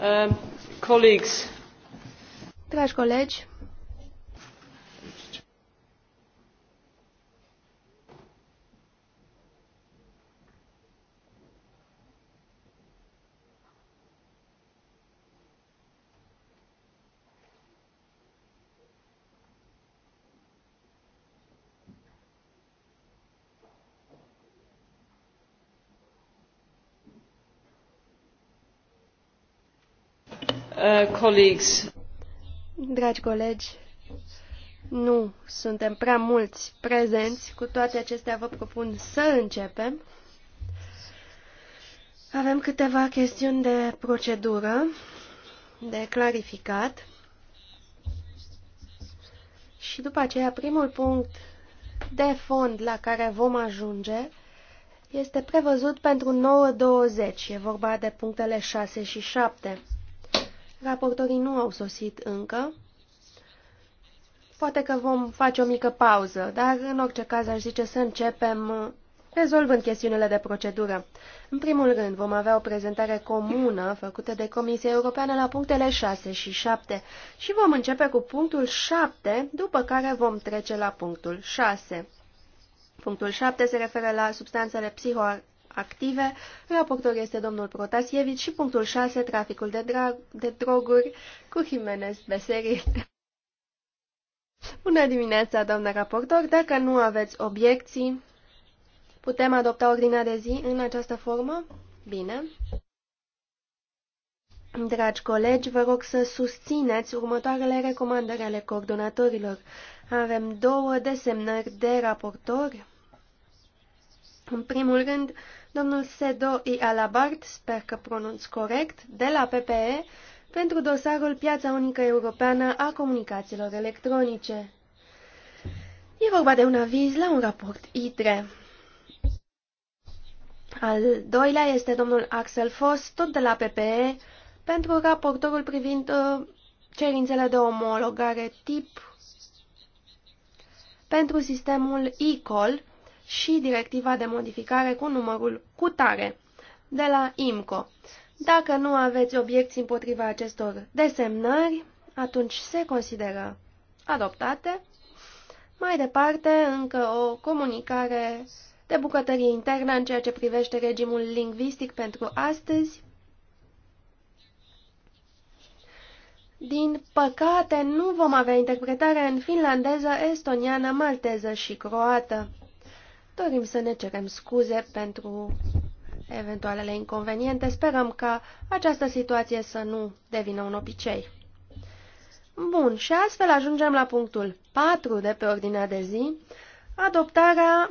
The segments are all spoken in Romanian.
Uh, Dragi colegi, Uh, Dragi colegi, nu suntem prea mulți prezenți. Cu toate acestea vă propun să începem. Avem câteva chestiuni de procedură, de clarificat. Și după aceea, primul punct de fond la care vom ajunge este prevăzut pentru 9.20. E vorba de punctele 6 și 7. Raportorii nu au sosit încă. Poate că vom face o mică pauză, dar în orice caz aș zice să începem uh, rezolvând chestiunile de procedură. În primul rând, vom avea o prezentare comună făcută de Comisia Europeană la punctele 6 și 7 și vom începe cu punctul 7, după care vom trece la punctul 6. Punctul 7 se referă la substanțele psihoactive active. Raportor este domnul Protasievici și punctul 6, traficul de, de droguri cu Jimenez Beseril. Bună dimineața, doamnă raportor! Dacă nu aveți obiecții, putem adopta ordinea de zi în această formă? Bine. Dragi colegi, vă rog să susțineți următoarele recomandări ale coordonatorilor. Avem două desemnări de raportori. În primul rând, domnul Sedo I. Alabart, sper că pronunț corect, de la PPE, pentru dosarul Piața Unică Europeană a Comunicațiilor Electronice. E vorba de un aviz la un raport ITRE. Al doilea este domnul Axel Foss, tot de la PPE, pentru raportorul privind uh, cerințele de omologare tip pentru sistemul e și directiva de modificare cu numărul cutare de la IMCO. Dacă nu aveți obiecții împotriva acestor desemnări, atunci se consideră adoptate. Mai departe, încă o comunicare de bucătărie internă în ceea ce privește regimul lingvistic pentru astăzi. Din păcate, nu vom avea interpretare în finlandeză, estoniană, malteză și croată. Dorim să ne cerem scuze pentru eventualele inconveniente. Sperăm ca această situație să nu devină un obicei. Bun, și astfel ajungem la punctul 4 de pe ordinea de zi, adoptarea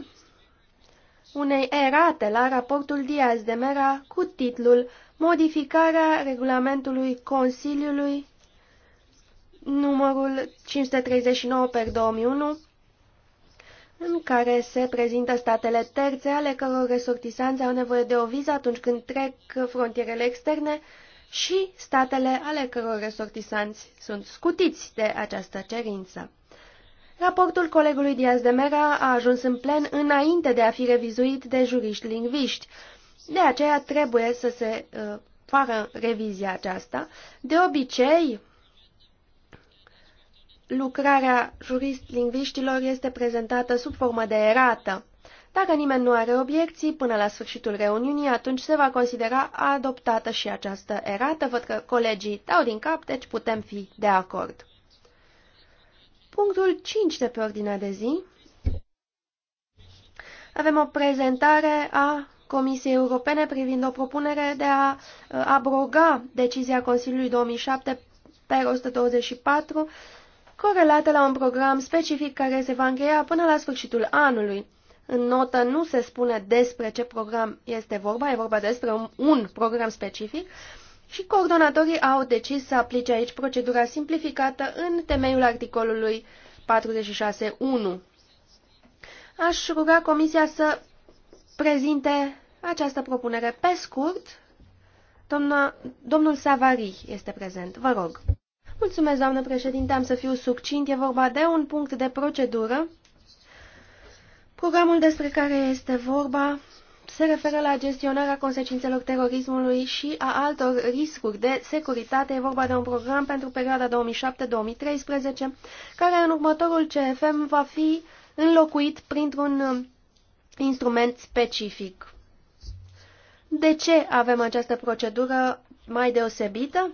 unei erate la raportul Diaz de Mera cu titlul Modificarea regulamentului Consiliului numărul 539 per 2001 în care se prezintă statele terțe ale căror resortisanți au nevoie de o viză atunci când trec frontierele externe și statele ale căror resortisanți sunt scutiți de această cerință. Raportul colegului Diaz de Mera a ajuns în plen înainte de a fi revizuit de juriști lingviști. De aceea trebuie să se uh, facă revizia aceasta. De obicei, lucrarea jurist-lingviștilor este prezentată sub formă de erată. Dacă nimeni nu are obiecții până la sfârșitul reuniunii, atunci se va considera adoptată și această erată. Văd că colegii dau din cap, deci putem fi de acord. Punctul 5 de pe ordinea de zi. Avem o prezentare a Comisiei Europene privind o propunere de a uh, abroga decizia Consiliului 2007 pe 124 corelate la un program specific care se va încheia până la sfârșitul anului. În notă nu se spune despre ce program este vorba, e vorba despre un, un program specific și coordonatorii au decis să aplice aici procedura simplificată în temeiul articolului 46.1. Aș ruga Comisia să prezinte această propunere pe scurt. domnul Savari este prezent. Vă rog. Mulțumesc, doamnă președinte, am să fiu succint. E vorba de un punct de procedură. Programul despre care este vorba se referă la gestionarea consecințelor terorismului și a altor riscuri de securitate. E vorba de un program pentru perioada 2007-2013, care în următorul CFM va fi înlocuit printr-un instrument specific. De ce avem această procedură mai deosebită?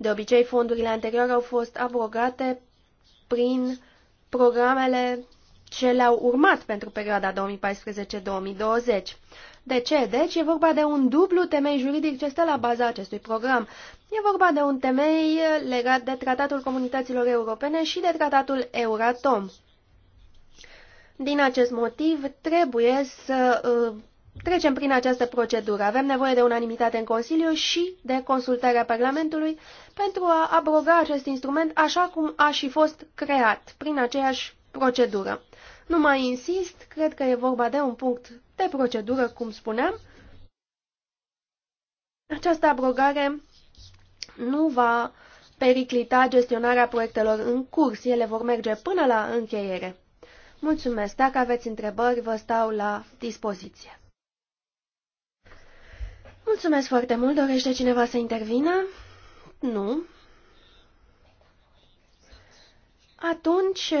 De obicei, fondurile anterioare au fost abrogate prin programele ce le-au urmat pentru perioada 2014-2020. De ce? Deci e vorba de un dublu temei juridic ce stă la baza acestui program. E vorba de un temei legat de Tratatul Comunităților Europene și de Tratatul Euratom. Din acest motiv, trebuie să uh, trecem prin această procedură. Avem nevoie de unanimitate în Consiliu și de consultarea Parlamentului pentru a abroga acest instrument așa cum a și fost creat, prin aceeași procedură. Nu mai insist, cred că e vorba de un punct de procedură, cum spuneam. Această abrogare nu va periclita gestionarea proiectelor în curs, ele vor merge până la încheiere. Mulțumesc, dacă aveți întrebări, vă stau la dispoziție. Mulțumesc foarte mult. Dorește cineva să intervină? Nu. Atunci,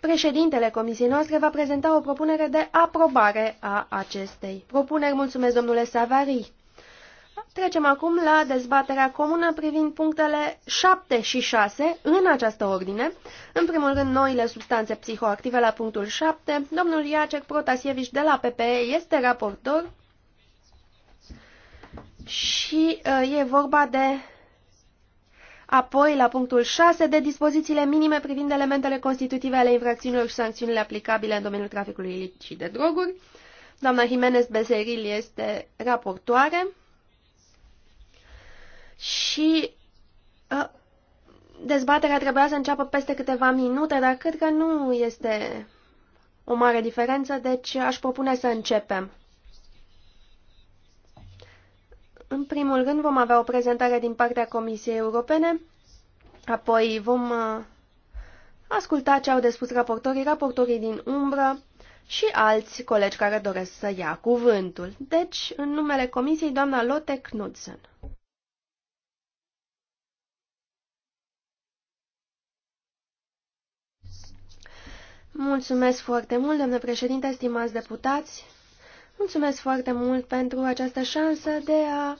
președintele comisiei noastre va prezenta o propunere de aprobare a acestei propuneri. Mulțumesc, domnule Savary. Trecem acum la dezbaterea comună privind punctele 7 și 6 în această ordine. În primul rând, noile substanțe psihoactive la punctul 7. Domnul Iacek Protasievici de la PPE este raportor și uh, e vorba de apoi, la punctul 6, de dispozițiile minime privind elementele constitutive ale infracțiunilor și sancțiunile aplicabile în domeniul traficului ilicit de droguri. Doamna Jimenez Beseril este raportoare și uh, dezbaterea trebuia să înceapă peste câteva minute, dar cred că nu este o mare diferență, deci aș propune să începem. În primul rând vom avea o prezentare din partea Comisiei Europene, apoi vom uh, asculta ce au de spus raportorii, raportorii din umbră și alți colegi care doresc să ia cuvântul. Deci, în numele Comisiei, doamna Lotte Knudsen. Mulțumesc foarte mult, domnule președinte, stimați deputați. Mulțumesc foarte mult pentru această șansă de a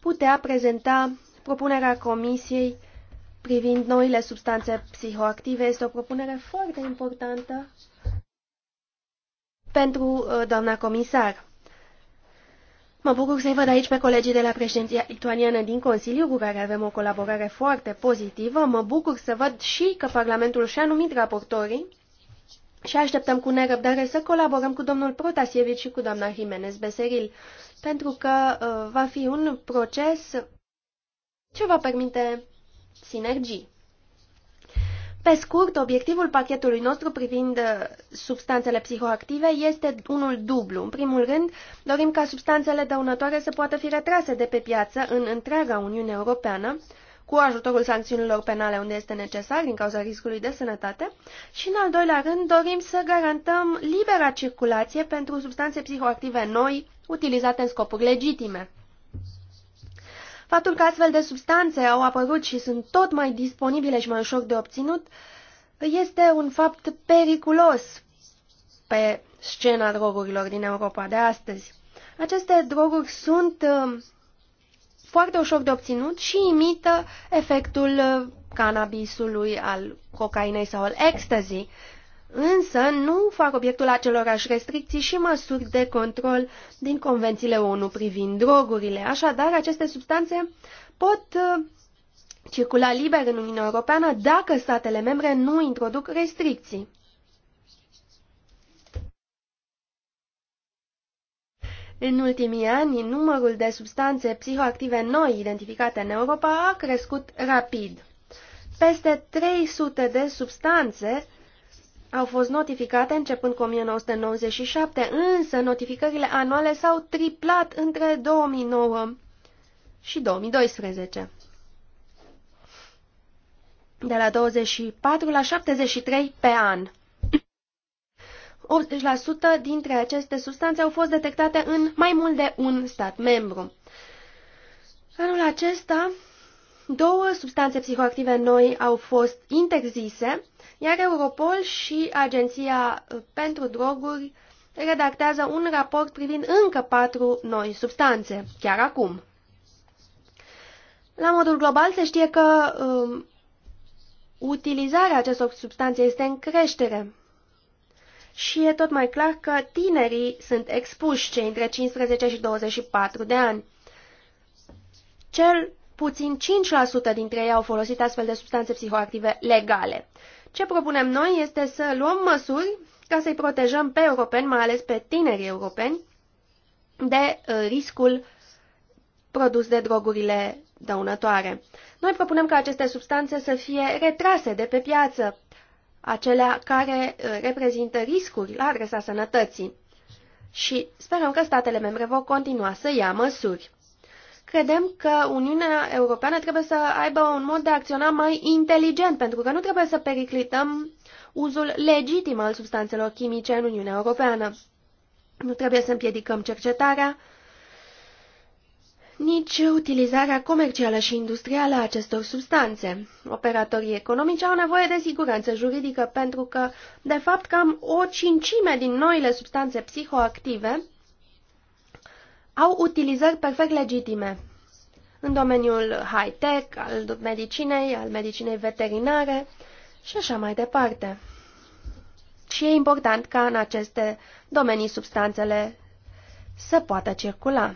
putea prezenta propunerea Comisiei privind noile substanțe psihoactive. Este o propunere foarte importantă pentru uh, doamna comisar. Mă bucur să-i văd aici pe colegii de la președinția lituaniană din Consiliu, cu care avem o colaborare foarte pozitivă. Mă bucur să văd și că Parlamentul și-a numit raportorii și așteptăm cu nerăbdare să colaborăm cu domnul Protasievici și cu doamna Jimenez Beseril, pentru că uh, va fi un proces ce va permite sinergii. Pe scurt, obiectivul pachetului nostru privind uh, substanțele psihoactive este unul dublu. În primul rând, dorim ca substanțele dăunătoare să poată fi retrase de pe piață în întreaga Uniune Europeană, cu ajutorul sancțiunilor penale unde este necesar din cauza riscului de sănătate și, în al doilea rând, dorim să garantăm libera circulație pentru substanțe psihoactive noi utilizate în scopuri legitime. Faptul că astfel de substanțe au apărut și sunt tot mai disponibile și mai ușor de obținut este un fapt periculos pe scena drogurilor din Europa de astăzi. Aceste droguri sunt uh, foarte ușor de obținut și imită efectul uh, cannabisului, al cocainei sau al ecstasy, însă nu fac obiectul acelorași restricții și măsuri de control din convențiile ONU privind drogurile. Așadar, aceste substanțe pot uh, circula liber în Uniunea Europeană dacă statele membre nu introduc restricții. În ultimii ani, numărul de substanțe psihoactive noi identificate în Europa a crescut rapid. Peste 300 de substanțe au fost notificate începând cu 1997, însă notificările anuale s-au triplat între 2009 și 2012. De la 24 la 73 pe an. 80% dintre aceste substanțe au fost detectate în mai mult de un stat membru. Anul acesta, două substanțe psihoactive noi au fost interzise, iar Europol și Agenția pentru Droguri redactează un raport privind încă patru noi substanțe, chiar acum. La modul global se știe că um, utilizarea acestor substanțe este în creștere și e tot mai clar că tinerii sunt expuși cei între 15 și 24 de ani. Cel puțin 5% dintre ei au folosit astfel de substanțe psihoactive legale. Ce propunem noi este să luăm măsuri ca să-i protejăm pe europeni, mai ales pe tinerii europeni, de uh, riscul produs de drogurile dăunătoare. Noi propunem ca aceste substanțe să fie retrase de pe piață, acelea care uh, reprezintă riscuri la adresa sănătății. Și sperăm că statele membre vor continua să ia măsuri. Credem că Uniunea Europeană trebuie să aibă un mod de a acționa mai inteligent, pentru că nu trebuie să periclităm uzul legitim al substanțelor chimice în Uniunea Europeană. Nu trebuie să împiedicăm cercetarea, nici utilizarea comercială și industrială a acestor substanțe. Operatorii economici au nevoie de siguranță juridică pentru că, de fapt, cam o cincime din noile substanțe psihoactive au utilizări perfect legitime în domeniul high-tech, al medicinei, al medicinei veterinare și așa mai departe. Și e important ca în aceste domenii substanțele să poată circula.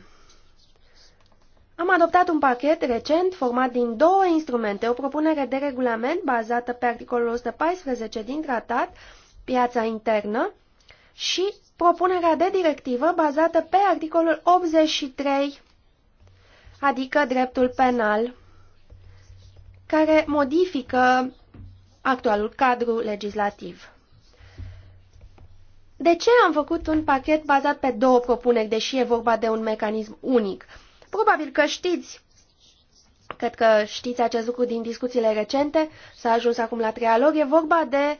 Am adoptat un pachet recent format din două instrumente, o propunere de regulament bazată pe articolul 114 din tratat, piața internă, și propunerea de directivă bazată pe articolul 83, adică dreptul penal, care modifică actualul cadru legislativ. De ce am făcut un pachet bazat pe două propuneri, deși e vorba de un mecanism unic? Probabil că știți, cred că știți acest lucru din discuțiile recente, s-a ajuns acum la trialog, e vorba de,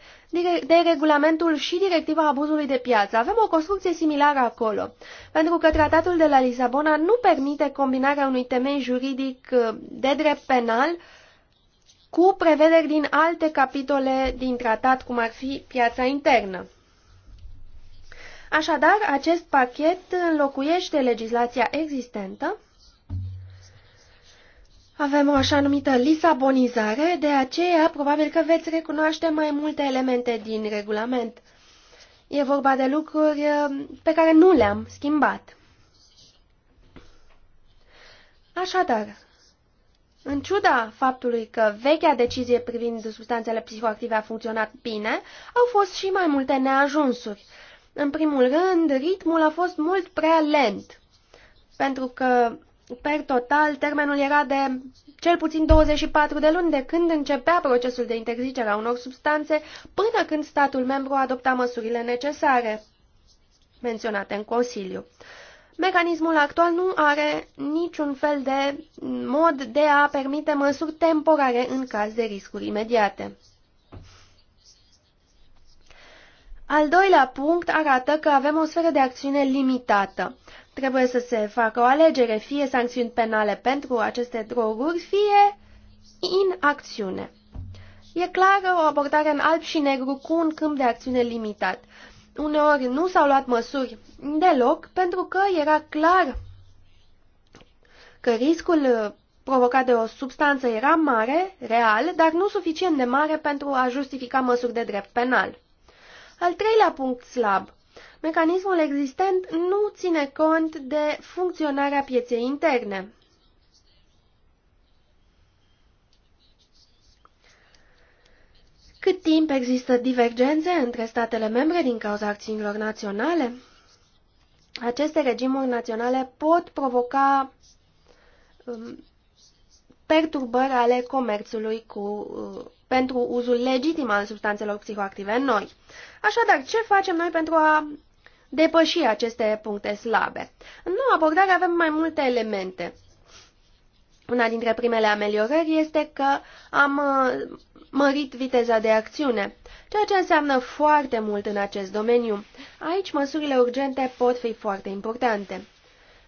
de regulamentul și directiva abuzului de piață. Avem o construcție similară acolo, pentru că tratatul de la Lisabona nu permite combinarea unui temei juridic uh, de drept penal cu prevederi din alte capitole din tratat, cum ar fi piața internă. Așadar, acest pachet înlocuiește legislația existentă avem o așa numită lisabonizare, de aceea probabil că veți recunoaște mai multe elemente din regulament. E vorba de lucruri eh, pe care nu le-am schimbat. Așadar, în ciuda faptului că vechea decizie privind substanțele psihoactive a funcționat bine, au fost și mai multe neajunsuri. În primul rând, ritmul a fost mult prea lent, pentru că per total, termenul era de cel puțin 24 de luni de când începea procesul de interzicere a unor substanțe până când statul membru adopta măsurile necesare menționate în Consiliu. Mecanismul actual nu are niciun fel de mod de a permite măsuri temporare în caz de riscuri imediate. Al doilea punct arată că avem o sferă de acțiune limitată. Trebuie să se facă o alegere, fie sancțiuni penale pentru aceste droguri, fie acțiune. E clară o abordare în alb și negru cu un câmp de acțiune limitat. Uneori nu s-au luat măsuri deloc pentru că era clar că riscul provocat de o substanță era mare, real, dar nu suficient de mare pentru a justifica măsuri de drept penal. Al treilea punct slab. Mecanismul existent nu ține cont de funcționarea pieței interne. Cât timp există divergențe între statele membre din cauza acțiunilor naționale, aceste regimuri naționale pot provoca um, perturbări ale comerțului cu uh, pentru uzul legitim al substanțelor psihoactive în noi. Așadar, ce facem noi pentru a depăși aceste puncte slabe? În noua abordare avem mai multe elemente. Una dintre primele ameliorări este că am uh, mărit viteza de acțiune, ceea ce înseamnă foarte mult în acest domeniu. Aici măsurile urgente pot fi foarte importante.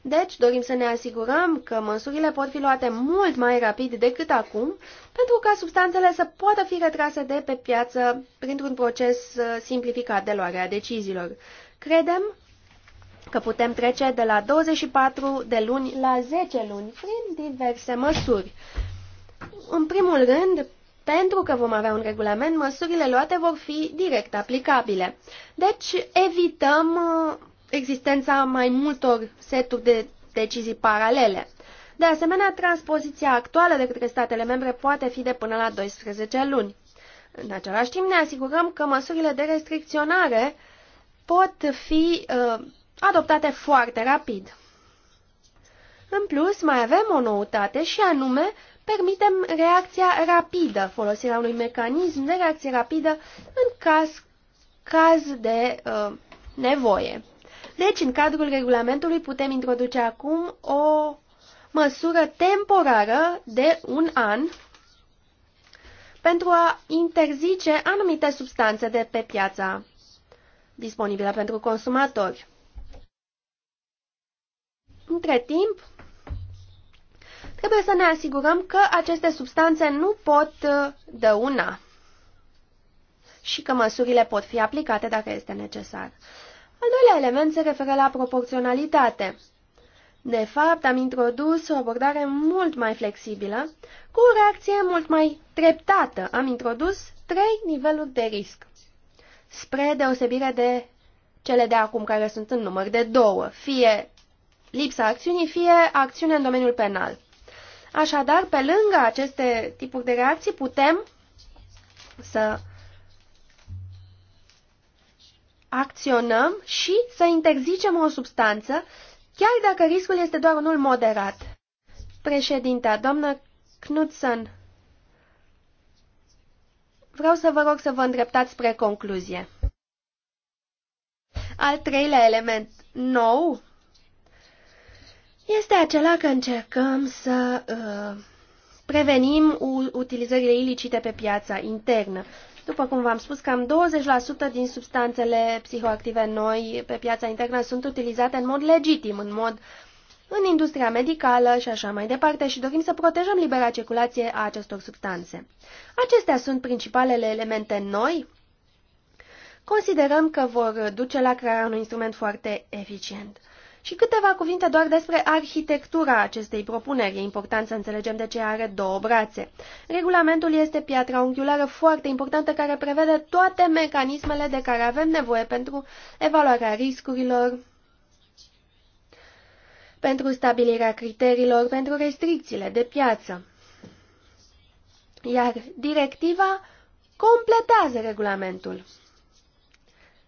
Deci, dorim să ne asigurăm că măsurile pot fi luate mult mai rapid decât acum, pentru ca substanțele să poată fi retrase de pe piață printr-un proces uh, simplificat de luare a deciziilor. Credem că putem trece de la 24 de luni la 10 luni prin diverse măsuri. În primul rând, pentru că vom avea un regulament, măsurile luate vor fi direct aplicabile. Deci, evităm uh, existența mai multor seturi de decizii paralele. De asemenea, transpoziția actuală de către statele membre poate fi de până la 12 luni. În același timp, ne asigurăm că măsurile de restricționare pot fi uh, adoptate foarte rapid. În plus, mai avem o noutate și anume permitem reacția rapidă, folosirea unui mecanism de reacție rapidă în caz, caz de uh, nevoie. Deci, în cadrul regulamentului putem introduce acum o măsură temporară de un an pentru a interzice anumite substanțe de pe piața disponibilă pentru consumatori. Între timp, trebuie să ne asigurăm că aceste substanțe nu pot dăuna și că măsurile pot fi aplicate dacă este necesar. Al doilea element se referă la proporționalitate. De fapt, am introdus o abordare mult mai flexibilă, cu o reacție mult mai treptată. Am introdus trei niveluri de risc, spre deosebire de cele de acum, care sunt în număr de două, fie lipsa acțiunii, fie acțiune în domeniul penal. Așadar, pe lângă aceste tipuri de reacții, putem să acționăm și să interzicem o substanță, chiar dacă riscul este doar unul moderat. Președinta, doamnă Knudsen, vreau să vă rog să vă îndreptați spre concluzie. Al treilea element nou este acela că încercăm să uh, prevenim utilizările ilicite pe piața internă. După cum v-am spus, cam 20% din substanțele psihoactive noi pe piața internă sunt utilizate în mod legitim, în mod în industria medicală și așa mai departe și dorim să protejăm libera circulație a acestor substanțe. Acestea sunt principalele elemente noi. Considerăm că vor duce la crearea unui instrument foarte eficient. Și câteva cuvinte doar despre arhitectura acestei propuneri. E important să înțelegem de ce are două brațe. Regulamentul este piatra unghiulară foarte importantă care prevede toate mecanismele de care avem nevoie pentru evaluarea riscurilor, pentru stabilirea criteriilor, pentru restricțiile de piață. Iar directiva completează regulamentul.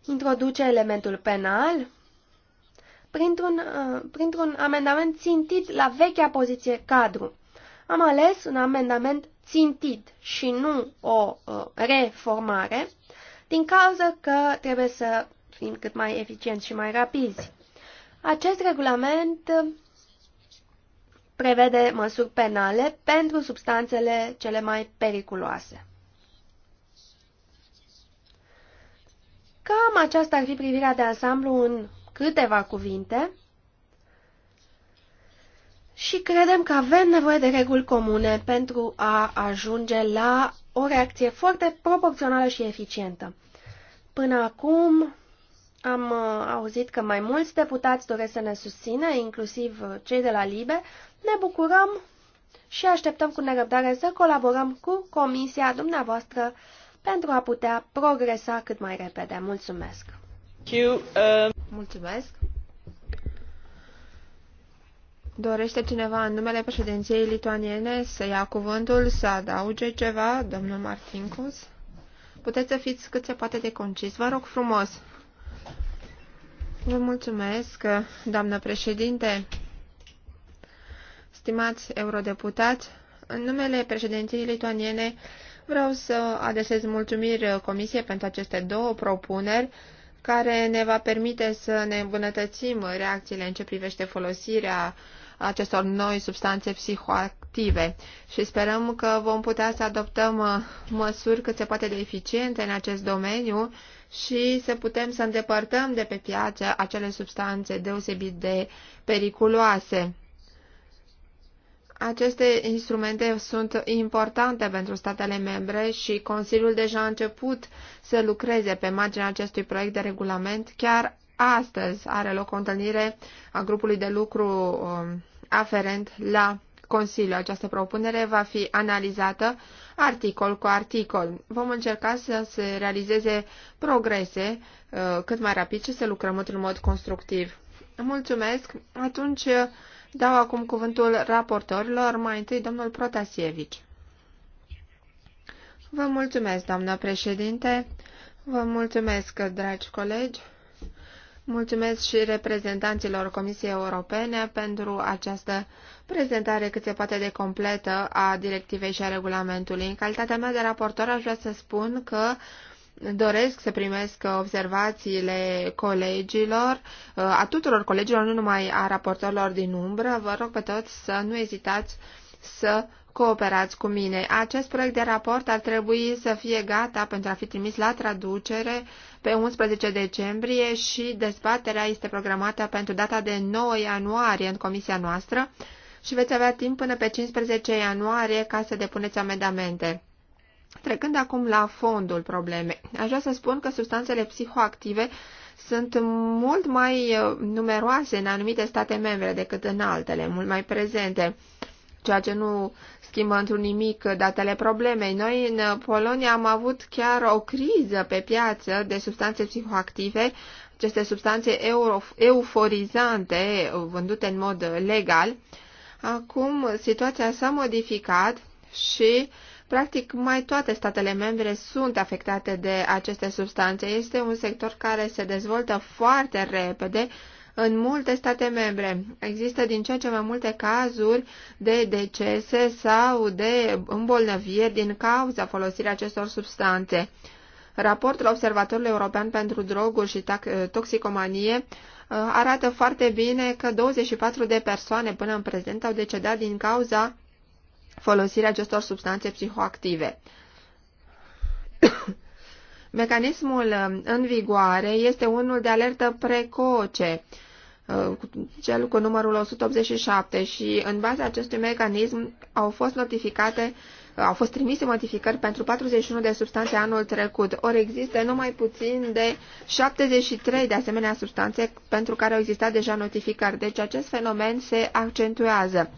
Introduce elementul penal, printr-un, uh, printr-un amendament țintit la vechea poziție cadru. Am ales un amendament țintit și nu o uh, reformare, din cauza că trebuie să fim cât mai eficienți și mai rapizi. Acest regulament uh, prevede măsuri penale pentru substanțele cele mai periculoase. Cam aceasta ar fi privirea de ansamblu în câteva cuvinte și credem că avem nevoie de reguli comune pentru a ajunge la o reacție foarte proporțională și eficientă. Până acum am uh, auzit că mai mulți deputați doresc să ne susțină, inclusiv uh, cei de la LIBE. Ne bucurăm și așteptăm cu nerăbdare să colaborăm cu comisia dumneavoastră pentru a putea progresa cât mai repede. Mulțumesc! Uh, mulțumesc. Dorește cineva în numele președinției lituaniene să ia cuvântul, să adauge ceva, domnul Martincus? Puteți să fiți cât se poate de concis, vă rog frumos. Vă mulțumesc, doamnă președinte. Stimați eurodeputați, în numele președinției lituaniene vreau să adesez mulțumiri Comisiei pentru aceste două propuneri care ne va permite să ne îmbunătățim reacțiile în ce privește folosirea acestor noi substanțe psihoactive și sperăm că vom putea să adoptăm uh, măsuri cât se poate de eficiente în acest domeniu și să putem să îndepărtăm de pe piață acele substanțe deosebit de periculoase. Aceste instrumente sunt importante pentru statele membre și Consiliul deja a început să lucreze pe marginea acestui proiect de regulament. Chiar astăzi are loc o întâlnire a grupului de lucru um, aferent la Consiliu. Această propunere va fi analizată articol cu articol. Vom încerca să se realizeze progrese uh, cât mai rapid și să lucrăm într-un mod constructiv. Mulțumesc! Atunci Dau acum cuvântul raportorilor, mai întâi domnul Protasievici. Vă mulțumesc, doamnă președinte. Vă mulțumesc, dragi colegi. Mulțumesc și reprezentanților Comisiei Europene pentru această prezentare cât se poate de completă a directivei și a regulamentului. În calitatea mea de raportor aș vrea să spun că uh, doresc să primesc observațiile colegilor, uh, a tuturor colegilor, nu numai a raportorilor din umbră. Vă rog pe toți să nu ezitați să cooperați cu mine. Acest proiect de raport ar trebui să fie gata pentru a fi trimis la traducere pe 11 decembrie și dezbaterea este programată pentru data de 9 ianuarie în comisia noastră și veți avea timp până pe 15 ianuarie ca să depuneți amendamente. Trecând acum la fondul problemei, aș vrea să spun că substanțele psihoactive sunt mult mai uh, numeroase în anumite state membre decât în altele, mult mai prezente, ceea ce nu schimbă într nimic datele problemei. Noi în Polonia am avut chiar o criză pe piață de substanțe psihoactive, aceste substanțe euforizante vândute în mod legal. Acum situația s-a modificat și Practic, mai toate statele membre sunt afectate de aceste substanțe. Este un sector care se dezvoltă foarte repede în multe state membre. Există din ce în ce mai multe cazuri de decese sau de îmbolnăviri din cauza folosirii acestor substanțe. Raportul Observatorului European pentru Droguri și Toxicomanie uh, arată foarte bine că 24 de persoane până în prezent au decedat din cauza folosirea acestor substanțe psihoactive. Mecanismul uh, în vigoare este unul de alertă precoce, uh, cel cu numărul 187 și în baza acestui mecanism au fost notificate uh, au fost trimise notificări pentru 41 de substanțe anul trecut, ori există numai puțin de 73 de asemenea substanțe pentru care au existat deja notificări, deci acest fenomen se accentuează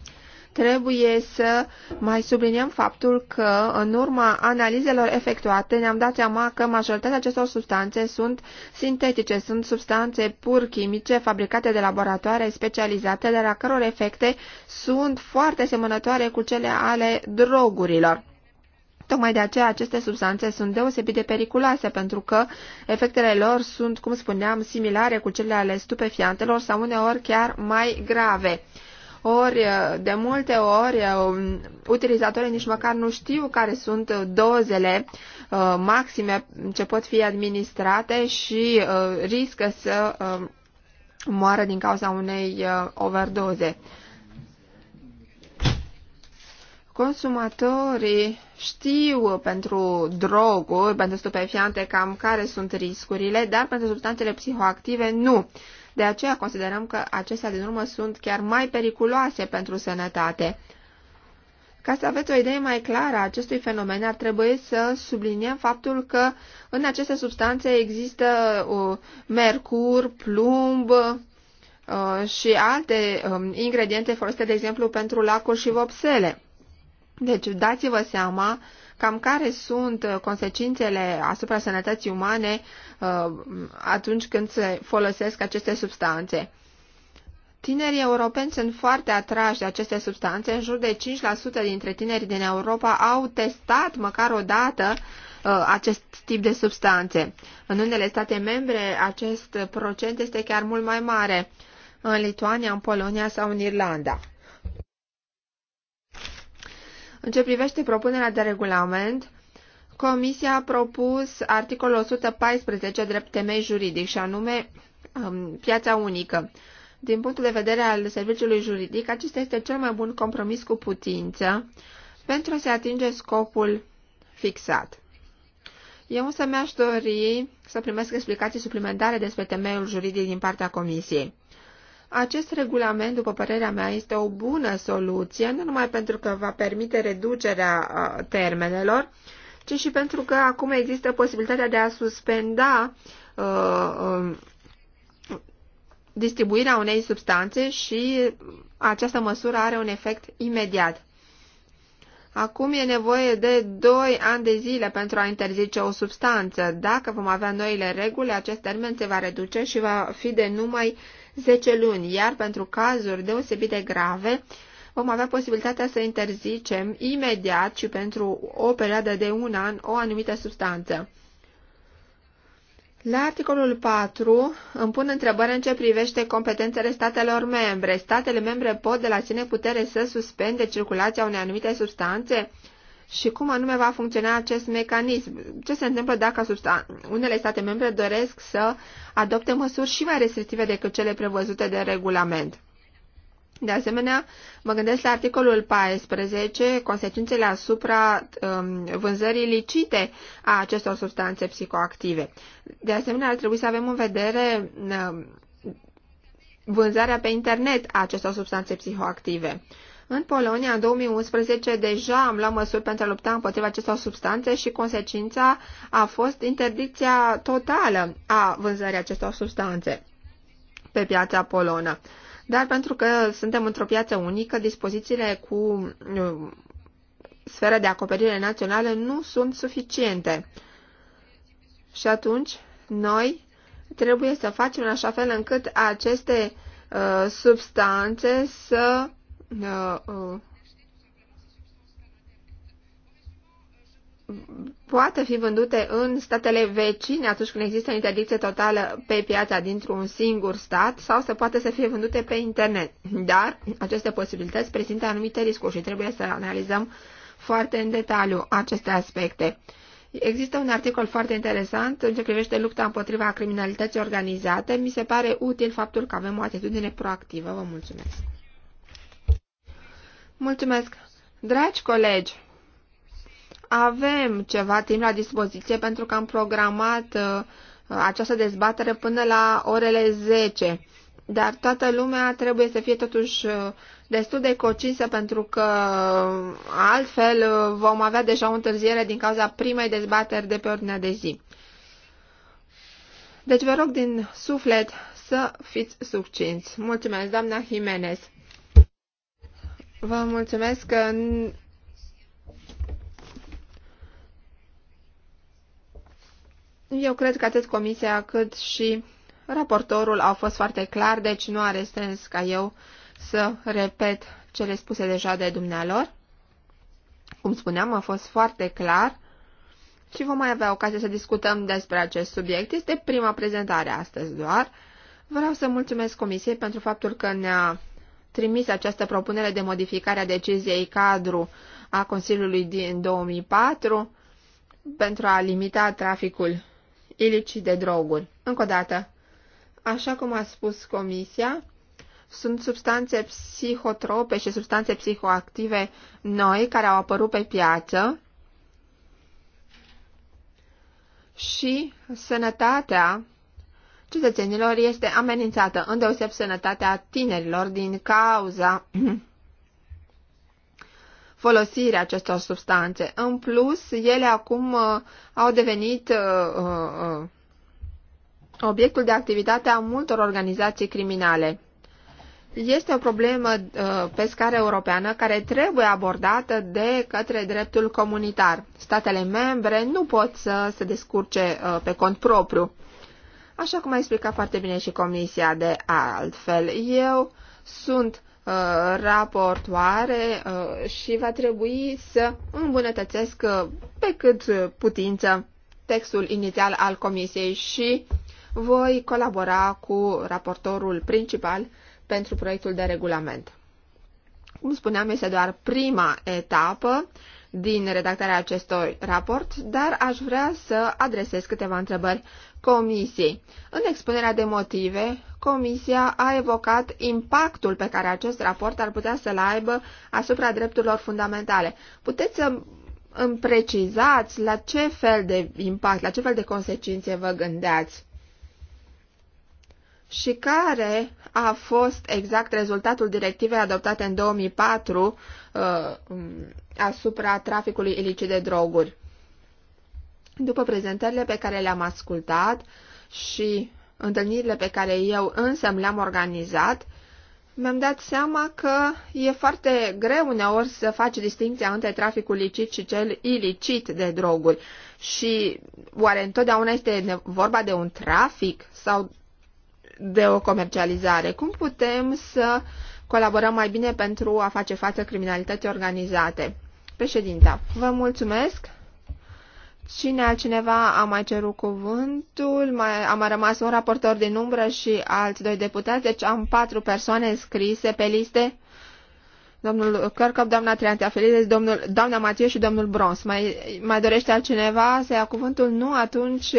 trebuie să mai subliniem faptul că, în urma analizelor efectuate, ne-am dat seama că majoritatea acestor substanțe sunt sintetice, sunt substanțe pur chimice fabricate de laboratoare specializate, dar la căror efecte sunt foarte semănătoare cu cele ale drogurilor. Tocmai de aceea aceste substanțe sunt deosebit de periculoase pentru că efectele lor sunt, cum spuneam, similare cu cele ale stupefiantelor sau uneori chiar mai grave. Ori, de multe ori, utilizatorii nici măcar nu știu care sunt dozele uh, maxime ce pot fi administrate și uh, riscă să uh, moară din cauza unei overdoze. Consumatorii știu pentru droguri, pentru stupefiante, cam care sunt riscurile, dar pentru substanțele psihoactive nu. De aceea considerăm că acestea din urmă sunt chiar mai periculoase pentru sănătate. Ca să aveți o idee mai clară a acestui fenomen, ar trebui să subliniem faptul că în aceste substanțe există uh, mercur, plumb uh, și alte um, ingrediente folosite, de exemplu, pentru lacuri și vopsele. Deci dați-vă seama cam care sunt uh, consecințele asupra sănătății umane uh, atunci când se folosesc aceste substanțe. Tinerii europeni sunt foarte atrași de aceste substanțe. În jur de 5% dintre tinerii din Europa au testat măcar o dată uh, acest tip de substanțe. În unele state membre, acest procent este chiar mult mai mare, în Lituania, în Polonia sau în Irlanda. În ce privește propunerea de regulament, Comisia a propus articolul 114 drept temei juridic și anume um, piața unică. Din punctul de vedere al serviciului juridic, acesta este cel mai bun compromis cu putință pentru a se atinge scopul fixat. Eu însă mi-aș dori să primesc explicații suplimentare despre temeiul juridic din partea Comisiei. Acest regulament, după părerea mea, este o bună soluție, nu numai pentru că va permite reducerea termenelor, ci și pentru că acum există posibilitatea de a suspenda uh, distribuirea unei substanțe și această măsură are un efect imediat. Acum e nevoie de 2 ani de zile pentru a interzice o substanță. Dacă vom avea noile reguli, acest termen se va reduce și va fi de numai 10 luni, iar pentru cazuri deosebit de grave vom avea posibilitatea să interzicem imediat și pentru o perioadă de un an o anumită substanță. La articolul 4 îmi pun întrebări în ce privește competențele statelor membre. Statele membre pot de la sine putere să suspende circulația unei anumite substanțe? și cum anume va funcționa acest mecanism. Ce se întâmplă dacă unele state membre doresc să adopte măsuri și mai restrictive decât cele prevăzute de regulament. De asemenea, mă gândesc la articolul 14, consecințele asupra um, vânzării licite a acestor substanțe psicoactive. De asemenea, ar trebui să avem în vedere um, vânzarea pe internet a acestor substanțe psihoactive. În Polonia, în 2011, deja am luat măsuri pentru a lupta împotriva acestor substanțe și consecința a fost interdicția totală a vânzării acestor substanțe pe piața polonă. Dar pentru că suntem într-o piață unică, dispozițiile cu uh, sfera de acoperire națională nu sunt suficiente. Și atunci, noi trebuie să facem în așa fel încât aceste uh, substanțe să uh, Uh, uh, poate fi vândute în statele vecine atunci când există o interdicție totală pe piața dintr-un singur stat sau se poate să fie vândute pe internet. Dar aceste posibilități prezintă anumite riscuri și trebuie să analizăm foarte în detaliu aceste aspecte. Există un articol foarte interesant în ce privește lupta împotriva criminalității organizate. Mi se pare util faptul că avem o atitudine proactivă. Vă mulțumesc! Mulțumesc. Dragi colegi, avem ceva timp la dispoziție pentru că am programat uh, această dezbatere până la orele 10. Dar toată lumea trebuie să fie totuși uh, destul de cocinsă pentru că uh, altfel vom avea deja o întârziere din cauza primei dezbateri de pe ordinea de zi. Deci vă rog din suflet să fiți succinți. Mulțumesc, doamna Jimenez. Vă mulțumesc că eu cred că atât comisia cât și raportorul au fost foarte clar, deci nu are sens ca eu să repet cele spuse deja de dumnealor. Cum spuneam, a fost foarte clar și vom mai avea ocazie să discutăm despre acest subiect. Este prima prezentare astăzi doar. Vreau să mulțumesc Comisiei pentru faptul că ne-a trimis această propunere de modificare a deciziei cadru a Consiliului din 2004 pentru a limita traficul ilicit de droguri. Încă o dată, așa cum a spus Comisia, sunt substanțe psihotrope și substanțe psihoactive noi care au apărut pe piață și sănătatea cetățenilor este amenințată, îndeoseb sănătatea tinerilor din cauza folosirea acestor substanțe. În plus, ele acum uh, au devenit uh, uh, obiectul de activitate a multor organizații criminale. Este o problemă uh, pe scară europeană care trebuie abordată de către dreptul comunitar. Statele membre nu pot să se descurce uh, pe cont propriu așa cum a explicat foarte bine și comisia de altfel. Eu sunt uh, raportoare uh, și va trebui să îmbunătățesc uh, pe cât putință textul inițial al comisiei și voi colabora cu raportorul principal pentru proiectul de regulament. Cum spuneam, este doar prima etapă din redactarea acestui raport, dar aș vrea să adresez câteva întrebări Comisiei. În expunerea de motive, Comisia a evocat impactul pe care acest raport ar putea să-l aibă asupra drepturilor fundamentale. Puteți să îmi precizați la ce fel de impact, la ce fel de consecințe vă gândeați? și care a fost exact rezultatul directivei adoptate în 2004 uh, asupra traficului ilicit de droguri. După prezentările pe care le-am ascultat și întâlnirile pe care eu însă le-am organizat, mi-am dat seama că e foarte greu uneori să faci distinția între traficul licit și cel ilicit de droguri. Și oare întotdeauna este vorba de un trafic sau de o comercializare? Cum putem să colaborăm mai bine pentru a face față criminalității organizate? Președinta, vă mulțumesc! Cine altcineva a mai cerut cuvântul? Mai, am mai rămas un raportor din umbră și alți doi deputați, deci am patru persoane scrise pe liste. Domnul Cărcop, doamna Triantea Felides, domnul, doamna Matie și domnul Brons. Mai, mai dorește altcineva să ia cuvântul? Nu, atunci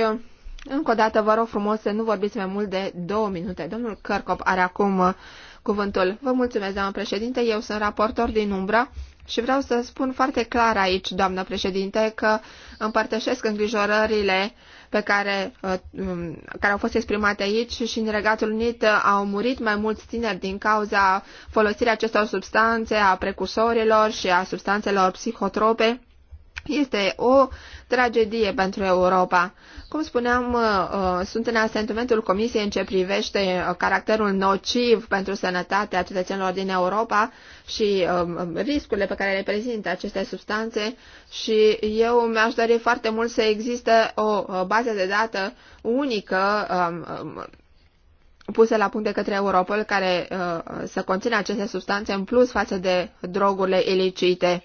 încă o dată vă rog frumos să nu vorbiți mai mult de două minute. Domnul Cărcop are acum cuvântul. Vă mulțumesc, doamnă președinte, eu sunt raportor din umbră și vreau să spun foarte clar aici, doamnă președinte, că împărtășesc îngrijorările pe care, uh, um, care au fost exprimate aici și în Regatul Unit au murit mai mulți tineri din cauza folosirii acestor substanțe, a precursorilor și a substanțelor psihotrope este o tragedie pentru Europa. Cum spuneam, uh, uh, sunt în asentimentul Comisiei în ce privește uh, caracterul nociv pentru sănătatea cetățenilor din Europa și um, riscurile pe care le prezintă aceste substanțe și eu mi-aș dori foarte mult să există o bază de dată unică um, um, puse la punct de către Europol care să conțină aceste substanțe în plus față de drogurile ilicite.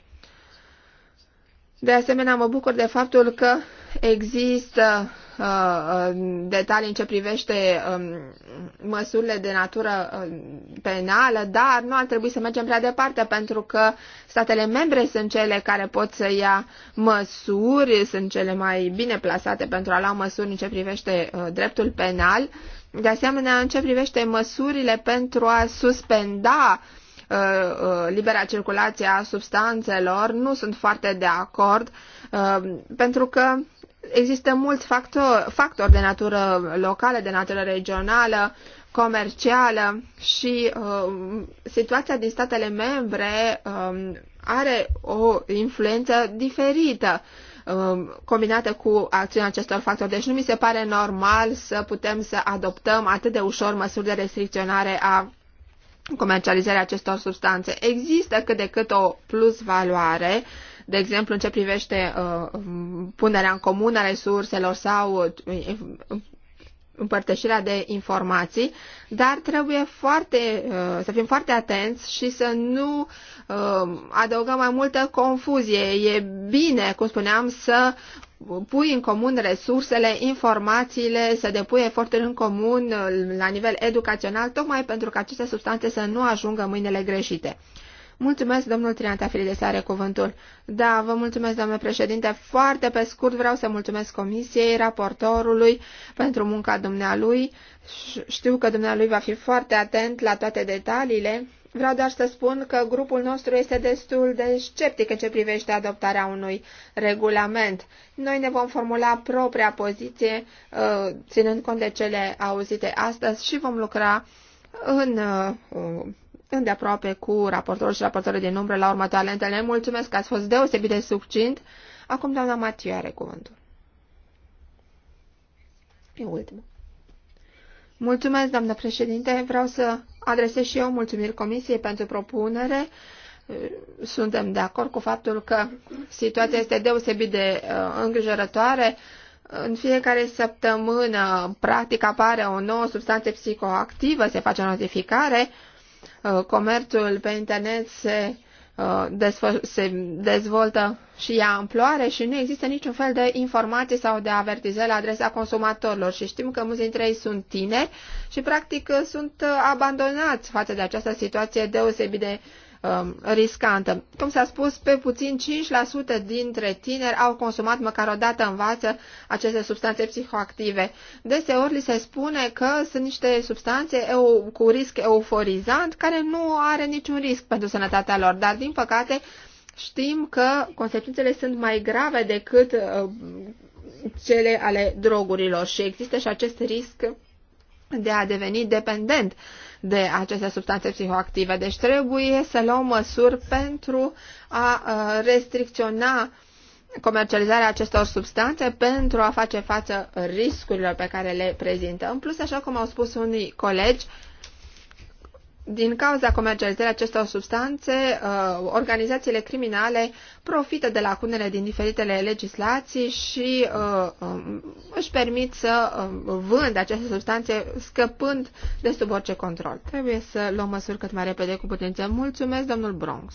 De asemenea, mă bucur de faptul că există uh, uh detalii în ce privește um, măsurile de natură uh, penală, dar nu ar trebui să mergem prea departe pentru că statele membre sunt cele care pot să ia măsuri, sunt cele mai bine plasate pentru a lua măsuri în ce privește uh, dreptul penal. De asemenea, în ce privește măsurile pentru a suspenda uh, Uh, uh, libera circulație a substanțelor, nu sunt foarte de acord, uh, pentru că există mulți factori, factori de natură locală, de natură regională, comercială și uh, situația din statele membre uh, are o influență diferită um, combinată cu acțiunea acestor factori. Deci nu mi se pare normal să putem să adoptăm atât de ușor măsuri de restricționare a comercializarea acestor substanțe. Există cât de cât o plus valoare, de exemplu în ce privește uh, um, punerea în comun a resurselor sau uh, împărtășirea de informații, dar trebuie foarte, uh, să fim foarte atenți și să nu uh, adăugăm mai multă confuzie. E bine, cum spuneam, să pui în comun resursele, informațiile, să depui eforturi în comun uh, la nivel educațional, tocmai pentru că aceste substanțe să nu ajungă în mâinile greșite. Mulțumesc, domnul de Sare cuvântul. Da, vă mulțumesc, domnule președinte. Foarte pe scurt vreau să mulțumesc comisiei, raportorului pentru munca dumnealui. Știu că dumnealui va fi foarte atent la toate detaliile. Vreau doar să spun că grupul nostru este destul de sceptic în ce privește adoptarea unui regulament. Noi ne vom formula propria poziție, uh, ținând cont de cele auzite astăzi și vom lucra în uh, îndeaproape cu raportorul și raportorii din umbră la următoarele întâlniri. Mulțumesc că ați fost deosebit de succint. Acum doamna Matiu are cuvântul. E ultimul. Mulțumesc, doamnă președinte. Vreau să adresez și eu mulțumiri Comisiei pentru propunere. Suntem de acord cu faptul că situația este deosebit de uh, îngrijorătoare. În fiecare săptămână, practic, apare o nouă substanță psicoactivă. se face o notificare. Uh, comerțul pe internet se, uh, se dezvoltă și ia amploare și nu există niciun fel de informații sau de avertizări la adresa consumatorilor și știm că mulți dintre ei sunt tineri și practic sunt uh, abandonați față de această situație deosebit de Um, riscantă. Cum s-a spus, pe puțin 5% dintre tineri au consumat măcar o dată în față aceste substanțe psihoactive. Deseori li se spune că sunt niște substanțe eu, cu risc euforizant care nu are niciun risc pentru sănătatea lor, dar din păcate știm că consecințele sunt mai grave decât uh, cele ale drogurilor și există și acest risc de a deveni dependent de aceste substanțe psihoactive. Deci trebuie să luăm măsuri pentru a restricționa comercializarea acestor substanțe pentru a face față riscurilor pe care le prezintă. În plus, așa cum au spus unii colegi, din cauza comercializării acestor substanțe, uh, organizațiile criminale profită de lacunele din diferitele legislații și uh, um, își permit să um, vândă aceste substanțe scăpând de sub orice control. Trebuie să luăm măsuri cât mai repede cu putință. Mulțumesc, domnul Bronx.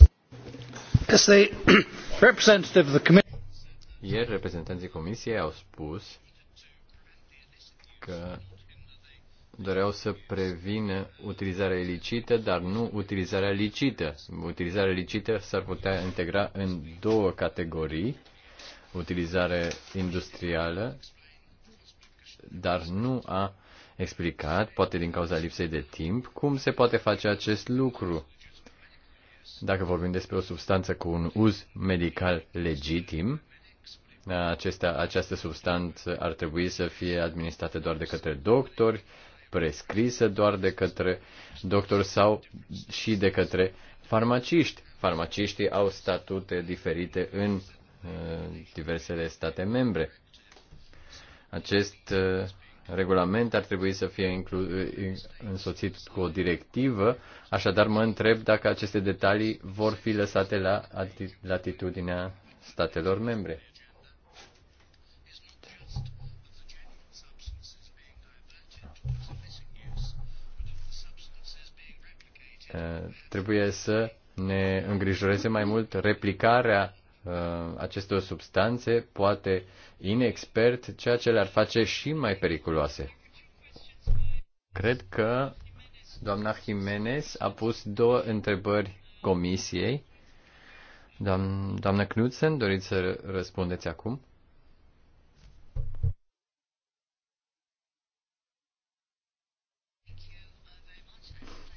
Ieri reprezentanții Comisiei au spus că doreau să prevină utilizarea ilicită, dar nu utilizarea licită. Utilizarea licită s-ar putea integra în două categorii, utilizare industrială, dar nu a explicat, poate din cauza lipsei de timp, cum se poate face acest lucru. Dacă vorbim despre o substanță cu un uz medical legitim, acestea, această substanță ar trebui să fie administrată doar de către doctori, Prescrisă doar de către doctor sau și de către farmaciști. Farmaciștii au statute diferite în uh, diversele state membre. Acest uh, regulament ar trebui să fie inclu- uh, însoțit cu o directivă, așadar mă întreb dacă aceste detalii vor fi lăsate la latitudinea statelor membre. Eh, trebuie să ne îngrijoreze mai mult replicarea eh, acestor substanțe, poate inexpert, ceea ce le-ar face și mai periculoase. Cred că doamna Jimenez a pus două întrebări comisiei. Doamna Knudsen, doriți să răspundeți acum?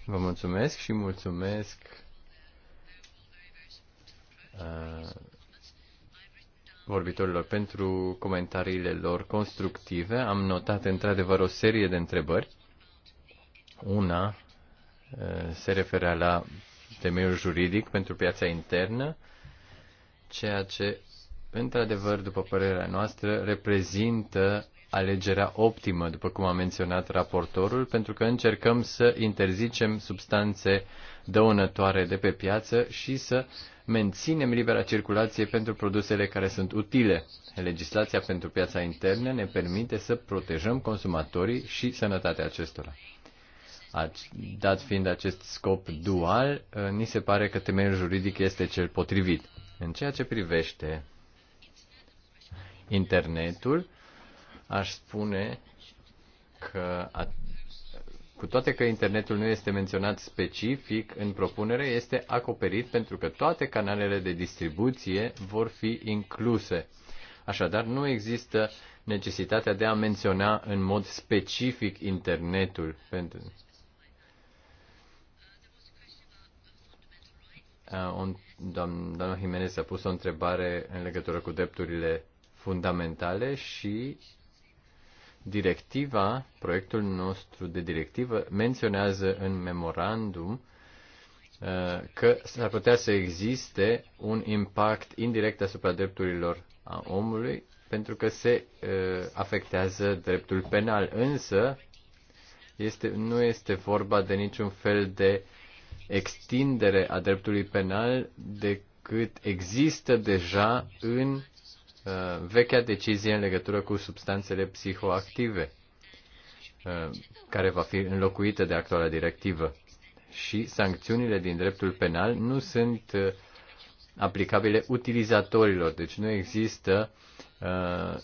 Vă mulțumesc și mulțumesc uh, vorbitorilor pentru comentariile lor constructive. Am notat într-adevăr o serie de întrebări. Una uh, se referea la temeiul juridic pentru piața internă, ceea ce, într-adevăr, după părerea noastră, reprezintă alegerea optimă, după cum a menționat raportorul, pentru că încercăm să interzicem substanțe dăunătoare de pe piață și să menținem libera circulație pentru produsele care sunt utile. Legislația pentru piața internă ne permite să protejăm consumatorii și sănătatea acestora. Dat fiind acest scop dual, uh, ni se pare că temeiul juridic este cel potrivit. În ceea ce privește internetul, aș spune că cu toate că internetul nu este menționat specific în propunere, este acoperit pentru că toate canalele de distribuție vor fi incluse. Așadar, nu există necesitatea de a menționa în mod specific internetul. Pentru... Doamna Jimenez a pus o întrebare în legătură cu drepturile fundamentale și Directiva, proiectul nostru de directivă, menționează în memorandum uh, că s-ar putea să existe un impact indirect asupra drepturilor a omului pentru că se uh, afectează dreptul penal. Însă, este, nu este vorba de niciun fel de extindere a dreptului penal decât există deja în Uh, vechea decizie în legătură cu substanțele psihoactive, uh, care va fi înlocuită de actuala directivă. Și sancțiunile din dreptul penal nu sunt uh, aplicabile utilizatorilor, deci nu există uh,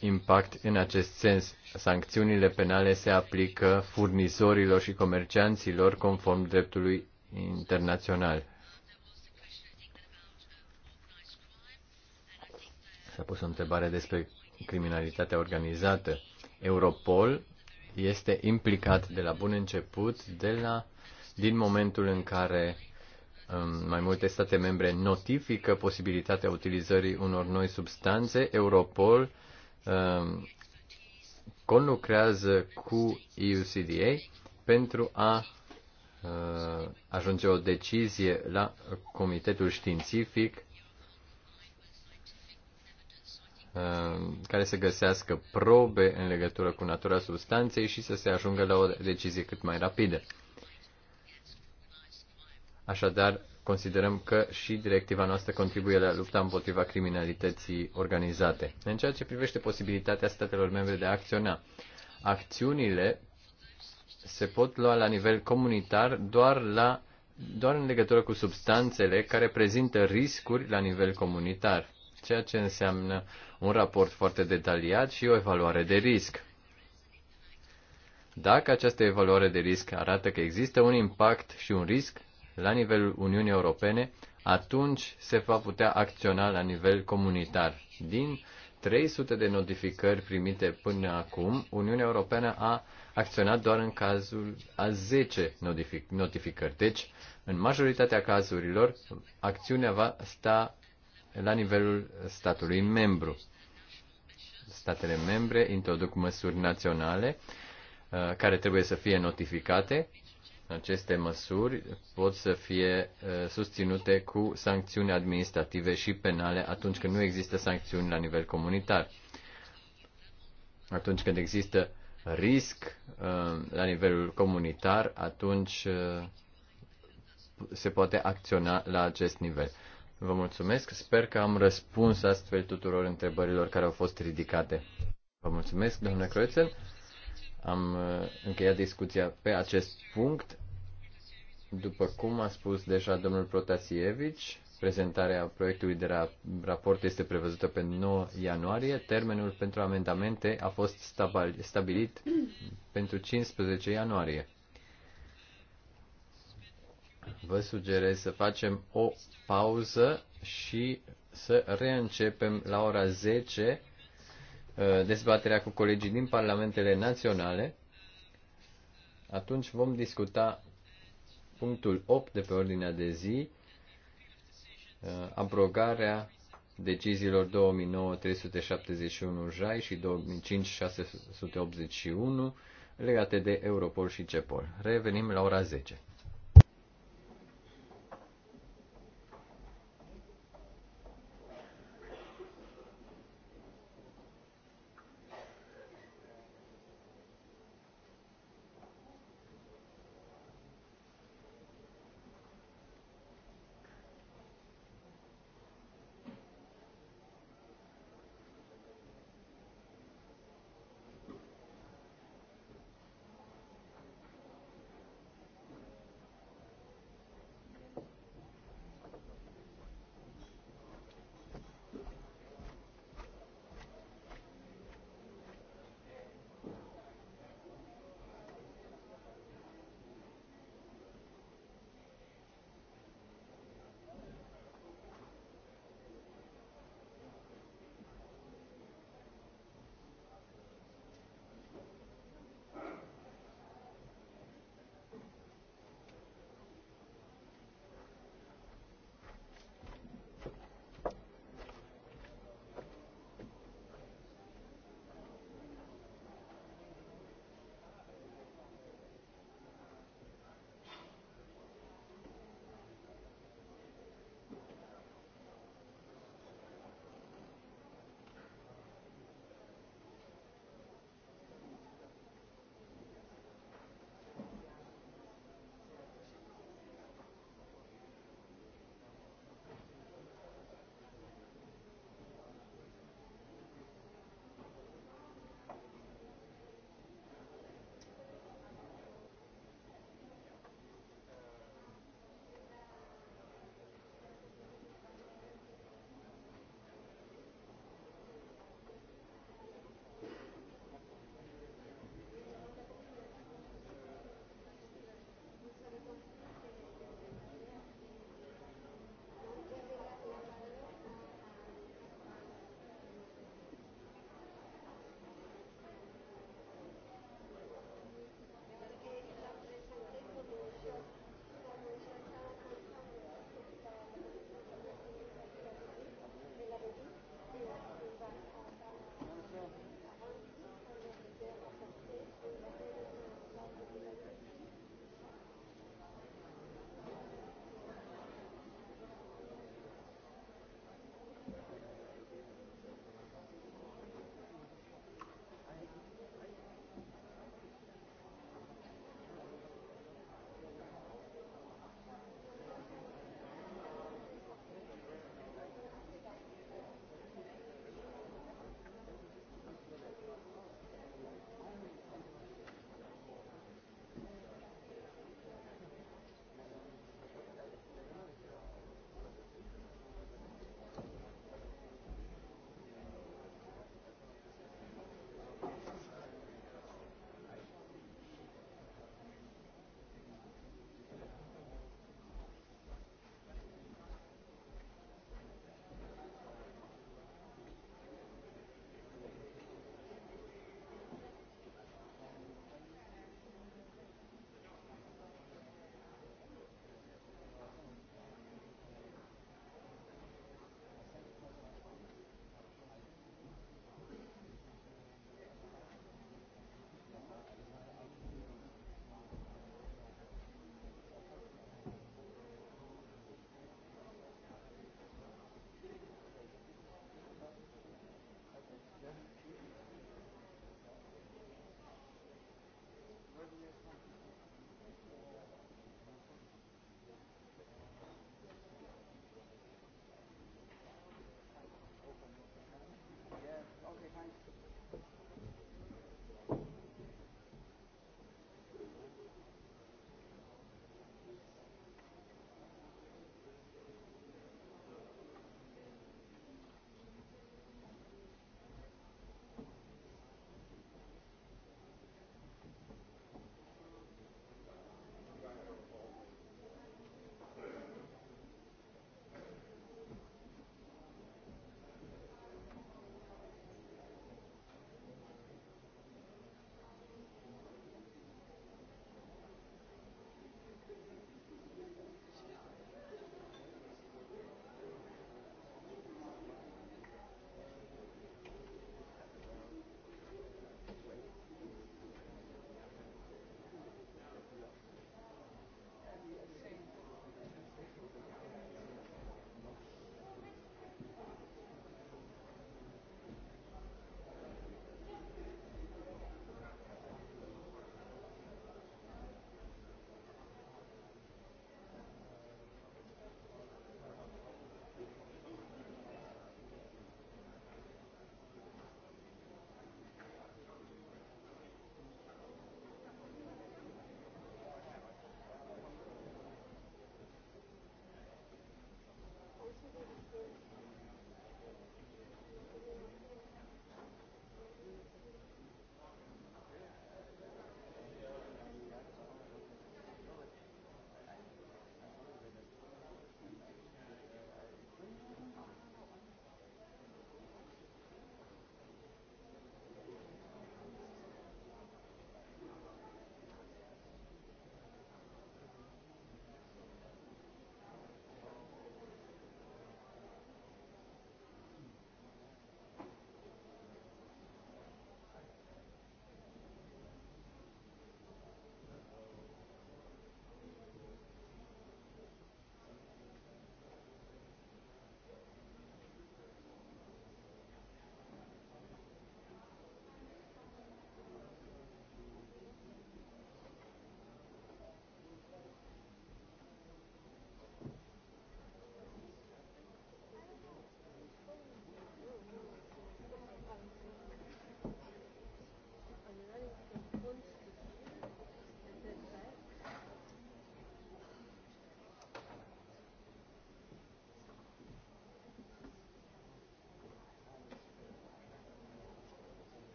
impact în acest sens. Sancțiunile penale se aplică furnizorilor și comercianților conform dreptului internațional. S-a pus o întrebare despre criminalitatea organizată. Europol este implicat de la bun început, de la, din momentul în care um, mai multe state membre notifică posibilitatea utilizării unor noi substanțe, Europol um, conlucrează cu EUCDA pentru a uh, ajunge o decizie la Comitetul Științific Uh, care să găsească probe în legătură cu natura substanței și să se ajungă la o decizie cât mai rapidă. Așadar, considerăm că și directiva noastră contribuie la lupta împotriva criminalității organizate. În ceea ce privește posibilitatea statelor membre de a acționa, acțiunile se pot lua la nivel comunitar doar, la, doar în legătură cu substanțele care prezintă riscuri la nivel comunitar, ceea ce înseamnă uh, un raport foarte detaliat și o evaluare de risc. Dacă această evaluare de risc arată că există un impact și un risc la nivelul Uniunii Europene, atunci se va putea acționa la nivel comunitar. Din 300 de notificări primite până acum, Uniunea Europeană a acționat doar în cazul a 10 notific- notificări. Deci, în majoritatea cazurilor, acțiunea va sta la nivelul statului membru statele membre introduc măsuri naționale uh, care trebuie să fie notificate. Aceste măsuri pot să fie uh, susținute cu sancțiuni administrative și penale atunci când nu există sancțiuni la nivel comunitar. Atunci când există risc uh, la nivelul comunitar, atunci se poate acționa la acest nivel. Vă mulțumesc. Sper că am răspuns astfel tuturor întrebărilor care au fost ridicate. Vă mulțumesc, domnule Croețel. Am uh, încheiat discuția pe acest punct. După cum a spus deja domnul Protasievici, prezentarea proiectului de raport este prevăzută pe 9 ianuarie. Termenul pentru amendamente a fost stabilit pentru 15 ianuarie vă sugerez să facem o pauză și să reîncepem la ora 10 uh, dezbaterea cu colegii din parlamentele naționale. Atunci vom discuta punctul 8 de pe ordinea de zi, uh, abrogarea deciziilor 2009-371 JAI și 2005-681 legate de Europol și CEPOL. Revenim la ora 10.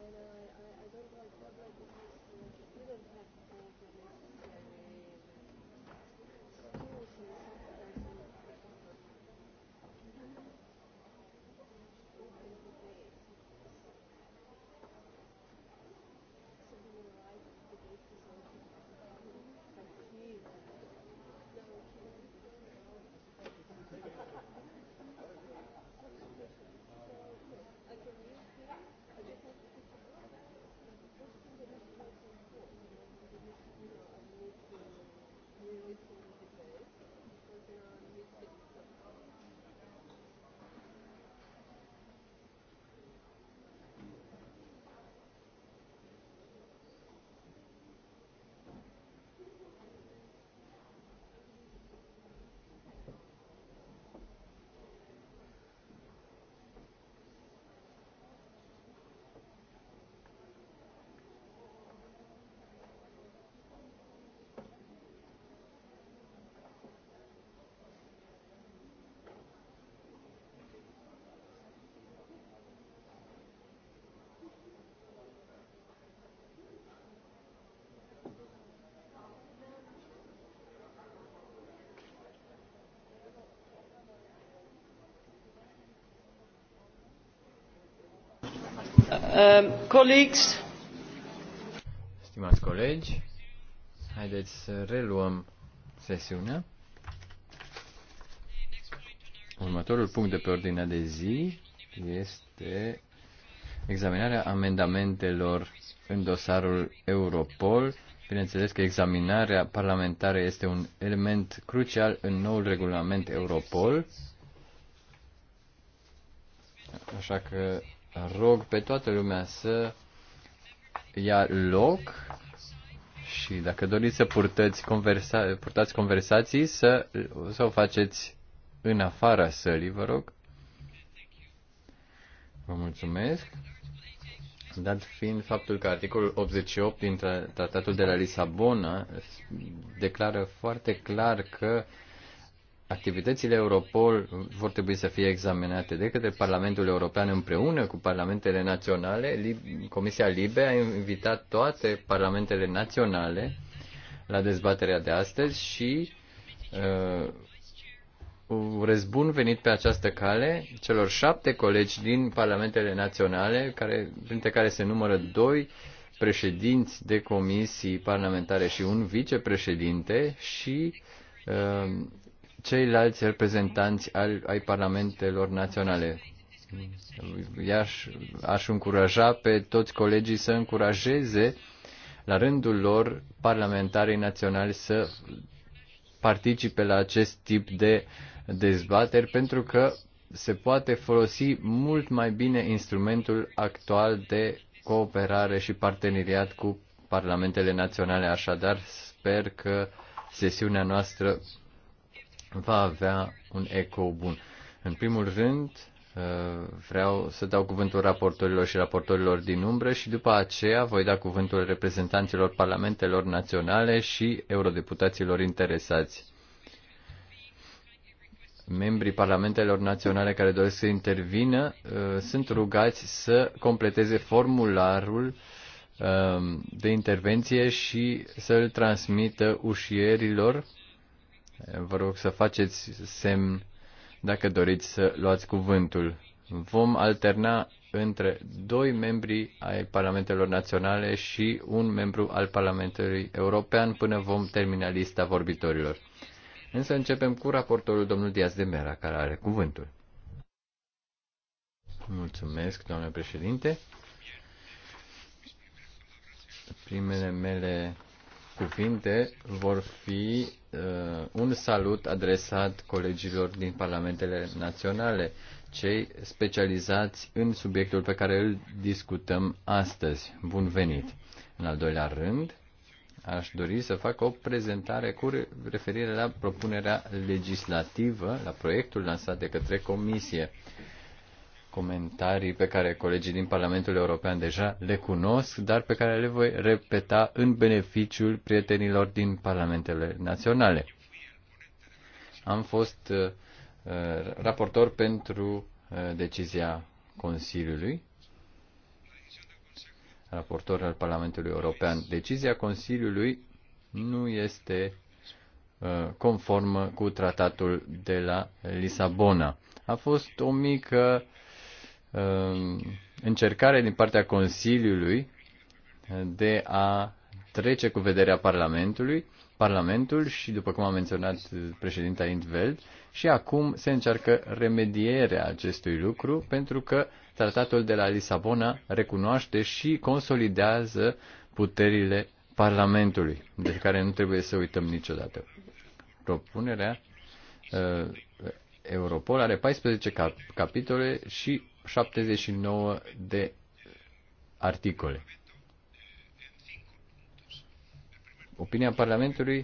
And I uh, Um, Stimați colegi, haideți să reluăm sesiunea. Următorul punct de pe ordinea de zi este examinarea amendamentelor în dosarul Europol. Bineînțeles că examinarea parlamentară este un element crucial în noul regulament Europol. Așa că rog pe toată lumea să ia loc și dacă doriți să purtați, conversa- purtați conversații, să, să o faceți în afara sălii, vă rog. Vă mulțumesc. Dat fiind faptul că articolul 88 din Tratatul de la Lisabona declară foarte clar că uh, Activitățile Europol vor trebui să fie examinate de către Parlamentul European împreună cu parlamentele naționale. Comisia Libe a invitat toate parlamentele naționale la dezbaterea de astăzi și uh, urez venit pe această cale celor șapte colegi din parlamentele naționale, care, printre care se numără doi președinți de comisii parlamentare și un vicepreședinte și uh, ceilalți reprezentanți al, ai parlamentelor naționale. I-aș, aș încuraja pe toți colegii să încurajeze la rândul lor parlamentarii naționali să participe la acest tip de dezbateri pentru că se poate folosi mult mai bine instrumentul actual de cooperare și parteneriat cu parlamentele naționale. Așadar, sper că sesiunea noastră va avea un eco bun. În primul rând, uh, vreau să dau cuvântul raportorilor și raportorilor din umbră și după aceea voi da cuvântul reprezentanților parlamentelor naționale și eurodeputaților interesați. Membrii parlamentelor naționale care doresc să intervină uh, sunt rugați să completeze formularul uh, de intervenție și să îl transmită ușierilor Vă rog să faceți semn dacă doriți să luați cuvântul. Vom alterna între doi membri ai Parlamentelor Naționale și un membru al Parlamentului European până vom termina lista vorbitorilor. Însă începem cu raportorul domnul Diaz de Mera, care are cuvântul. Mulțumesc, doamne președinte. Primele mele cuvinte vor fi un salut adresat colegilor din parlamentele naționale, cei specializați în subiectul pe care îl discutăm astăzi. Bun venit! În al doilea rând, aș dori să fac o prezentare cu referire la propunerea legislativă, la proiectul lansat de către Comisie. Comentarii pe care colegii din Parlamentul European deja le cunosc, dar pe care le voi repeta în beneficiul prietenilor din Parlamentele Naționale. Am fost uh, uh, raportor pentru uh, decizia Consiliului, raportor al Parlamentului European. Decizia Consiliului nu este conformă cu tratatul de la Lisabona. A fost o mică um, încercare din partea Consiliului de a trece cu vederea Parlamentului Parlamentul și, după cum a menționat președinta Intveld, și acum se încearcă remedierea acestui lucru pentru că tratatul de la Lisabona recunoaște și consolidează puterile Parlamentului, de care nu trebuie să uităm niciodată. Propunerea uh, Europol are 14 cap- capitole și 79 de articole. Opinia Parlamentului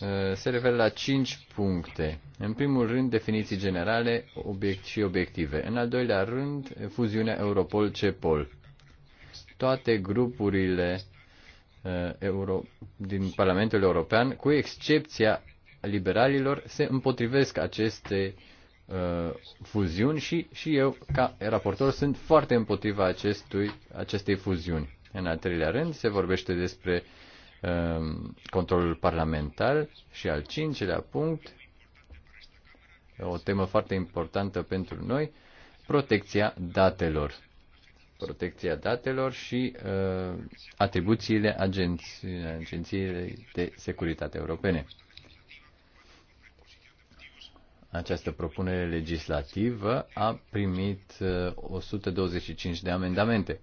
uh, se referă la cinci puncte. În primul rând, definiții generale obiect și obiective. În al doilea rând, fuziunea Europol-CEPOL. Toate grupurile uh, euro, din Parlamentul European, cu excepția liberalilor, se împotrivesc aceste uh, fuziuni și, și eu, ca raportor, sunt foarte împotriva acestui, acestei fuziuni. În al treilea rând, se vorbește despre uh, Um, controlul parlamentar și al cincilea punct, o temă foarte importantă pentru noi, protecția datelor. Protecția datelor și uh, atribuțiile agenți, agenției de securitate europene. Această propunere legislativă a primit uh, 125 de amendamente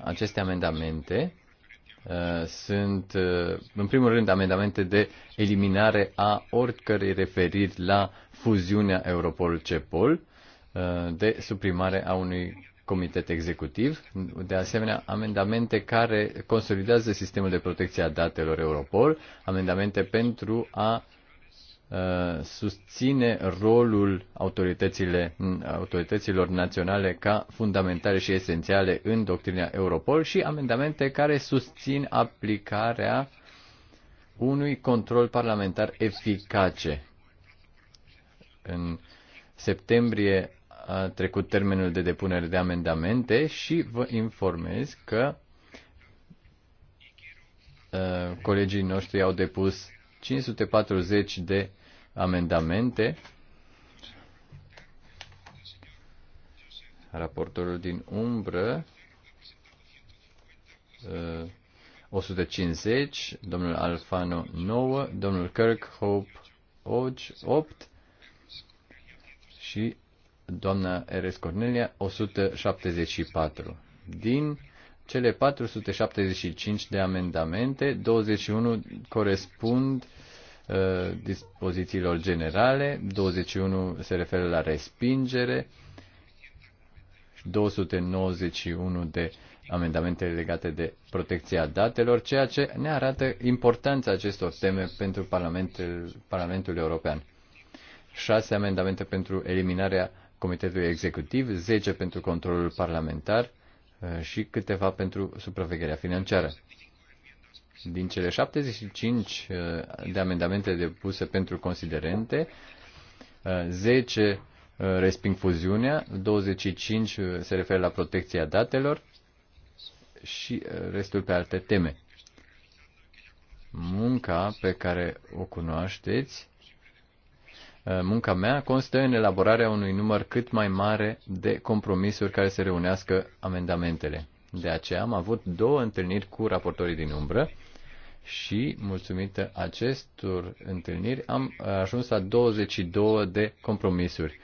aceste amendamente uh, sunt, uh, în primul rând, amendamente de eliminare a oricărei referiri la fuziunea Europol-CEPOL, uh, de suprimare a unui comitet executiv, de asemenea amendamente care consolidează sistemul de protecție a datelor Europol, amendamente pentru a Uh, susține rolul autorităților naționale ca fundamentale și esențiale în doctrina Europol și amendamente care susțin aplicarea unui control parlamentar eficace. În septembrie a trecut termenul de depunere de amendamente și vă informez că uh, colegii noștri au depus 540 de amendamente. Raportorul din umbră 150, uh, domnul Alfano 9, domnul Kirkhope 8 și doamna Eres Cornelia 174. Din cele 475 de amendamente, 21 corespund uh, dispozițiilor generale, 21 se referă la respingere, 291 de amendamente legate de protecția datelor, ceea ce ne arată importanța acestor teme pentru Parlamentul, Parlamentul European. 6 amendamente pentru eliminarea Comitetului Executiv, 10 pentru controlul parlamentar, și câteva pentru supravegherea financiară. Din cele 75 de amendamente depuse pentru considerente, 10 resping fuziunea, 25 se referă la protecția datelor și restul pe alte teme. Munca pe care o cunoașteți Uh, munca mea constă în elaborarea unui număr cât mai mare de compromisuri care să reunească amendamentele. De aceea am avut două întâlniri cu raportorii din umbră și, mulțumită acestor întâlniri, am ajuns la 22 de compromisuri.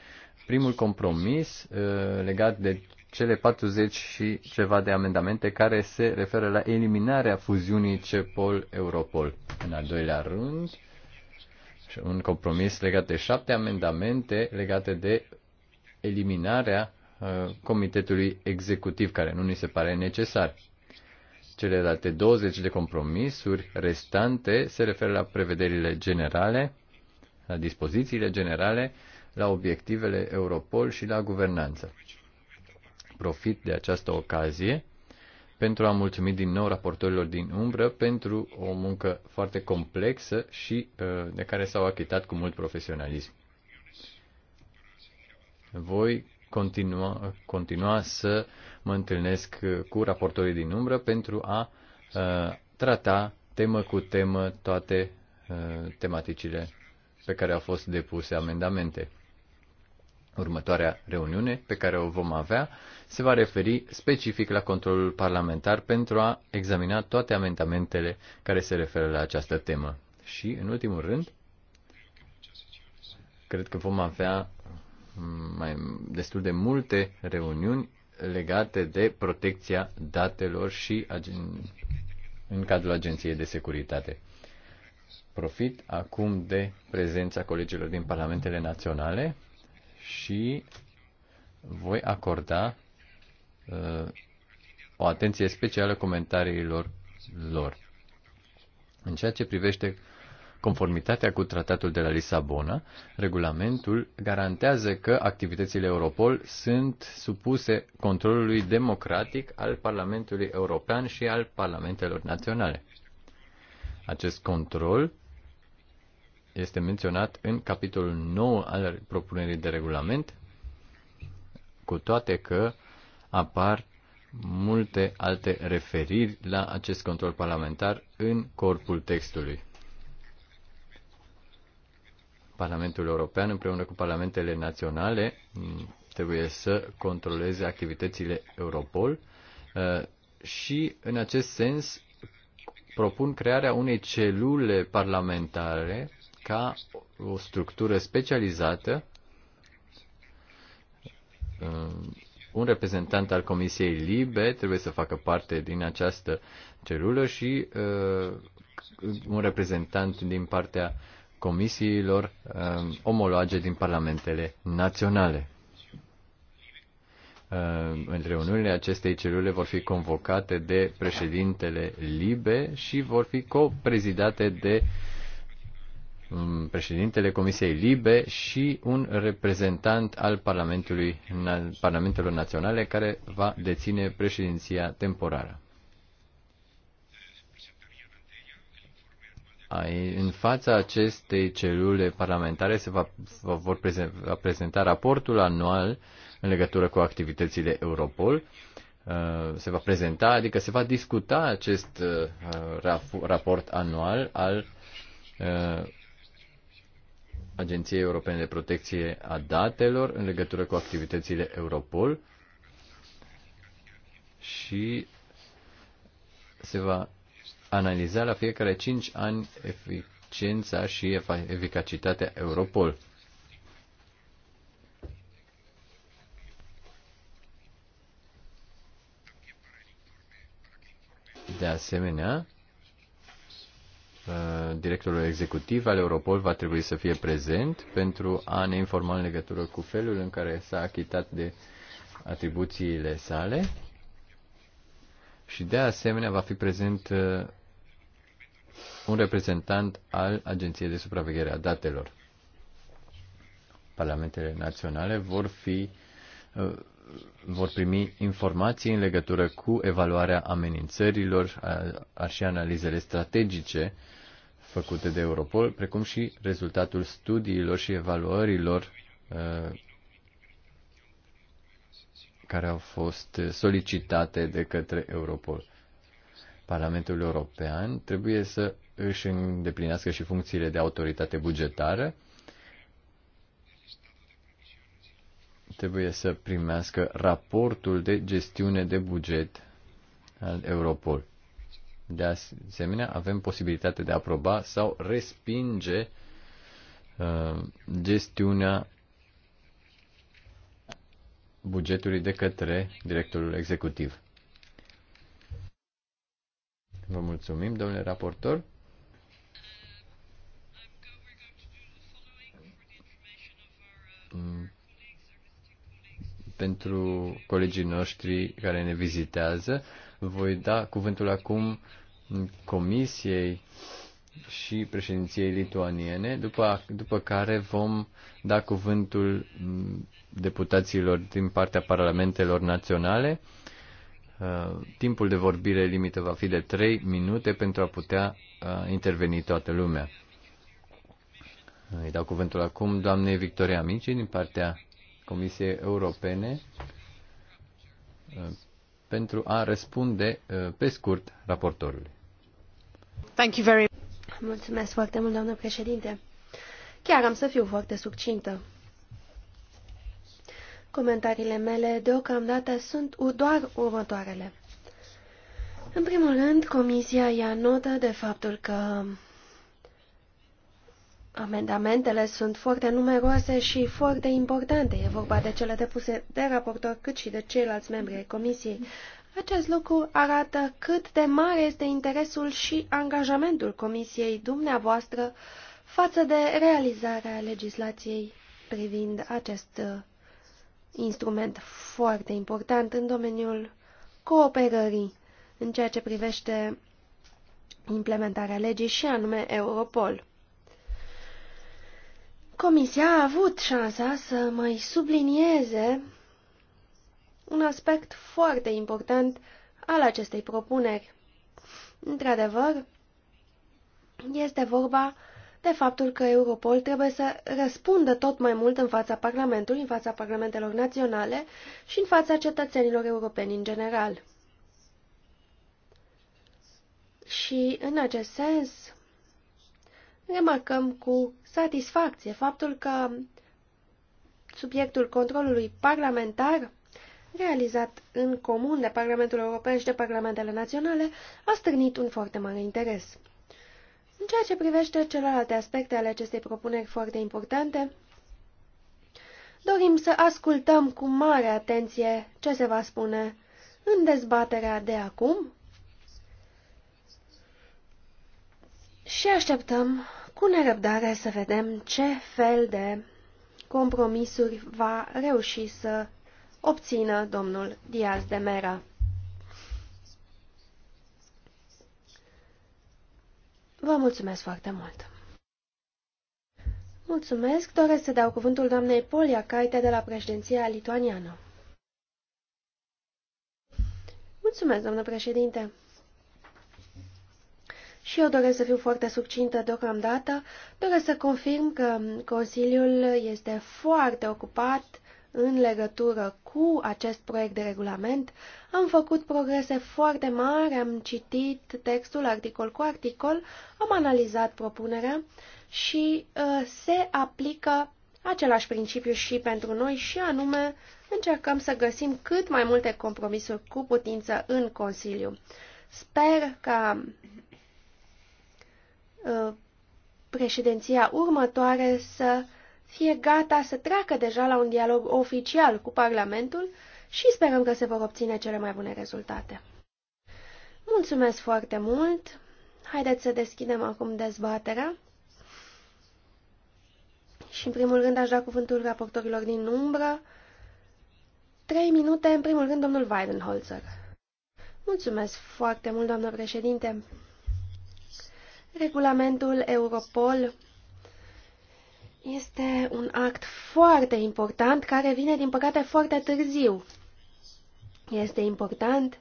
Primul compromis uh, legat de cele 40 și ceva de amendamente care se referă la eliminarea fuziunii CEPOL-Europol. În al doilea rând, un compromis legat de șapte amendamente legate de eliminarea uh, comitetului executiv, care nu ni se pare necesar. Celelalte 20 de compromisuri restante se referă la prevederile generale, la dispozițiile generale, la obiectivele Europol și la guvernanță. Profit de această ocazie pentru a mulțumi din nou raportorilor din umbră pentru o muncă foarte complexă și uh, de care s-au achitat cu mult profesionalism. Voi continua, continua să mă întâlnesc cu raportorii din umbră pentru a uh, trata temă cu temă toate uh, tematicile pe care au fost depuse amendamente. Următoarea reuniune pe care o vom avea se va referi specific la controlul parlamentar pentru a examina toate amendamentele care se referă la această temă. Și, în ultimul rând, cred că vom avea mai destul de multe reuniuni legate de protecția datelor și în cadrul Agenției de Securitate. Profit acum de prezența colegilor din Parlamentele Naționale și voi acorda uh, o atenție specială comentariilor lor. În ceea ce privește conformitatea cu tratatul de la Lisabona, regulamentul garantează că activitățile Europol sunt supuse controlului democratic al Parlamentului European și al Parlamentelor Naționale. Acest control este menționat în capitolul 9 al propunerii de regulament, cu toate că apar multe alte referiri la acest control parlamentar în corpul textului. Parlamentul European împreună cu parlamentele naționale trebuie să controleze activitățile Europol uh, și în acest sens propun crearea unei celule parlamentare ca o structură specializată um, un reprezentant al Comisiei Libe trebuie să facă parte din această celulă și uh, un reprezentant din partea comisiilor uh, um, omologe din parlamentele naționale. Uh, în reuniunile acestei celule vor fi convocate de președintele Libe și vor fi coprezidate de uh, Um, președintele Comisiei Libe și un reprezentant al Parlamentului, Parlamentelor Naționale care va deține președinția temporară. În fața acestei celule parlamentare se va, va, vor prezenta, va prezenta raportul anual în legătură cu activitățile Europol. Uh, se va prezenta, adică se va discuta acest uh, raport anual al uh, Agenției Europene de Protecție a Datelor în legătură cu activitățile Europol și se va analiza la fiecare 5 ani eficiența și eficacitatea Europol. De asemenea, Uh, directorul executiv al Europol va trebui să fie prezent pentru a ne informa în legătură cu felul în care s-a achitat de atribuțiile sale și de asemenea va fi prezent uh, un reprezentant al Agenției de Supraveghere a Datelor. Parlamentele naționale vor fi uh, vor primi informații în legătură cu evaluarea amenințărilor a, a și analizele strategice făcute de Europol, precum și rezultatul studiilor și evaluărilor uh, care au fost solicitate de către Europol. Parlamentul European trebuie să își îndeplinească și funcțiile de autoritate bugetară trebuie să primească raportul de gestiune de buget al Europol. De asemenea, avem posibilitatea de a aproba sau respinge uh, gestiunea bugetului de către directorul executiv. Vă mulțumim, domnule raportor. Mm pentru colegii noștri care ne vizitează. Voi da cuvântul acum Comisiei și președinției lituaniene, după, după care vom da cuvântul deputaților din partea parlamentelor naționale. Uh, timpul de vorbire limită va fi de 3 minute pentru a putea uh, interveni toată lumea. Îi dau cuvântul acum doamnei Victoria Mici din partea Comisiei Europene uh, pentru a răspunde uh, pe scurt raportorului. Thank you very Mulțumesc foarte mult, doamnă președinte. Chiar am să fiu foarte succintă. Comentariile mele deocamdată sunt doar următoarele. În primul rând, Comisia ia notă de faptul că Amendamentele sunt foarte numeroase și foarte importante. E vorba de cele depuse de raportor cât și de ceilalți membri ai comisiei. Acest lucru arată cât de mare este interesul și angajamentul comisiei dumneavoastră față de realizarea legislației privind acest uh, instrument foarte important în domeniul cooperării în ceea ce privește implementarea legii și anume Europol. Comisia a avut șansa să mai sublinieze un aspect foarte important al acestei propuneri. Într-adevăr, este vorba de faptul că Europol trebuie să răspundă tot mai mult în fața Parlamentului, în fața Parlamentelor naționale și în fața cetățenilor europeni în general. Și, în acest sens, remarcăm cu satisfacție faptul că subiectul controlului parlamentar realizat în comun de Parlamentul European și de Parlamentele Naționale, a strânit un foarte mare interes. În ceea ce privește celelalte aspecte ale acestei propuneri foarte importante, dorim să ascultăm cu mare atenție ce se va spune în dezbaterea de acum Și așteptăm cu nerăbdare să vedem ce fel de compromisuri va reuși să obțină domnul Diaz de Mera. Vă mulțumesc foarte mult! Mulțumesc, doresc să dau cuvântul doamnei Polia Caite de la președinția lituaniană. Mulțumesc, doamnă președinte! și eu doresc să fiu foarte succintă deocamdată. Doresc să confirm că Consiliul este foarte ocupat în legătură cu acest proiect de regulament. Am făcut progrese foarte mari, am citit textul articol cu articol, am analizat propunerea și uh, se aplică același principiu și pentru noi și anume încercăm să găsim cât mai multe compromisuri cu putință în Consiliu. Sper ca Uh, președinția următoare să fie gata să treacă deja la un dialog oficial cu Parlamentul și sperăm că se vor obține cele mai bune rezultate. Mulțumesc foarte mult! Haideți să deschidem acum dezbaterea. Și în primul rând aș da cuvântul raportorilor din umbră. Trei minute, în primul rând, domnul Weidenholzer. Mulțumesc foarte mult, doamnă președinte. Regulamentul Europol este un act foarte important care vine, din păcate, foarte târziu. Este important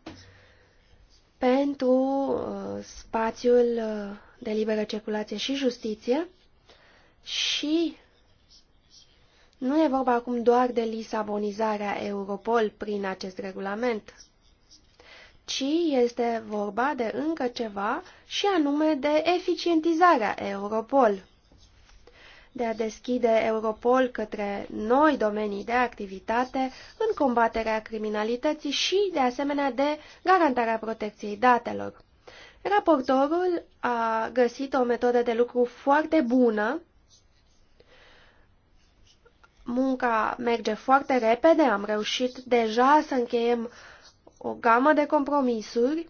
pentru uh, spațiul uh, de liberă circulație și justiție și nu e vorba acum doar de lisabonizarea Europol prin acest regulament ci este vorba de încă ceva și anume de eficientizarea Europol, de a deschide Europol către noi domenii de activitate în combaterea criminalității și, de asemenea, de garantarea protecției datelor. Raportorul a găsit o metodă de lucru foarte bună. Munca merge foarte repede, am reușit deja să încheiem uh, o gamă de compromisuri,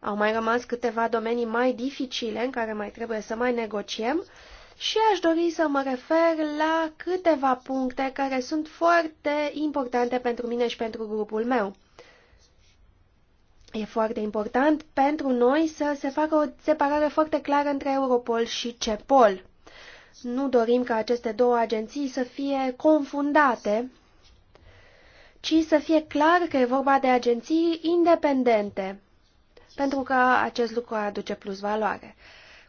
au mai rămas câteva domenii mai dificile în care mai trebuie să mai negociem și aș dori să mă refer la câteva puncte care sunt foarte importante pentru mine și pentru grupul meu. E foarte important pentru noi să se facă o separare foarte clară între Europol și CEPOL. Nu dorim ca aceste două agenții să fie confundate ci să fie clar că e vorba de agenții independente, pentru că acest lucru aduce plus valoare.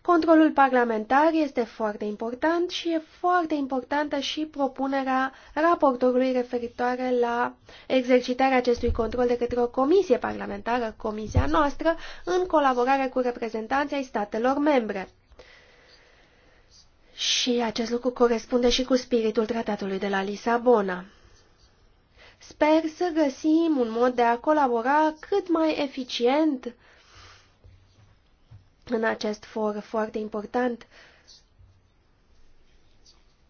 Controlul parlamentar este foarte important și e foarte importantă și propunerea raportorului referitoare la exercitarea acestui control de către o comisie parlamentară, comisia noastră, în colaborare cu reprezentanții statelor membre. Și acest lucru corespunde și cu spiritul tratatului de la Lisabona. Sper să găsim un mod de a colabora cât mai eficient în acest for foarte important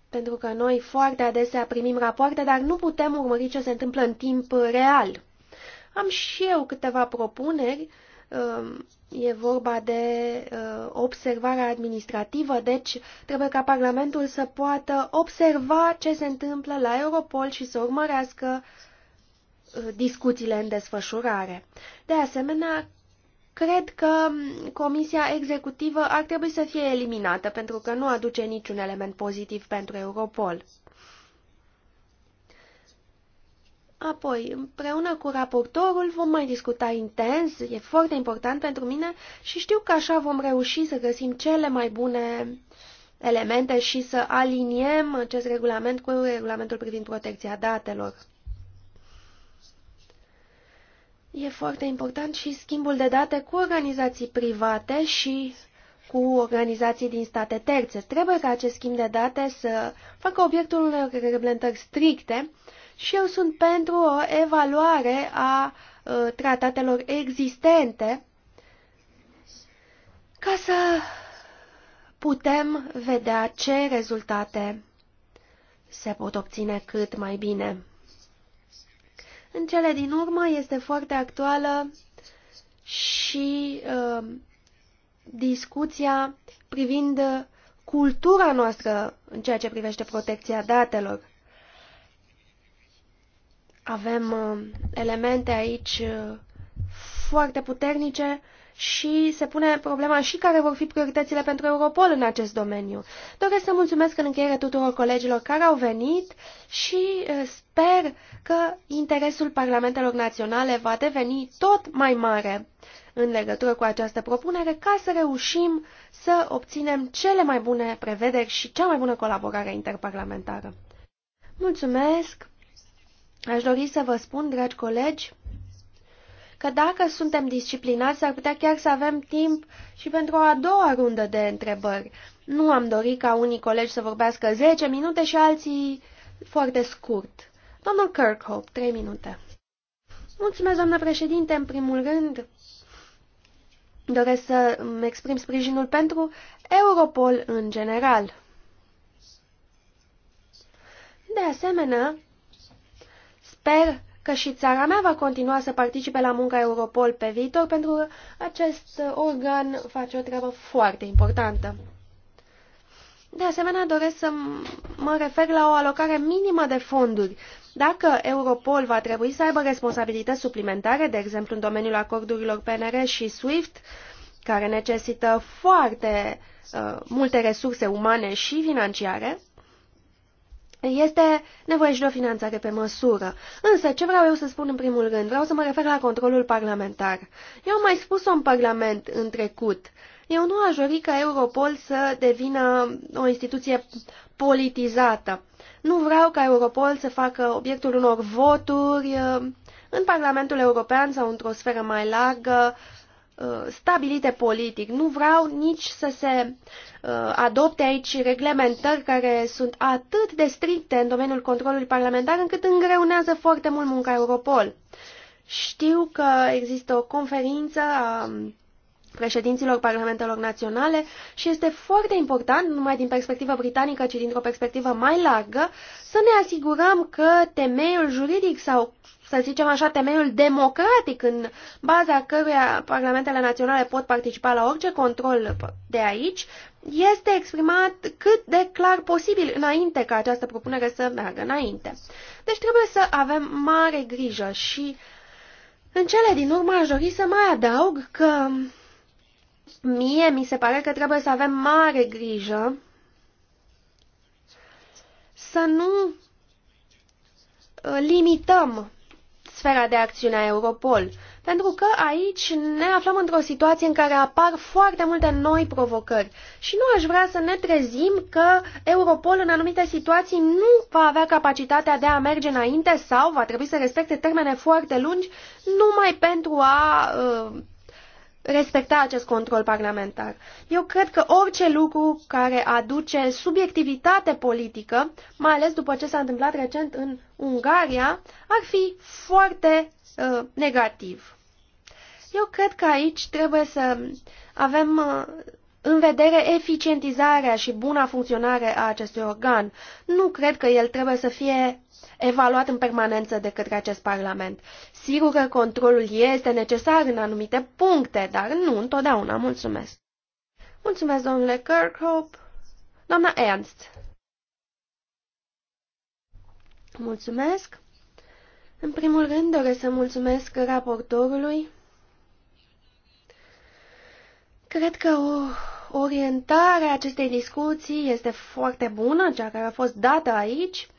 pentru că noi foarte adesea primim rapoarte, dar nu putem urmări ce se întâmplă în timp real. Am și eu câteva propuneri Um, e vorba de uh, observare administrativă, deci trebuie ca Parlamentul să poată observa ce se întâmplă la Europol și să urmărească uh, discuțiile în desfășurare. De asemenea, cred că Comisia Executivă ar trebui să fie eliminată pentru că nu aduce niciun element pozitiv pentru Europol. Apoi, împreună cu raportorul vom mai discuta intens, e foarte important pentru mine și știu că așa vom reuși să găsim cele mai bune elemente și să aliniem acest regulament cu regulamentul privind protecția datelor. E foarte important și schimbul de date cu organizații private și cu organizații din state terțe. Trebuie ca acest schimb de date să facă obiectul unei reglementări stricte și eu sunt pentru o evaluare a uh, tratatelor existente ca să putem vedea ce rezultate se pot obține cât mai bine. În cele din urmă este foarte actuală și uh, discuția privind cultura noastră în ceea ce privește protecția datelor. Avem uh, elemente aici uh, foarte puternice și se pune problema și care vor fi prioritățile pentru Europol în acest domeniu. Doresc să mulțumesc în încheiere tuturor colegilor care au venit și uh, sper că interesul parlamentelor naționale va deveni tot mai mare în legătură cu această propunere ca să reușim să obținem cele mai bune prevederi și cea mai bună colaborare interparlamentară. Mulțumesc! Aș dori să vă spun, dragi colegi, că dacă suntem disciplinați, ar putea chiar să avem timp și pentru o a doua rundă de întrebări. Nu am dorit ca unii colegi să vorbească 10 minute și alții foarte scurt. Domnul Kirkhope, 3 minute. Mulțumesc, doamnă președinte, în primul rând. Doresc să îmi exprim sprijinul pentru Europol în general. De asemenea, Sper că și țara mea va continua să participe la munca Europol pe viitor, pentru că acest organ face o treabă foarte importantă. De asemenea, doresc să mă refer la o alocare minimă de fonduri. Dacă Europol va trebui să aibă responsabilități suplimentare, de exemplu în domeniul acordurilor PNR și SWIFT, care necesită foarte uh, multe resurse umane și financiare, este nevoie și de o finanțare pe măsură. Însă, ce vreau eu să spun în primul rând? Vreau să mă refer la controlul parlamentar. Eu am mai spus-o în Parlament în trecut. Eu nu aș dori ca Europol să devină o instituție politizată. Nu vreau ca Europol să facă obiectul unor voturi uh, în Parlamentul European sau într-o sferă mai largă Uh, stabilite politic. Nu vreau nici să se uh, adopte aici reglementări care sunt atât de stricte în domeniul controlului parlamentar încât îngreunează foarte mult munca Europol. Știu că există o conferință a um, președinților parlamentelor naționale și este foarte important, nu numai din perspectivă britanică, ci dintr-o perspectivă mai largă, să ne asigurăm că temeiul juridic sau să zicem așa, temeiul democratic în baza căruia parlamentele naționale pot participa la orice control de aici, este exprimat cât de clar posibil înainte ca această propunere să meargă înainte. Deci trebuie să avem mare grijă și în cele din urmă aș dori să mai adaug că mie mi se pare că trebuie să avem mare grijă să nu limităm sfera de acțiune a Europol, pentru că aici ne aflăm într-o situație în care apar foarte multe noi provocări și nu aș vrea să ne trezim că Europol în anumite situații nu va avea capacitatea de a merge înainte sau va trebui să respecte termene foarte lungi numai pentru a uh, respecta acest control parlamentar. Eu cred că orice lucru care aduce subiectivitate politică, mai ales după ce s-a întâmplat recent în Ungaria, ar fi foarte uh, negativ. Eu cred că aici trebuie să avem uh, în vedere eficientizarea și buna funcționare a acestui organ. Nu cred că el trebuie să fie evaluat în permanență de către acest Parlament. Sigur că controlul este necesar în anumite puncte, dar nu întotdeauna. Mulțumesc! Mulțumesc, domnule Kirkhope! Doamna Ernst! Mulțumesc! În primul rând doresc să mulțumesc raportorului. Cred că o orientare a acestei discuții este foarte bună, cea care a fost dată aici.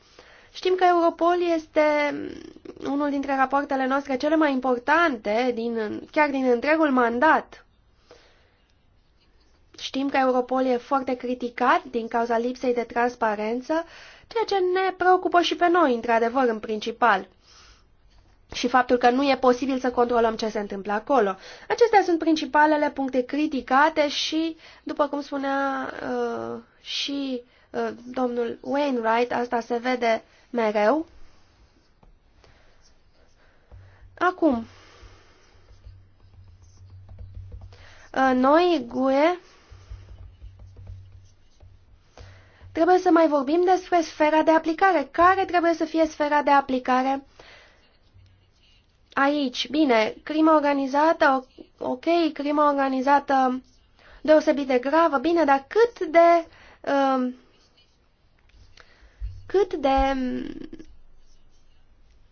Știm că Europol este unul dintre rapoartele noastre cele mai importante, din, chiar din întregul mandat. Știm că Europol e foarte criticat din cauza lipsei de transparență, ceea ce ne preocupă și pe noi, într-adevăr, în principal. Și faptul că nu e posibil să controlăm ce se întâmplă acolo. Acestea sunt principalele puncte criticate și, după cum spunea uh, și uh, domnul Wainwright, asta se vede uh, mereu. Acum, ă, noi, Gure, trebuie să mai vorbim despre sfera de aplicare. Care trebuie să fie sfera de aplicare aici? Bine, crimă organizată, ok, crimă organizată deosebit de gravă, bine, dar cât de... Uh, cât de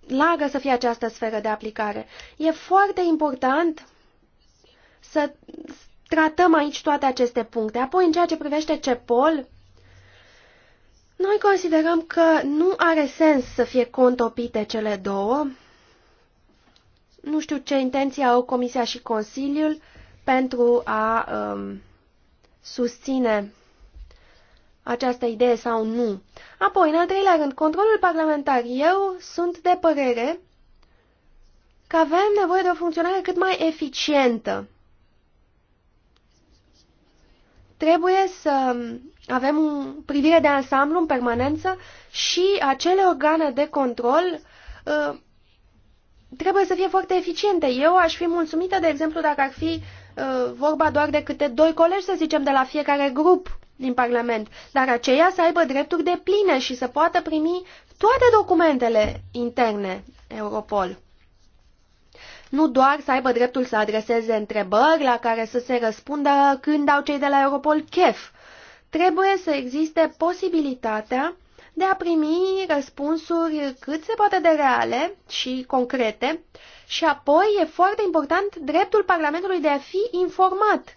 largă să fie această sferă de aplicare. E foarte important să tratăm aici toate aceste puncte. Apoi, în ceea ce privește CEPOL, noi considerăm că nu are sens să fie contopite cele două. Nu știu ce intenții au Comisia și Consiliul pentru a um, susține această idee sau nu. Apoi, în al treilea rând, controlul parlamentar. Eu sunt de părere că avem nevoie de o funcționare cât mai eficientă. Trebuie să avem o privire de ansamblu în permanență și acele organe de control uh, trebuie să fie foarte eficiente. Eu aș fi mulțumită, de exemplu, dacă ar fi uh, vorba doar de câte doi colegi, să zicem, de la fiecare grup din Parlament, dar aceia să aibă drepturi de pline și să poată primi toate documentele interne Europol. Nu doar să aibă dreptul să adreseze întrebări la care să se răspundă când au cei de la Europol chef. Trebuie să existe posibilitatea de a primi răspunsuri cât se poate de reale și concrete și apoi e foarte important dreptul Parlamentului de a fi informat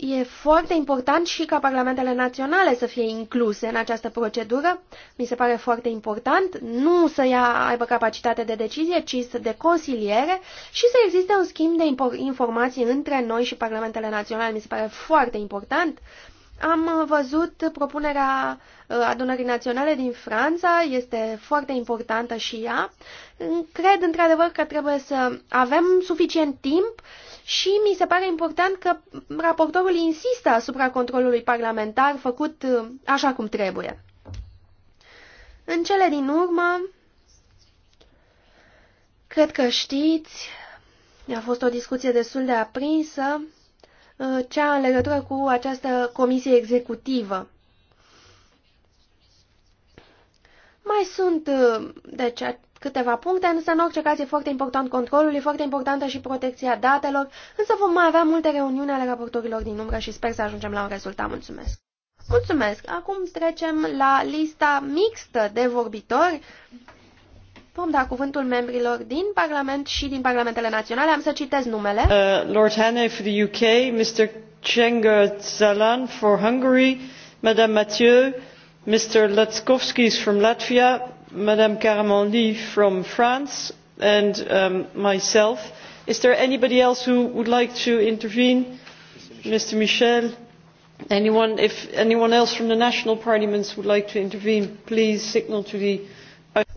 E foarte important și ca parlamentele naționale să fie incluse în această procedură. Mi se pare foarte important nu să ia, aibă capacitate de decizie, ci de consiliere și să existe un schimb de informații între noi și parlamentele naționale. Mi se pare foarte important. Uh, am uh, văzut propunerea uh, adunării naționale din Franța, este foarte importantă și ea. Cred într-adevăr că trebuie să avem suficient timp și mi se pare important că raportorul insistă asupra controlului parlamentar făcut uh, așa cum trebuie. În cele din urmă, cred că știți, a fost o discuție destul de aprinsă, Uh, cea în legătură cu această comisie executivă. Mai sunt uh, deci, câteva puncte, însă în orice caz e foarte important controlul, e foarte importantă și protecția datelor, însă vom mai avea multe reuniuni ale raportorilor din umbră și sper să ajungem la un rezultat. Mulțumesc! Mulțumesc! Acum trecem la lista mixtă de vorbitori. Vom da cuvântul membrilor din Parlament și din Parlamentele Naționale. Am să citez numele. Uh, Lord Hannay for the UK, Mr. Cenga Zalan for Hungary, Madame Mathieu, Mr. Latskovskis from Latvia, Madame Caramanli from France, and um, myself. Is there anybody else who would like to intervene? Mr. Michel. Anyone, if anyone else from the national parliaments would like to intervene, please signal to the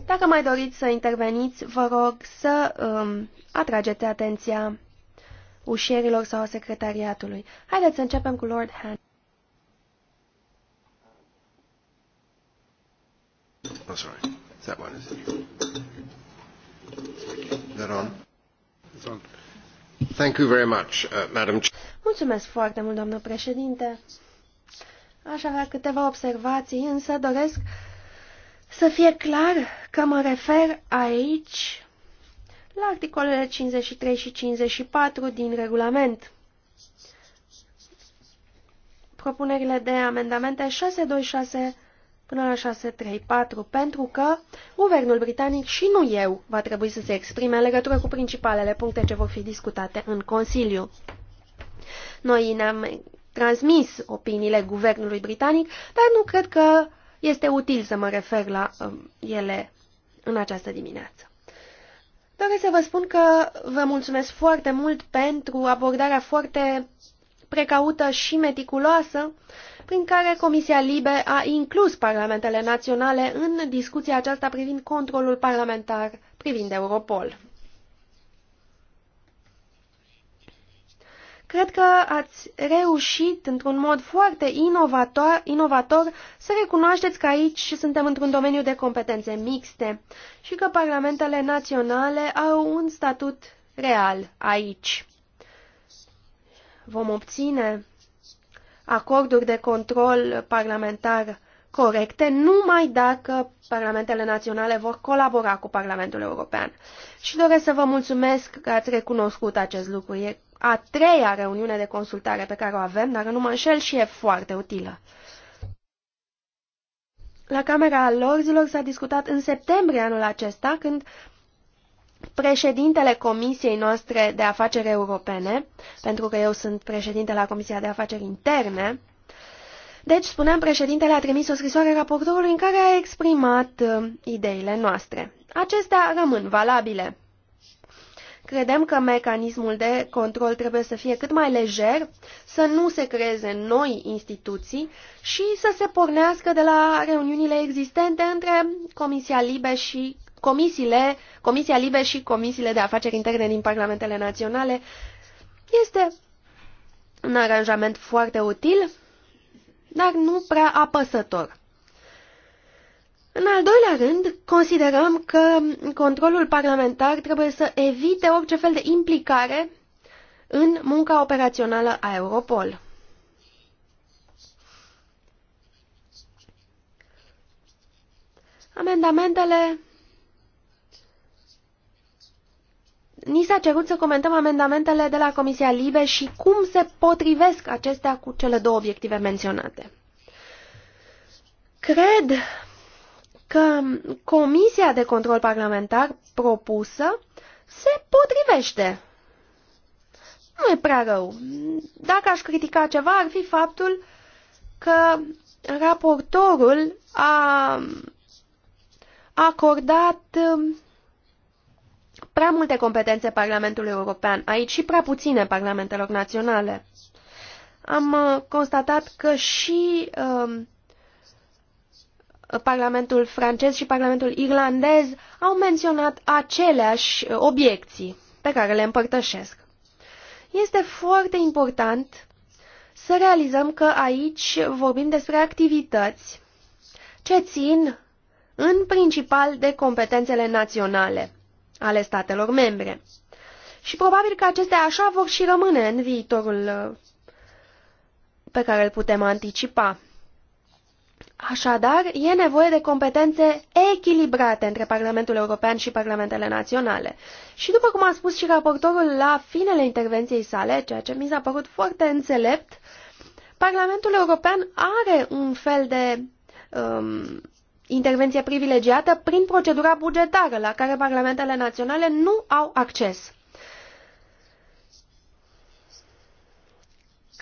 dacă mai doriți să interveniți, vă rog să um, atrageți atenția ușierilor sau a secretariatului. Haideți să începem cu Lord Han. Oh, sorry. that one, Is it? That on? It's on. Thank you very much, uh, Madam Mulțumesc foarte mult, doamnă președinte. Aș avea câteva observații, însă doresc uh, să fie clar că mă refer aici la articolele 53 și 54 din regulament. Propunerile de amendamente 626 până la 634, pentru că guvernul britanic și nu eu va trebui să se exprime în legătură cu principalele puncte ce vor fi discutate în Consiliu. Noi ne-am transmis opiniile guvernului britanic, dar nu cred că este util să mă refer la um, ele în această dimineață. Doresc să vă spun că vă mulțumesc foarte mult pentru abordarea foarte precaută și meticuloasă prin care Comisia Libe a inclus parlamentele naționale în discuția aceasta privind controlul parlamentar privind Europol. Cred că ați reușit într-un mod foarte inovator, inovator să recunoașteți că aici suntem într-un domeniu de competențe mixte și că parlamentele naționale au un statut real aici. Vom obține acorduri de control parlamentar corecte numai dacă parlamentele naționale vor colabora cu Parlamentul European. Și doresc să vă mulțumesc că ați recunoscut acest lucru. E a treia reuniune de consultare pe care o avem, dar nu mă înșel, și e foarte utilă. La Camera Lorzilor s-a discutat în septembrie anul acesta, când președintele Comisiei noastre de afaceri europene, pentru că eu sunt președinte la Comisia de Afaceri Interne, deci, spuneam, președintele a trimis o scrisoare raportorului în care a exprimat uh, ideile noastre. Acestea rămân valabile. Credem că mecanismul de control trebuie să fie cât mai lejer, să nu se creeze noi instituții și să se pornească de la reuniunile existente între Comisia Libe și comisiile, Comisia Libe și Comisiile de Afaceri Interne din Parlamentele Naționale. Este un aranjament foarte util, dar nu prea apăsător. În al doilea rând, considerăm că controlul parlamentar trebuie să evite orice fel de implicare în munca operațională a Europol. Amendamentele Ni s-a cerut să comentăm amendamentele de la Comisia Libe și cum se potrivesc acestea cu cele două obiective menționate. Cred că Comisia de Control Parlamentar propusă se potrivește. Nu e prea rău. Dacă aș critica ceva, ar fi faptul că raportorul a acordat um, prea multe competențe Parlamentului European, aici și prea puține Parlamentelor Naționale. Am uh, constatat că și uh, Parlamentul francez și Parlamentul irlandez au menționat aceleași obiecții pe care le împărtășesc. Este foarte important să realizăm că aici vorbim despre activități ce țin în principal de competențele naționale ale statelor membre. Și probabil că acestea așa vor și rămâne în viitorul uh, pe care îl putem anticipa. Așadar, e nevoie de competențe echilibrate între Parlamentul European și Parlamentele Naționale. Și după cum a spus și raportorul la finele intervenției sale, ceea ce mi s-a părut foarte înțelept, Parlamentul European are un fel de um, intervenție privilegiată prin procedura bugetară la care Parlamentele Naționale nu au acces.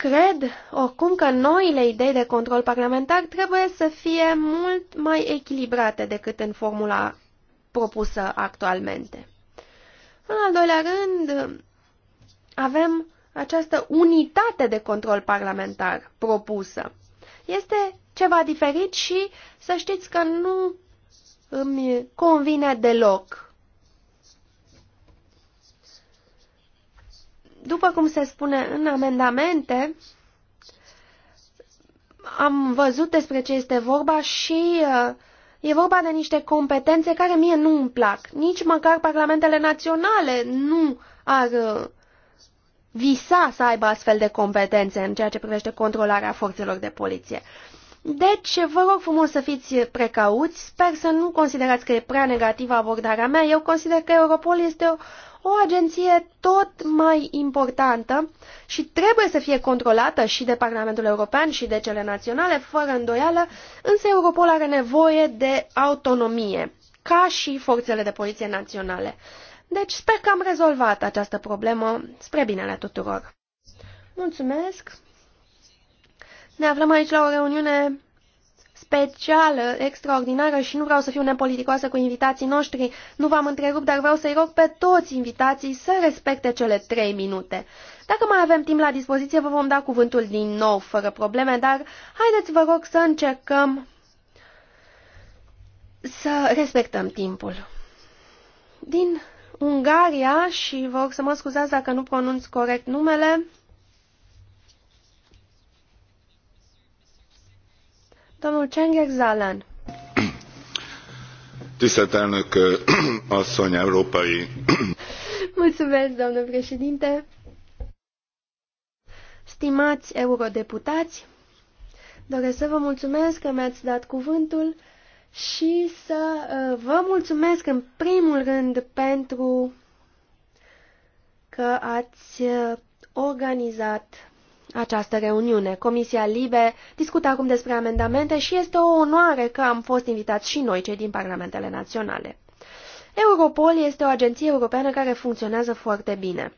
Cred, oricum, că noile idei de control parlamentar trebuie să fie mult mai echilibrate decât în formula propusă actualmente. În al doilea rând, avem această unitate de control parlamentar propusă. Este ceva diferit și să știți că nu îmi convine deloc După cum se spune în amendamente, am văzut despre ce este vorba și uh, e vorba de niște competențe care mie nu îmi plac. Nici măcar parlamentele naționale nu ar uh, visa să aibă astfel de competențe în ceea ce privește controlarea forțelor de poliție. Deci, vă rog frumos să fiți precauți, sper să nu considerați că e prea negativă abordarea mea, eu consider că Europol este o o agenție tot mai importantă și trebuie să fie controlată și de Parlamentul European și de cele naționale, fără îndoială, însă Europol are nevoie de autonomie, ca și forțele de poliție naționale. Deci sper că am rezolvat această problemă spre binele tuturor. Mulțumesc! Ne aflăm aici la o reuniune specială, extraordinară și nu vreau să fiu nepoliticoasă cu invitații noștri. Nu v-am întrerupt, dar vreau să-i rog pe toți invitații să respecte cele trei minute. Dacă mai avem timp la dispoziție, vă vom da cuvântul din nou, fără probleme, dar haideți, vă rog, să încercăm să respectăm timpul. Din Ungaria, și vă rog să mă scuzați dacă nu pronunț corect numele, Domnul Cengek Zalan. Tisztelt elnök asszony, európai. Mulțumesc, domnul președinte. Stimați eurodeputați, doresc să vă mulțumesc că mi-ați dat cuvântul și să vă mulțumesc în primul rând pentru că ați organizat această reuniune. Comisia Libe discută acum despre amendamente și este o onoare că am fost invitați și noi, cei din Parlamentele Naționale. Europol este o agenție europeană care funcționează foarte bine.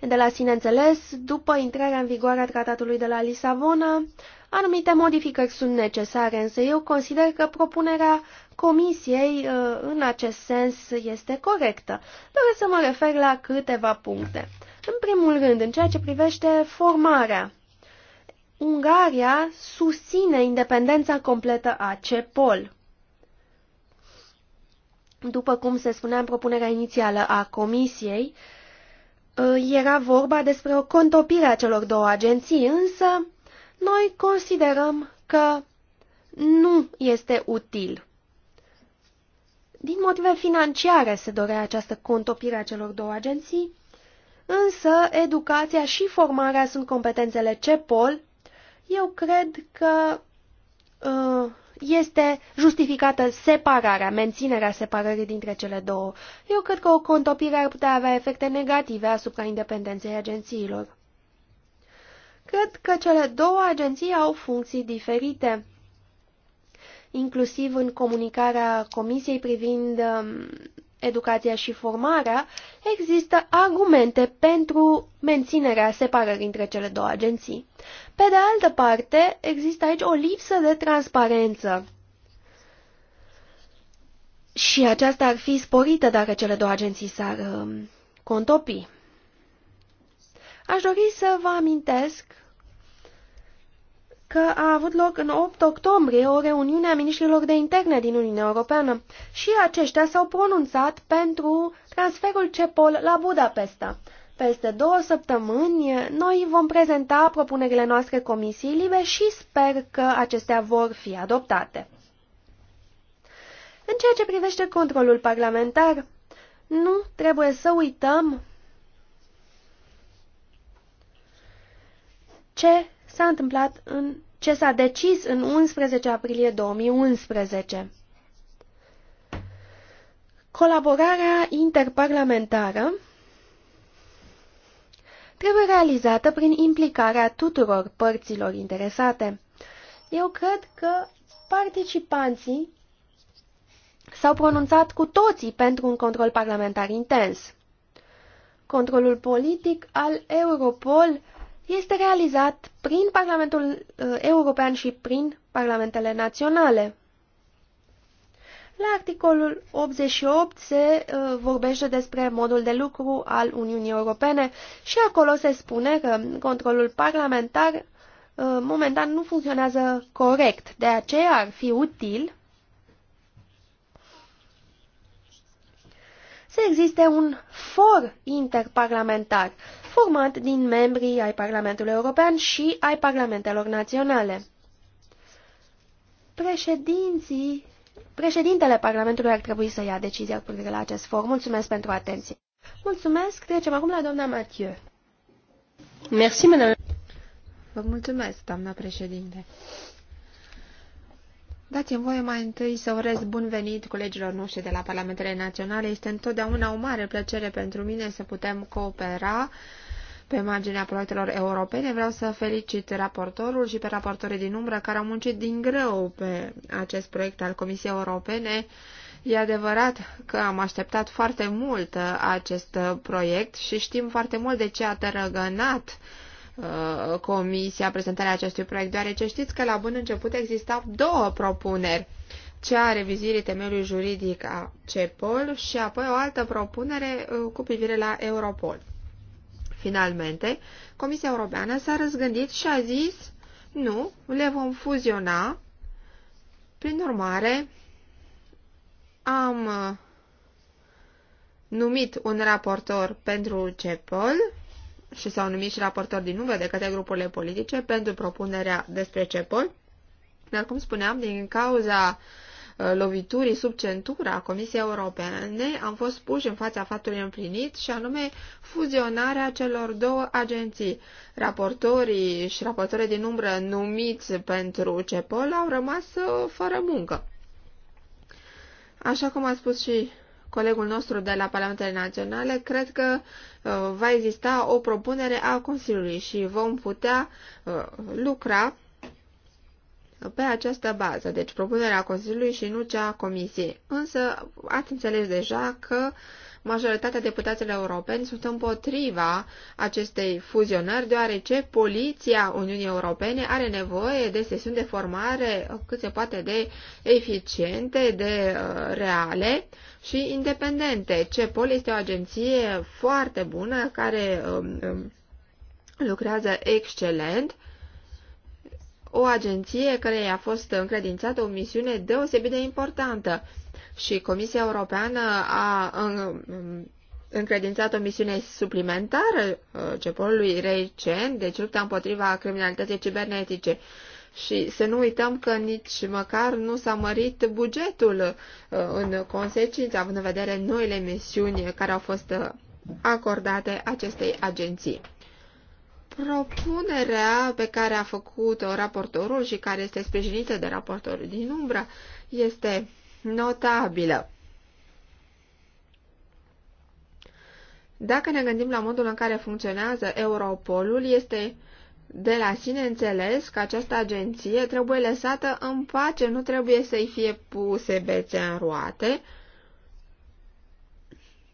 De la sine înțeles, după intrarea în vigoare a tratatului de la Lisabona, anumite modificări sunt necesare, însă eu consider că propunerea Comisiei uh, în acest sens este corectă. Doresc să mă refer la câteva puncte. În primul rând, în ceea ce privește formarea, Ungaria susține independența completă a CEPOL. După cum se spunea în propunerea inițială a Comisiei, uh, era vorba despre o contopire a celor două agenții, însă noi considerăm că nu este util din motive financiare se dorea această contopire a celor două agenții, însă educația și formarea sunt competențele CEPOL. Eu cred că uh, este justificată separarea, menținerea separării dintre cele două. Eu cred că o contopire ar putea avea efecte negative asupra independenței agențiilor. Cred că cele două agenții au funcții diferite inclusiv în comunicarea Comisiei privind um, educația și formarea, există argumente pentru menținerea separării între cele două agenții. Pe de altă parte, există aici o lipsă de transparență. Și aceasta ar fi sporită dacă cele două agenții s-ar um, contopi. Aș dori să vă amintesc că a avut loc în 8 octombrie o reuniune a ministrilor de interne din Uniunea Europeană și aceștia s-au pronunțat pentru transferul CEPOL la Budapesta. Peste două săptămâni, noi vom prezenta propunerile noastre Comisiei Libe și sper că acestea vor fi adoptate. În ceea ce privește controlul parlamentar, nu trebuie să uităm ce s-a întâmplat în ce s-a decis în 11 aprilie 2011. Colaborarea interparlamentară trebuie realizată prin implicarea tuturor părților interesate. Eu cred că participanții s-au pronunțat cu toții pentru un control parlamentar intens. Controlul politic al Europol este realizat prin Parlamentul uh, European și prin Parlamentele Naționale. La articolul 88 se uh, vorbește despre modul de lucru al Uniunii Europene și acolo se spune că controlul parlamentar uh, momentan nu funcționează corect. De aceea ar fi util să existe un for interparlamentar format din membrii ai Parlamentului European și ai Parlamentelor Naționale. Președinții, președintele Parlamentului ar trebui să ia decizia cu privire la acest for. Mulțumesc pentru atenție. Mulțumesc. Trecem acum la doamna Mathieu. Merci, madame. Vă mulțumesc, doamna președinte. Dați-mi voie mai întâi să urez bun venit colegilor noștri de la Parlamentele Naționale. Este întotdeauna o mare plăcere pentru mine să putem coopera pe marginea proiectelor europene. Vreau să felicit raportorul și pe raportorii din umbră care au muncit din greu pe acest proiect al Comisiei Europene. E adevărat că am așteptat foarte mult uh, acest uh, proiect și știm foarte mult de ce a tărăgănat uh, Comisia prezentarea acestui proiect, deoarece știți că la bun început existau două propuneri cea a revizirii temeiului juridic a CEPOL și apoi o altă propunere cu privire la Europol. Finalmente, Comisia Europeană s-a răzgândit și a zis, nu, le vom fuziona. Prin urmare, am uh, numit un raportor pentru CEPOL și s-au numit și raportori din umbră de către grupurile politice pentru propunerea despre CEPOL. Dar, cum spuneam, din cauza uh, loviturii sub centura a Comisiei Europene, am fost puși în fața faptului împlinit și anume fuzionarea celor două agenții. Raportorii și raportorii din umbră numiți pentru CEPOL au rămas uh, fără muncă. Așa cum a spus și colegul nostru de la Parlamentele Naționale, cred că uh, va exista o propunere a Consiliului și vom putea uh, lucra pe această bază, deci propunerea Consiliului și nu cea a Comisiei. Însă ați înțeles deja că majoritatea deputaților europeni sunt împotriva acestei fuzionări, deoarece poliția Uniunii Europene are nevoie de sesiuni de formare cât se poate de eficiente, de uh, reale și independente. CEPOL este o agenție foarte bună care um, um, lucrează excelent o agenție care i-a fost încredințată o misiune deosebit de importantă și Comisia Europeană a încredințat o misiune suplimentară uh, CEPOL-ului recent, deci lupta împotriva criminalității cibernetice. Și să nu uităm că nici măcar nu s-a mărit bugetul uh, în consecință, având în vedere noile misiuni care au fost uh, acordate acestei agenții. Propunerea pe care a făcut-o raportorul și care este sprijinită de raportorul din umbra este notabilă. Dacă ne gândim la modul în care funcționează Europolul, este de la sine înțeles că această agenție trebuie lăsată în pace, nu trebuie să-i fie puse bețe în roate,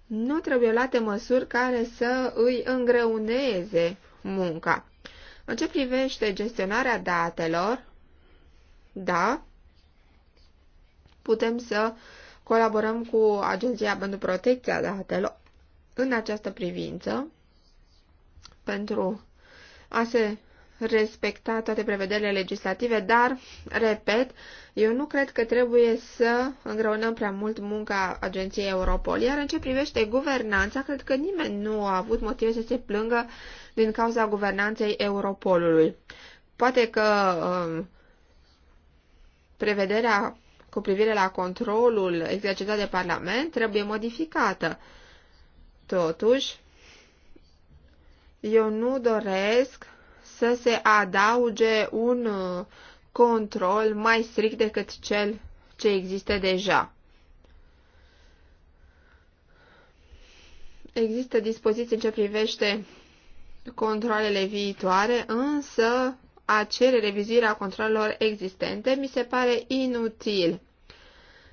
nu trebuie luate măsuri care să îi îngreuneze munca. În ce privește gestionarea datelor, da, putem să colaborăm cu Agenția pentru Protecția Datelor în această privință pentru a se respecta toate prevederile legislative, dar, repet, eu nu cred că trebuie să îngreunăm prea mult munca agenției Europol. Iar în ce privește guvernanța, cred că nimeni nu a avut motive să se plângă din cauza guvernanței Europolului. Poate că um, prevederea cu privire la controlul exercitat de Parlament trebuie modificată. Totuși, eu nu doresc să se adauge un uh, control mai strict decât cel ce există deja. Există dispoziții în ce privește controlele viitoare, însă a cere revizuirea controlelor existente mi se pare inutil.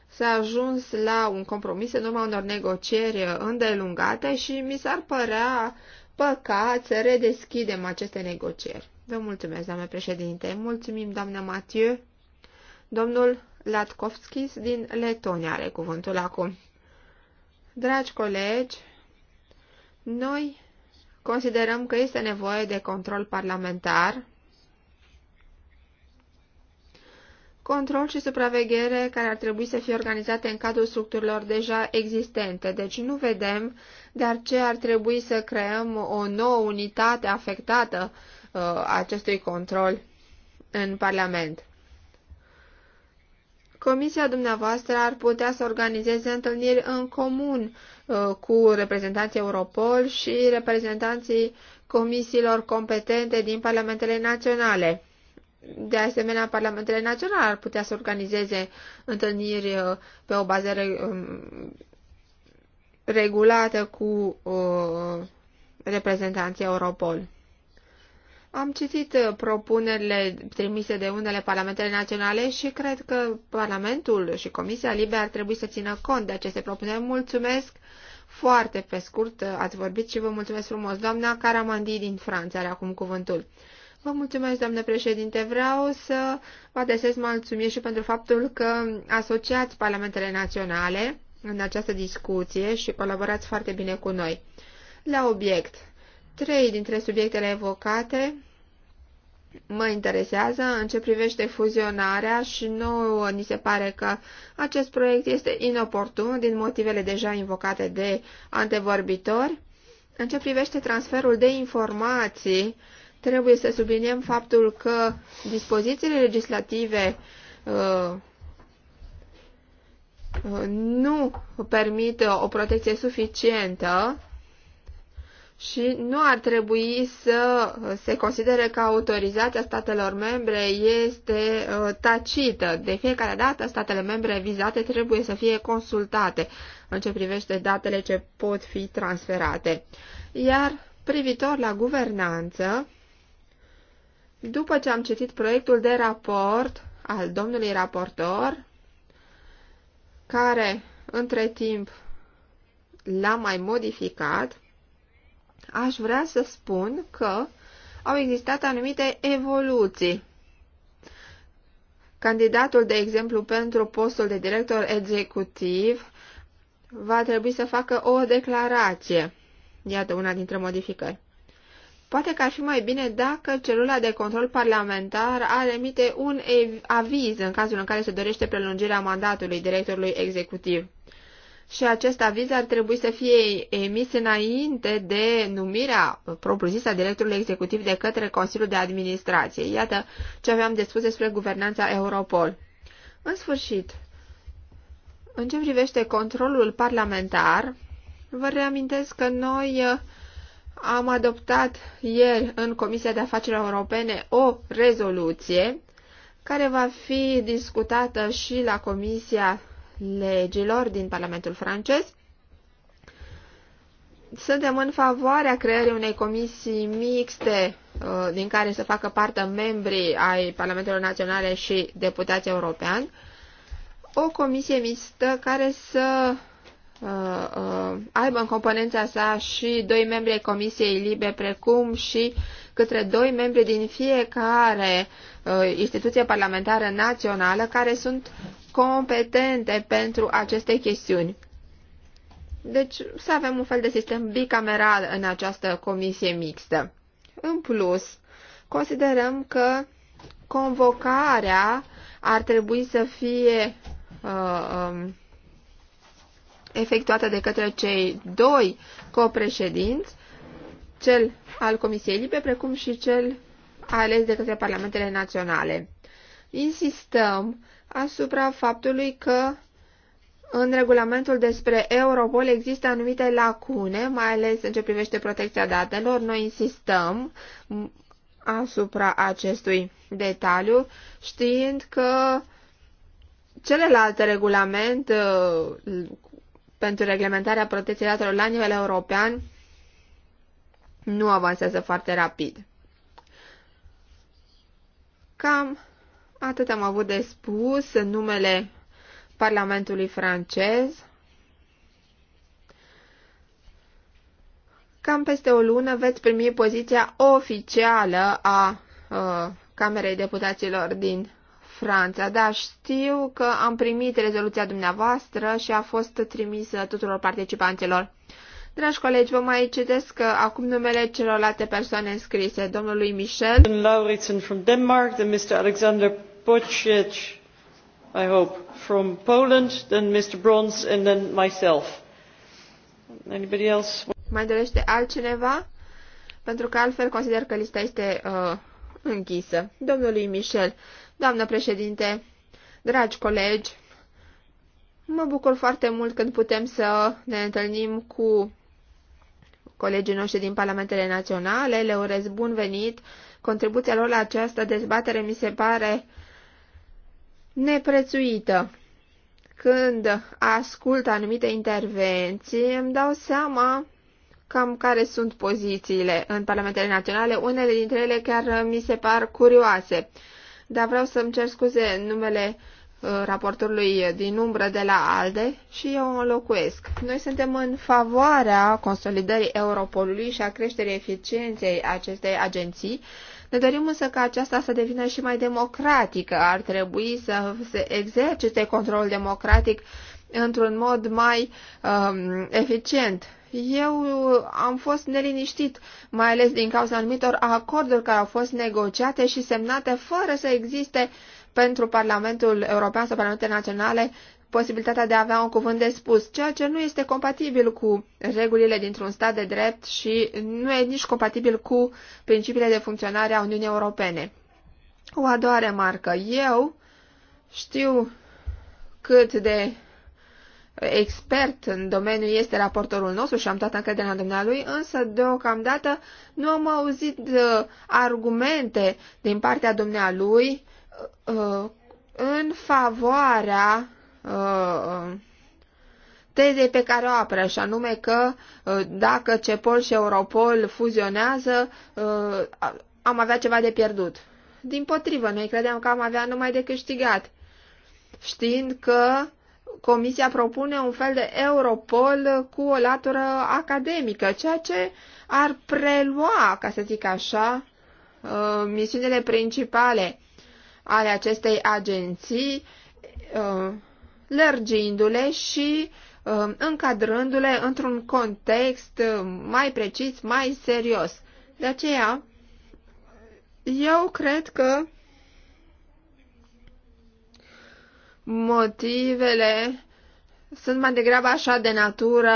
S-a ajuns la un compromis în urma unor negocieri îndelungate și mi s-ar părea păcat să redeschidem aceste negocieri. Vă mulțumesc, doamnă președinte. Mulțumim, doamnă Mathieu. Domnul Latkovskis din Letonia are cuvântul acum. Dragi colegi, noi considerăm că este nevoie de control parlamentar control și supraveghere care ar trebui să fie organizate în cadrul structurilor deja existente. Deci nu vedem de ce ar trebui să creăm o nouă unitate afectată uh, acestui control în Parlament. Comisia dumneavoastră ar putea să organizeze întâlniri în comun uh, cu reprezentanții Europol și reprezentanții comisiilor competente din parlamentele naționale de asemenea, parlamentele naționale ar putea să organizeze întâlniri uh, pe o bază um, regulată cu uh, reprezentanții Europol. Am citit uh, propunerile trimise de unele parlamentele naționale și cred că Parlamentul și Comisia Libe ar trebui să țină cont de aceste propuneri. Mulțumesc foarte pe scurt, ați vorbit și vă mulțumesc frumos, doamna Caramandi din Franța, are acum cuvântul. Vă mulțumesc, domnule președinte. Vreau să vă adresez mulțumiri și pentru faptul că asociați parlamentele naționale în această discuție și colaborați foarte bine cu noi. La obiect, trei dintre subiectele evocate mă interesează în ce privește fuzionarea și nouă ni se pare că acest proiect este inoportun din motivele deja invocate de antevorbitori. În ce privește transferul de informații trebuie să subliniem faptul că dispozițiile legislative uh, uh, nu permit o protecție suficientă și nu ar trebui să se considere că autorizația statelor membre este uh, tacită. De fiecare dată, statele membre vizate trebuie să fie consultate în ce privește datele ce pot fi transferate. Iar privitor la guvernanță, după ce am citit proiectul de raport al domnului raportor, care între timp l-a mai modificat, aș vrea să spun că au existat anumite evoluții. Candidatul, de exemplu, pentru postul de director executiv va trebui să facă o declarație. Iată una dintre modificări. Poate că ar fi mai bine dacă celula de control parlamentar ar emite un aviz în cazul în care se dorește prelungirea mandatului directorului executiv. Și acest aviz ar trebui să fie emis înainte de numirea propriu-zisă a directorului executiv de către Consiliul de Administrație. Iată ce aveam de spus despre guvernanța Europol. În sfârșit, în ce privește controlul parlamentar, vă reamintesc că noi am adoptat ieri în Comisia de Afaceri Europene o rezoluție care va fi discutată și la Comisia Legilor din Parlamentul francez. Suntem în favoarea creării unei comisii mixte uh, din care să facă parte membrii ai Parlamentelor Naționale și deputații europeni, o comisie mixtă care să Uh, uh, aibă în componența sa și doi membri ai Comisiei Libe, precum și către doi membri din fiecare uh, instituție parlamentară națională care sunt competente pentru aceste chestiuni. Deci să avem un fel de sistem bicameral în această comisie mixtă. În plus, considerăm că convocarea ar trebui să fie uh, um, efectuată de către cei doi copreședinți, cel al Comisiei Libe, precum și cel ales de către parlamentele naționale. Insistăm asupra faptului că în regulamentul despre Europol există anumite lacune, mai ales în ce privește protecția datelor. Noi insistăm asupra acestui detaliu, știind că celălalt regulament pentru reglementarea protecției datelor la nivel european nu avansează foarte rapid. Cam atât am avut de spus în numele Parlamentului francez. Cam peste o lună veți primi poziția oficială a uh, Camerei Deputaților din Franța, dar știu că am primit rezoluția dumneavoastră și a fost trimisă tuturor participanților. Dragi colegi, vă mai citesc uh, acum numele celorlalte persoane înscrise. Domnului Michel. Lauritsen from Denmark, then Mr. Alexander Pocic, I hope, from Poland, then Mr. Bronze and then myself. Anybody else? Mai dorește altcineva? Pentru că altfel consider că lista este uh, închisă. Domnului Michel, Doamnă președinte, dragi colegi, mă bucur foarte mult când putem să ne întâlnim cu colegii noștri din Parlamentele Naționale. Le urez bun venit. Contribuția lor la această dezbatere mi se pare neprețuită. Când ascult anumite intervenții, îmi dau seama cam care sunt pozițiile în Parlamentele Naționale. Unele dintre ele chiar mi se par curioase dar vreau să-mi cer scuze numele uh, raportorului din umbră de la ALDE și eu o înlocuiesc. Noi suntem în favoarea consolidării Europolului și a creșterii eficienței acestei agenții. Ne dorim însă ca aceasta să devină și mai democratică. Ar trebui să se exercite controlul democratic într-un mod mai um, eficient eu uh, am fost neliniștit, mai ales din cauza anumitor acorduri care au fost negociate și semnate fără să existe pentru Parlamentul European sau Parlamentele Naționale posibilitatea de a avea un cuvânt de spus, ceea ce nu este compatibil cu regulile dintr-un stat de drept și nu e nici compatibil cu principiile de funcționare a Uniunii Europene. O a doua remarcă. Eu știu cât de expert în domeniu este raportorul nostru și am toată încrederea în dumnealui, însă deocamdată nu am auzit uh, argumente din partea dumnealui uh, în favoarea uh, tezei pe care o apără, și anume că uh, dacă CEPOL și Europol fuzionează, uh, am avea ceva de pierdut. Din potrivă, noi credeam că am avea numai de câștigat, știind că Comisia propune un fel de Europol cu o latură academică, ceea ce ar prelua, ca să zic așa, uh, misiunile principale ale acestei agenții, uh, lărgindu-le și uh, încadrându-le într-un context mai precis, mai serios. De aceea, eu cred că motivele sunt mai degrabă așa de natură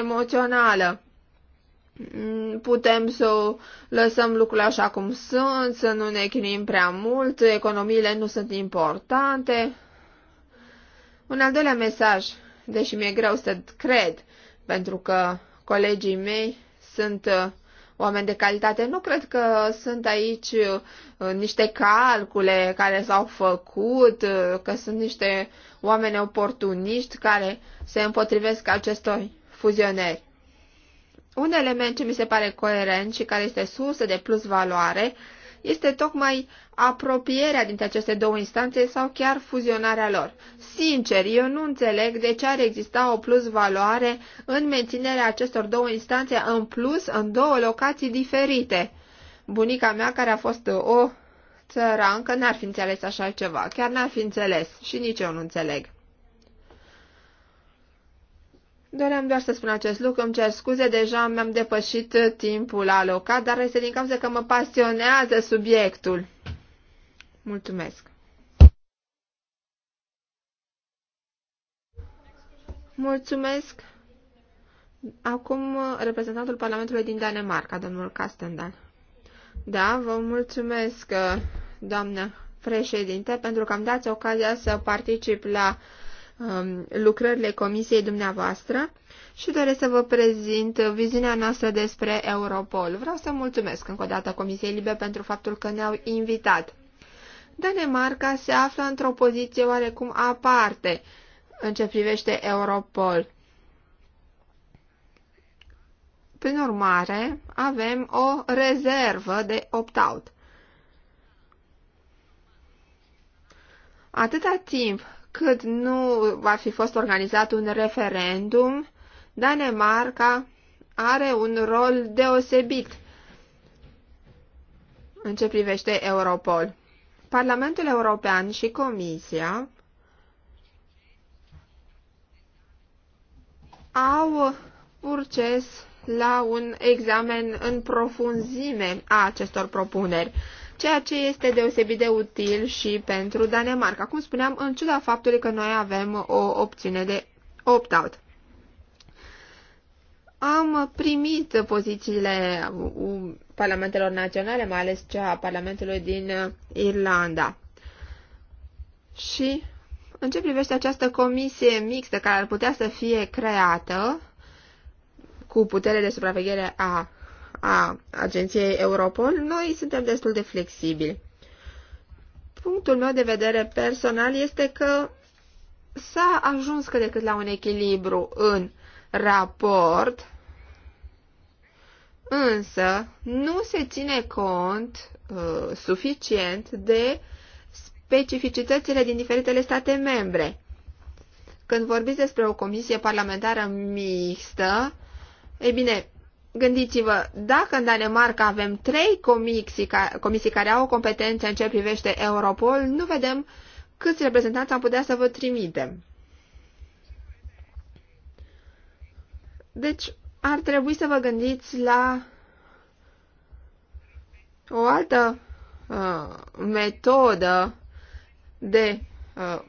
emoțională. Mm, putem să lăsăm lucrurile așa cum sunt, să nu ne chinim prea mult, economiile nu sunt importante. Un al doilea mesaj, deși mi-e greu să cred, pentru că colegii mei sunt uh, oameni de calitate. Nu cred că sunt aici uh, niște calcule care s-au făcut, uh, că sunt niște oameni oportuniști care se împotrivesc acestor fuzioneri. Un element ce mi se pare coerent și care este sursă de plus valoare este tocmai apropierea dintre aceste două instanțe sau chiar fuzionarea lor. Sincer, eu nu înțeleg de ce ar exista o plus valoare în menținerea acestor două instanțe în plus în două locații diferite. Bunica mea, care a fost o țărancă, n-ar fi înțeles așa ceva, chiar n-ar fi înțeles și nici eu nu înțeleg. Doream doar să spun acest lucru, îmi cer scuze, deja mi-am depășit timpul alocat, dar este din cauza că mă pasionează subiectul. Mulțumesc! Mulțumesc! Acum reprezentantul Parlamentului din Danemarca, domnul Castendal. Da, vă mulțumesc, doamnă președinte, pentru că am dat ocazia să particip la um, lucrările comisiei dumneavoastră și doresc să vă prezint viziunea noastră despre Europol. Vreau să mulțumesc încă o dată Comisiei Libe pentru faptul că ne-au invitat. Danemarca se află într-o poziție oarecum aparte în ce privește Europol. Prin urmare, avem o rezervă de opt-out. Atâta timp cât nu va fi fost organizat un referendum, Danemarca are un rol deosebit în ce privește Europol. Parlamentul European și Comisia au urces la un examen în profunzime a acestor propuneri ceea ce este deosebit de util și pentru Danemarca, cum spuneam, în ciuda faptului că noi avem o opțiune de opt-out. Am primit pozițiile uh, um, parlamentelor naționale, mai ales cea a Parlamentului din uh, Irlanda. Și în ce privește această comisie mixtă care ar putea să fie creată cu putere de supraveghere a a agenției Europol, noi suntem destul de flexibili. Punctul meu de vedere personal este că s-a ajuns cât de cât la un echilibru în raport, însă nu se ține cont uh, suficient de specificitățile din diferitele state membre. Când vorbiți despre o comisie parlamentară mixtă, ei bine, Gândiți-vă, dacă în Danemarca avem trei comisii, comisii care au competențe în ce privește Europol, nu vedem câți reprezentanți am putea să vă trimitem. Deci, ar trebui să vă gândiți la o altă uh, metodă de uh,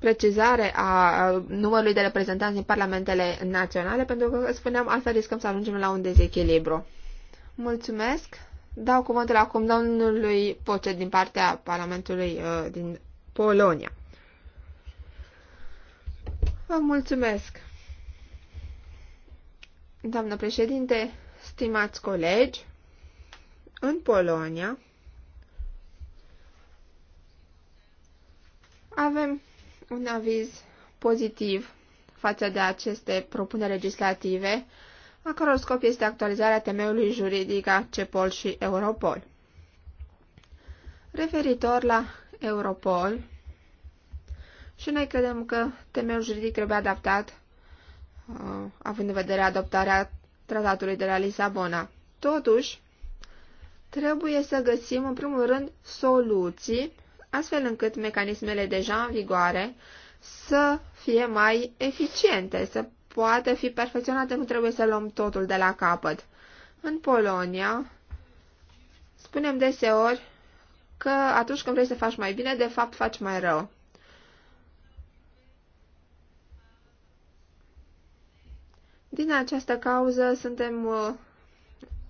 precizare a numărului de reprezentanți din parlamentele naționale, pentru că, spuneam, asta riscăm să ajungem la un dezechilibru. Mulțumesc. Dau cuvântul acum domnului Pocet din partea Parlamentului uh, din Polonia. Vă mulțumesc. Doamnă președinte, stimați colegi, în Polonia avem un aviz pozitiv față de aceste propuneri legislative, a căror scop este actualizarea temeiului juridic a CEPOL și Europol. Referitor la Europol, și noi credem că temeiul juridic trebuie adaptat, uh, având în vedere adoptarea tratatului de la Lisabona. Totuși, trebuie să găsim, în primul rând, soluții astfel încât mecanismele deja în vigoare să fie mai eficiente, să poată fi perfecționate, nu trebuie să luăm totul de la capăt. În Polonia, spunem deseori că atunci când vrei să faci mai bine, de fapt faci mai rău. Din această cauză suntem uh,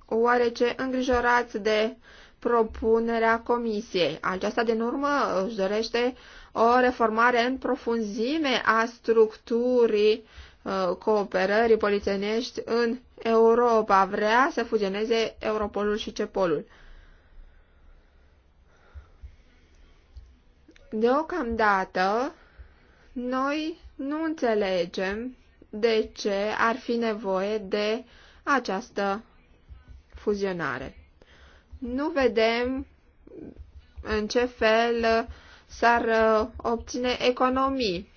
oarece îngrijorați de propunerea comisiei. Aceasta, din urmă, își dorește o reformare în profunzime a structurii uh, cooperării polițenești în Europa. Vrea să fuzioneze Europolul și Cepolul. Deocamdată, noi nu înțelegem de ce ar fi nevoie de această fuzionare nu vedem în ce fel s-ar uh, obține economii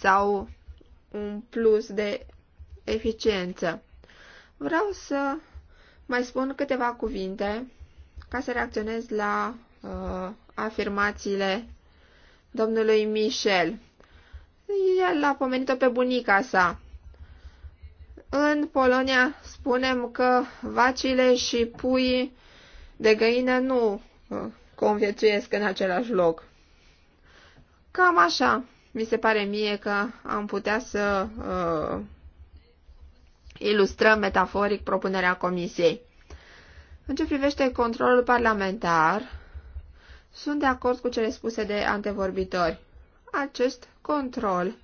sau un plus de eficiență. Vreau să mai spun câteva cuvinte ca să reacționez la uh, afirmațiile domnului Michel. El a pomenit-o pe bunica sa. În Polonia spunem că vacile și puii de găină nu uh, conviețuiesc în același loc. Cam așa mi se pare mie că am putea să uh, ilustrăm metaforic propunerea comisiei. În ce privește controlul parlamentar, sunt de acord cu cele spuse de antevorbitori. Acest control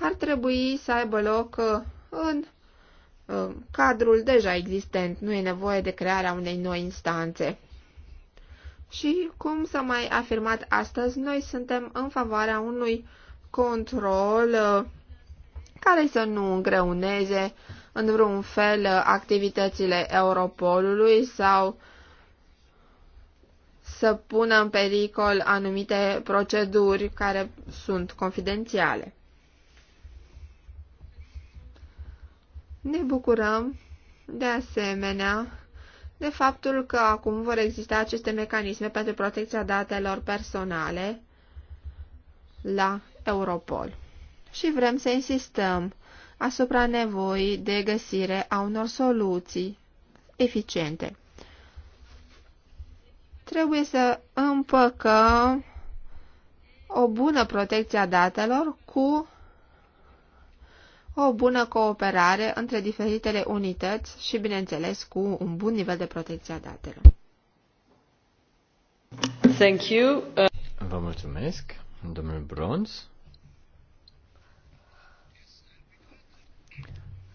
ar trebui să aibă loc uh, în cadrul deja existent, nu e nevoie de crearea unei noi instanțe. Și, cum s-a mai afirmat astăzi, noi suntem în favoarea unui control uh, care să nu îngreuneze în vreun fel uh, activitățile Europolului sau să pună în pericol anumite proceduri care sunt confidențiale. Ne bucurăm, de asemenea, de faptul că acum vor exista aceste mecanisme pentru protecția datelor personale la Europol. Și vrem să insistăm asupra nevoii de găsire a unor soluții eficiente. Trebuie să împăcăm o bună protecție a datelor cu o bună cooperare între diferitele unități și, bineînțeles, cu un bun nivel de protecție a datelor. Thank you. Uh, Vă mulțumesc, domnul Bronz.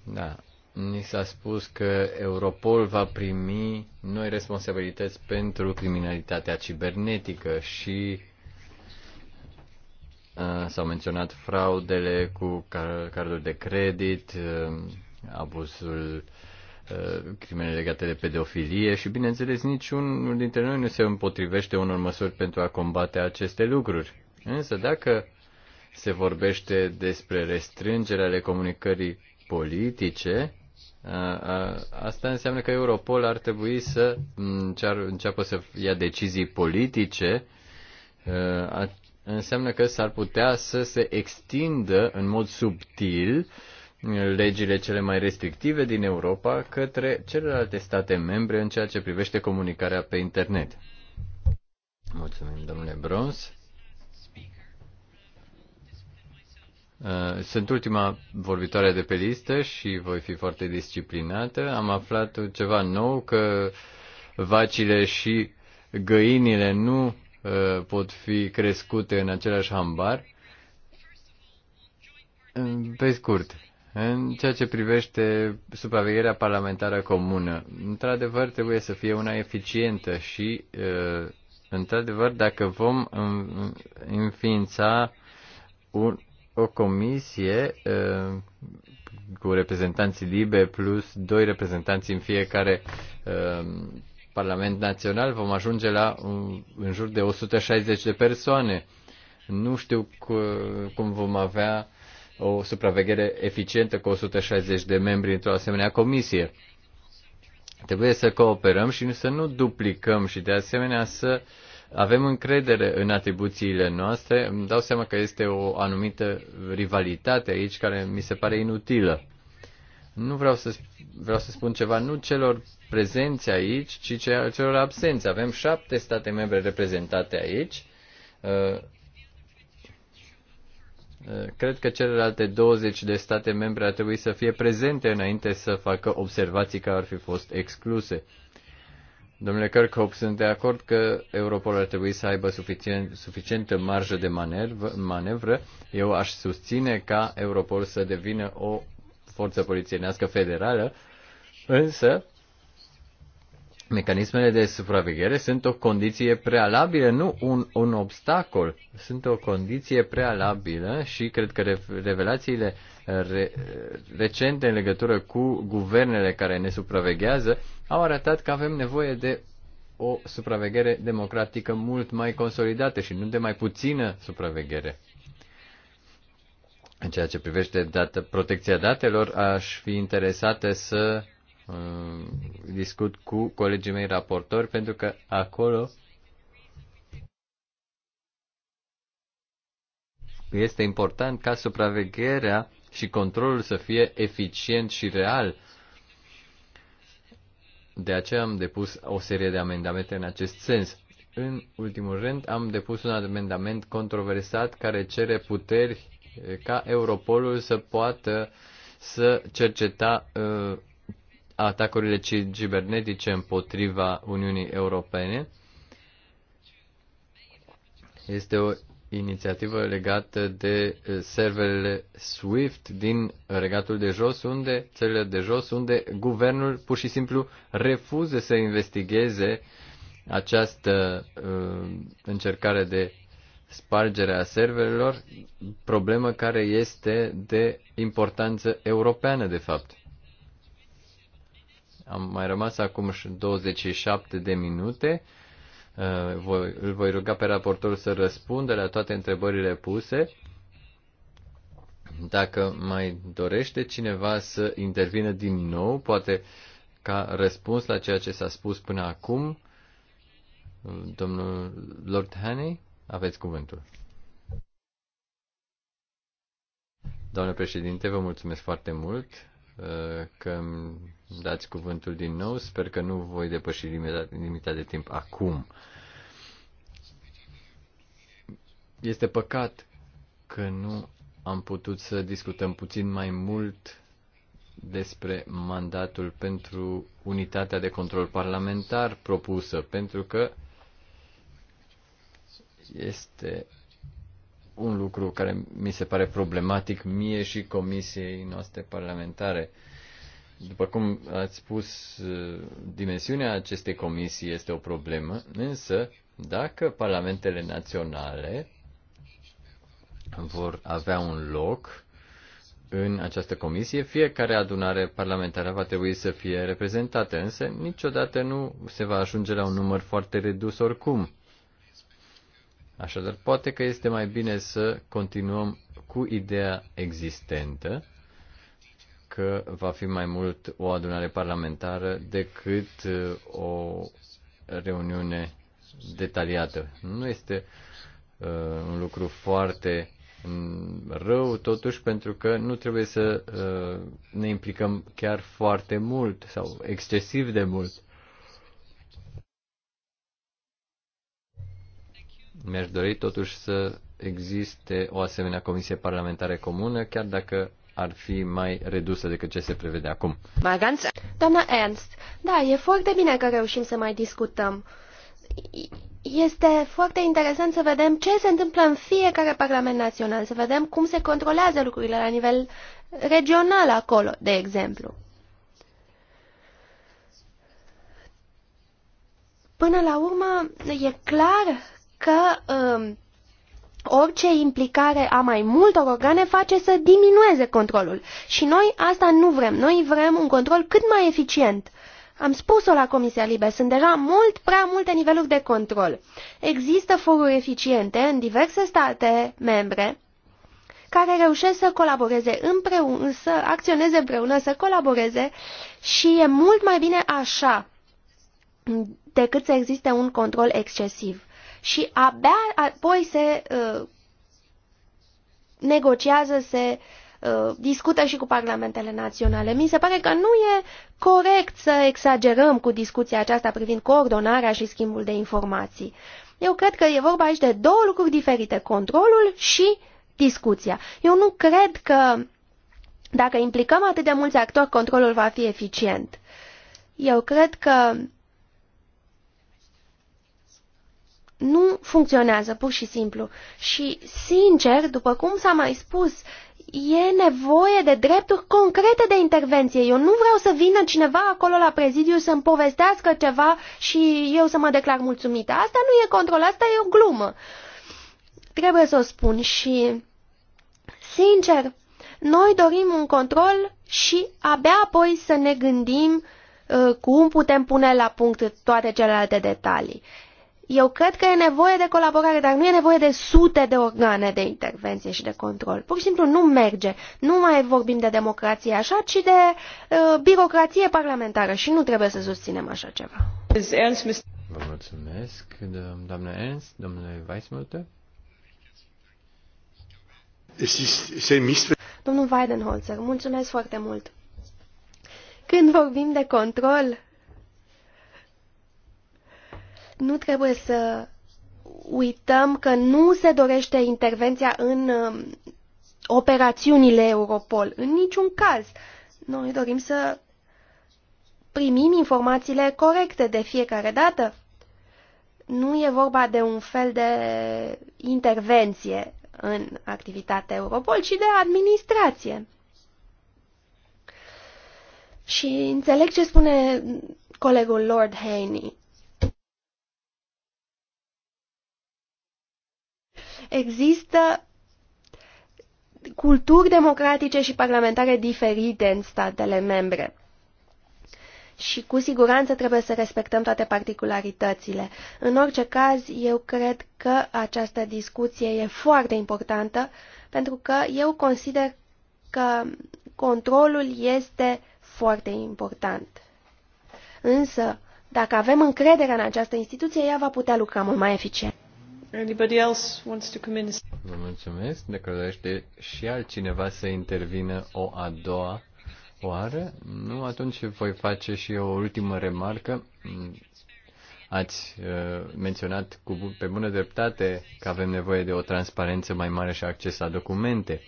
Da, ni s-a spus că Europol va primi noi responsabilități pentru criminalitatea cibernetică și S-au menționat fraudele cu carduri de credit, abuzul crimele legate de pedofilie și, bineînțeles, niciunul dintre noi nu se împotrivește unor măsuri pentru a combate aceste lucruri. Însă, dacă se vorbește despre restrângerea ale comunicării politice, asta înseamnă că Europol ar trebui să înceapă să ia decizii politice înseamnă că s-ar putea să se extindă în mod subtil uh, legile cele mai restrictive din Europa către celelalte state membre în ceea ce privește comunicarea pe internet. Mulțumim, domnule Brons. Uh, sunt ultima vorbitoare de pe listă și voi fi foarte disciplinată. Am aflat ceva nou, că vacile și găinile nu Uh, pot fi crescute în același hambar? Mm, pe scurt, în ceea ce privește supravegherea parlamentară comună, într-adevăr trebuie să fie una eficientă și, uh, într-adevăr, dacă vom înființa un, o comisie uh, cu reprezentanții libe plus doi reprezentanți în fiecare Parlament Național vom ajunge la în jur de 160 de persoane. Nu știu cum vom avea o supraveghere eficientă cu 160 de membri într-o asemenea comisie. Trebuie să cooperăm și să nu duplicăm și de asemenea să avem încredere în atribuțiile noastre. Îmi dau seama că este o anumită rivalitate aici care mi se pare inutilă. Nu vreau să, vreau să spun ceva nu celor prezenți aici, ci celor absenți. Avem șapte state membre reprezentate aici. Uh, uh, cred că celelalte 20 de state membre ar trebui să fie prezente înainte să facă observații care ar fi fost excluse. Domnule Kirkhope, sunt de acord că Europol ar trebui să aibă suficient, suficientă marjă de manevră, manevră. Eu aș susține ca Europol să devină o forță polițienească federală, însă mecanismele de supraveghere sunt o condiție prealabilă, nu un, un obstacol, sunt o condiție prealabilă și cred că revelațiile re, recente în legătură cu guvernele care ne supraveghează au arătat că avem nevoie de o supraveghere democratică mult mai consolidată și nu de mai puțină supraveghere. În ceea ce privește dată, protecția datelor, aș fi interesată să uh, discut cu colegii mei raportori, pentru că acolo este important ca supravegherea și controlul să fie eficient și real. De aceea am depus o serie de amendamente în acest sens. În ultimul rând, am depus un amendament controversat care cere puteri ca Europolul să poată să cerceta uh, atacurile cibernetice împotriva Uniunii Europene. Este o inițiativă legată de uh, serverele SWIFT din regatul de jos, unde țările de jos, unde guvernul pur și simplu refuză să investigheze această uh, încercare de spargerea serverelor, problemă care este de importanță europeană, de fapt. Am mai rămas acum 27 de minute. Uh, voi, îl voi ruga pe raportor să răspundă la toate întrebările puse. Dacă mai dorește cineva să intervină din nou, poate ca răspuns la ceea ce s-a spus până acum, domnul Lord Haney. Aveți cuvântul. Doamne președinte, vă mulțumesc foarte mult uh, că îmi dați cuvântul din nou. Sper că nu voi depăși limita, de timp acum. Este păcat că nu am putut să discutăm puțin mai mult despre mandatul pentru unitatea de control parlamentar propusă, pentru că este un lucru care mi se pare problematic mie și comisiei noastre parlamentare. După cum ați spus, dimensiunea acestei comisii este o problemă, însă dacă parlamentele naționale vor avea un loc în această comisie, fiecare adunare parlamentară va trebui să fie reprezentată, însă niciodată nu se va ajunge la un număr foarte redus oricum. Așadar, poate că este mai bine să continuăm cu ideea existentă, că va fi mai mult o adunare parlamentară decât uh, o reuniune detaliată. Nu este uh, un lucru foarte mm, rău, totuși, pentru că nu trebuie să uh, ne implicăm chiar foarte mult sau excesiv de mult. Mi-aș dori totuși să existe o asemenea comisie parlamentară comună, chiar dacă ar fi mai redusă decât ce se prevede acum. Doamna Ernst, da, e foarte bine că reușim să mai discutăm. Este foarte interesant să vedem ce se întâmplă în fiecare Parlament Național, să vedem cum se controlează lucrurile la nivel regional acolo, de exemplu. Până la urmă, e clar că um, orice implicare a mai multor organe face să diminueze controlul. Și noi asta nu vrem. Noi vrem un control cât mai eficient. Am spus-o la Comisia Libe, sunt deja mult prea multe niveluri de control. Există foruri eficiente în diverse state membre care reușesc să colaboreze împreună, să acționeze împreună, să colaboreze și e mult mai bine așa decât să existe un control excesiv și abia apoi se uh, negociază, se uh, discută și cu parlamentele naționale. Mi se pare că nu e corect să exagerăm cu discuția aceasta privind coordonarea și schimbul de informații. Eu cred că e vorba aici de două lucruri diferite, controlul și discuția. Eu nu cred că dacă implicăm atât de mulți actori, controlul va fi eficient. Eu cred că nu funcționează, pur și simplu. Și, sincer, după cum s-a mai spus, e nevoie de drepturi concrete de intervenție. Eu nu vreau să vină cineva acolo la prezidiu să-mi povestească ceva și eu să mă declar mulțumită. Asta nu e control, asta e o glumă. Trebuie să o spun și, sincer, noi dorim un control și abia apoi să ne gândim uh, cum putem pune la punct toate celelalte detalii. Eu cred că e nevoie de colaborare, dar nu e nevoie de sute de organe de intervenție și de control. Pur și simplu nu merge. Nu mai vorbim de democrație așa, ci de uh, birocrație parlamentară și nu trebuie să susținem așa ceva. Vă mulțumesc, doamna Ernst, domnule Weissmulte. Domnul Weidenholzer, mulțumesc foarte mult. Când vorbim de control, nu trebuie să uităm că nu se dorește intervenția în um, operațiunile Europol, în niciun caz. Noi dorim să primim informațiile corecte de fiecare dată. Nu e vorba de un fel de intervenție în activitatea Europol, ci de administrație. Și înțeleg ce spune colegul Lord Haney. există culturi democratice și parlamentare diferite în statele membre. Și cu siguranță trebuie să respectăm toate particularitățile. În orice caz, eu cred că această discuție e foarte importantă, pentru că eu consider că controlul este foarte important. Însă, dacă avem încredere în această instituție, ea va putea lucra mult mai eficient. Anybody else wants to come in? Vă mulțumesc. Dacă dorește și altcineva să intervină o a doua oară, nu, atunci voi face și eu o ultimă remarcă. Ați uh, menționat cu, pe bună dreptate că avem nevoie de o transparență mai mare și acces la documente.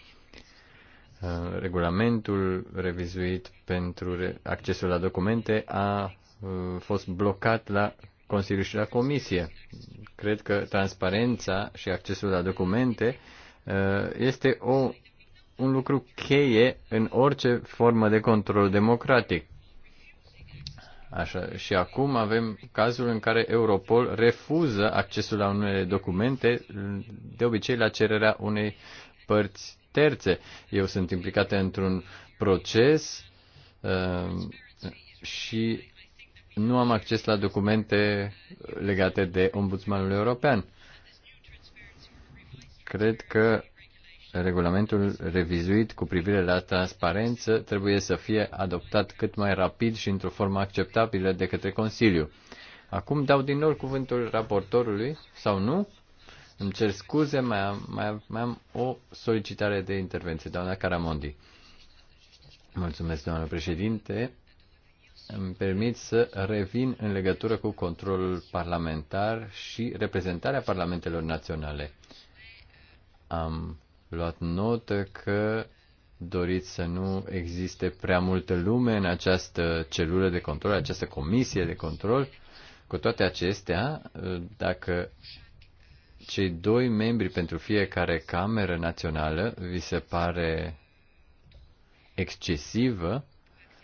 Uh, regulamentul revizuit pentru accesul la documente a uh, fost blocat la Consiliul și la Comisie. Cred că transparența și accesul la documente uh, este o, un lucru cheie în orice formă de control democratic. Așa, și acum avem cazul în care Europol refuză accesul la unele documente, de obicei la cererea unei părți terțe. Eu sunt implicată într-un proces uh, și nu am acces la documente legate de Ombudsmanul European. Cred că regulamentul revizuit cu privire la transparență trebuie să fie adoptat cât mai rapid și într-o formă acceptabilă de către Consiliu. Acum dau din nou cuvântul raportorului, sau nu? Îmi cer scuze, mai am, mai, am, mai am o solicitare de intervenție, doamna Caramondi. Mulțumesc, doamnă președinte îmi permit să revin în legătură cu controlul parlamentar și reprezentarea parlamentelor naționale. Am luat notă că doriți să nu existe prea multă lume în această celulă de control, această comisie de control. Cu toate acestea, dacă cei doi membri pentru fiecare cameră națională vi se pare excesivă,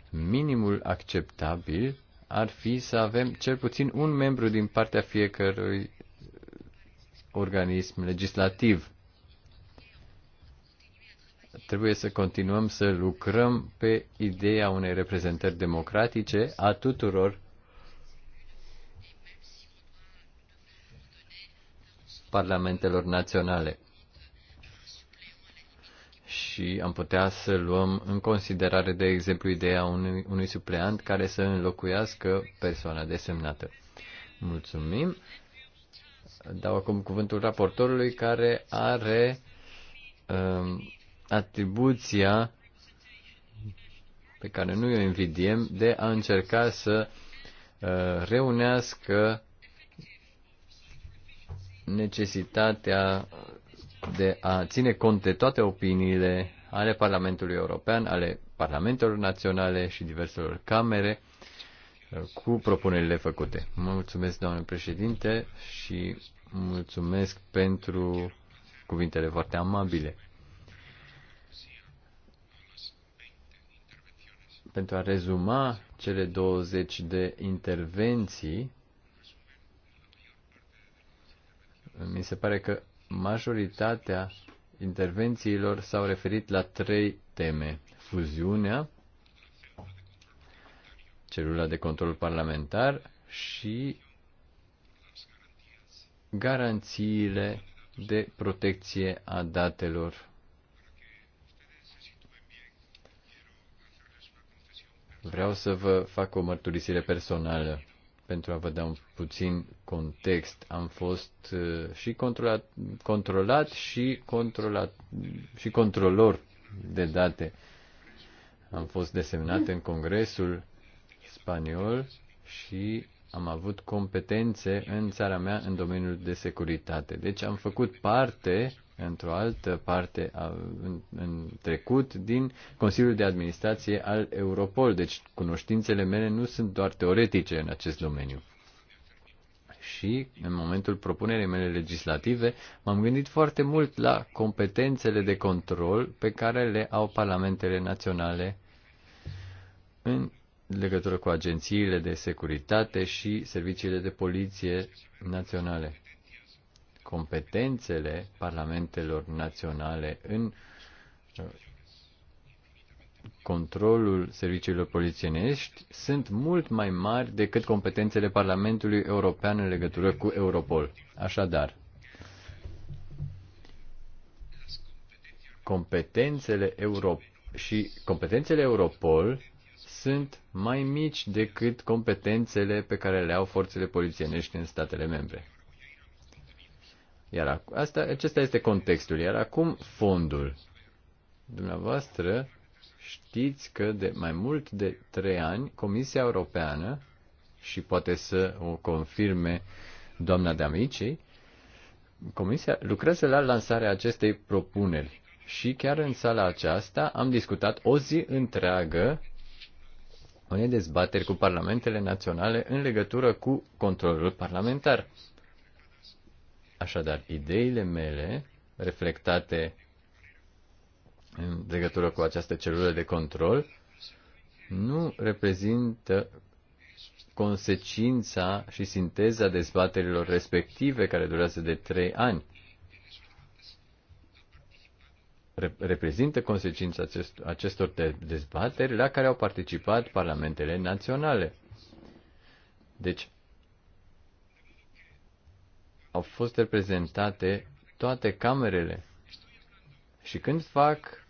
minimul acceptabil ar fi să avem cel puțin un membru din partea fiecărui organism legislativ. Trebuie să continuăm să lucrăm pe ideea unei reprezentări democratice a tuturor parlamentelor naționale și am putea să luăm în considerare, de exemplu, ideea unui, unui supleant care să înlocuiască persoana desemnată. Mulțumim. Dau acum cuvântul raportorului care are um, atribuția pe care nu o invidiem de a încerca să uh, reunească necesitatea de a ține cont de toate opiniile ale Parlamentului European, ale Parlamentelor Naționale și diverselor camere uh, cu propunerile făcute. Mulțumesc, doamnă președinte, și mulțumesc pentru cuvintele foarte amabile. Pentru a rezuma cele 20 de intervenții, mi se pare că majoritatea intervențiilor s-au referit la trei teme. Fuziunea, celula de control parlamentar și garanțiile de protecție a datelor. Vreau să vă fac o mărturisire personală pentru a vă da un puțin context, am fost uh, și controlat, controlat și controlat și controlor de date. Am fost desemnat în Congresul spaniol și am avut competențe în țara mea în domeniul de securitate. Deci am făcut parte într-o altă parte a, în, în trecut din Consiliul de Administrație al Europol. Deci cunoștințele mele nu sunt doar teoretice în acest domeniu. Și în momentul propunerii mele legislative m-am gândit foarte mult la competențele de control pe care le au parlamentele naționale în legătură cu agențiile de securitate și serviciile de poliție naționale competențele parlamentelor naționale în uh, controlul serviciilor polițienești sunt mult mai mari decât competențele Parlamentului European în legătură cu Europol. Așadar, competențele Euro- și competențele Europol sunt mai mici decât competențele pe care le au forțele polițienești în statele membre. Iar asta, acesta este contextul. Iar acum fondul. Dumneavoastră știți că de mai mult de trei ani Comisia Europeană și poate să o confirme doamna de amicii, Comisia lucrează la lansarea acestei propuneri și chiar în sala aceasta am discutat o zi întreagă unei dezbateri cu parlamentele naționale în legătură cu controlul parlamentar. Așadar, ideile mele reflectate în legătură cu această celulă de control nu reprezintă consecința și sinteza dezbaterilor respective care durează de trei ani. Reprezintă consecința acest, acestor dezbateri la care au participat parlamentele naționale. Deci, au fost reprezentate toate camerele. Și când fac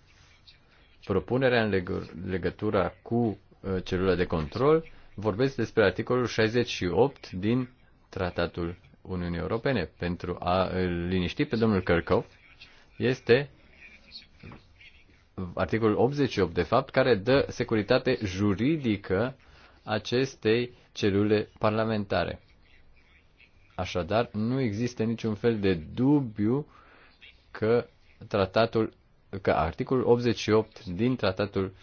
propunerea în leg- legătura cu uh, celula de control, vorbesc despre articolul 68 din Tratatul Uniunii Europene. Pentru a liniști pe domnul Kirchhoff, este articolul 88, de fapt, care dă securitate juridică acestei celule parlamentare. Așadar, nu există niciun fel de dubiu că tratatul că articolul 88 din tratatul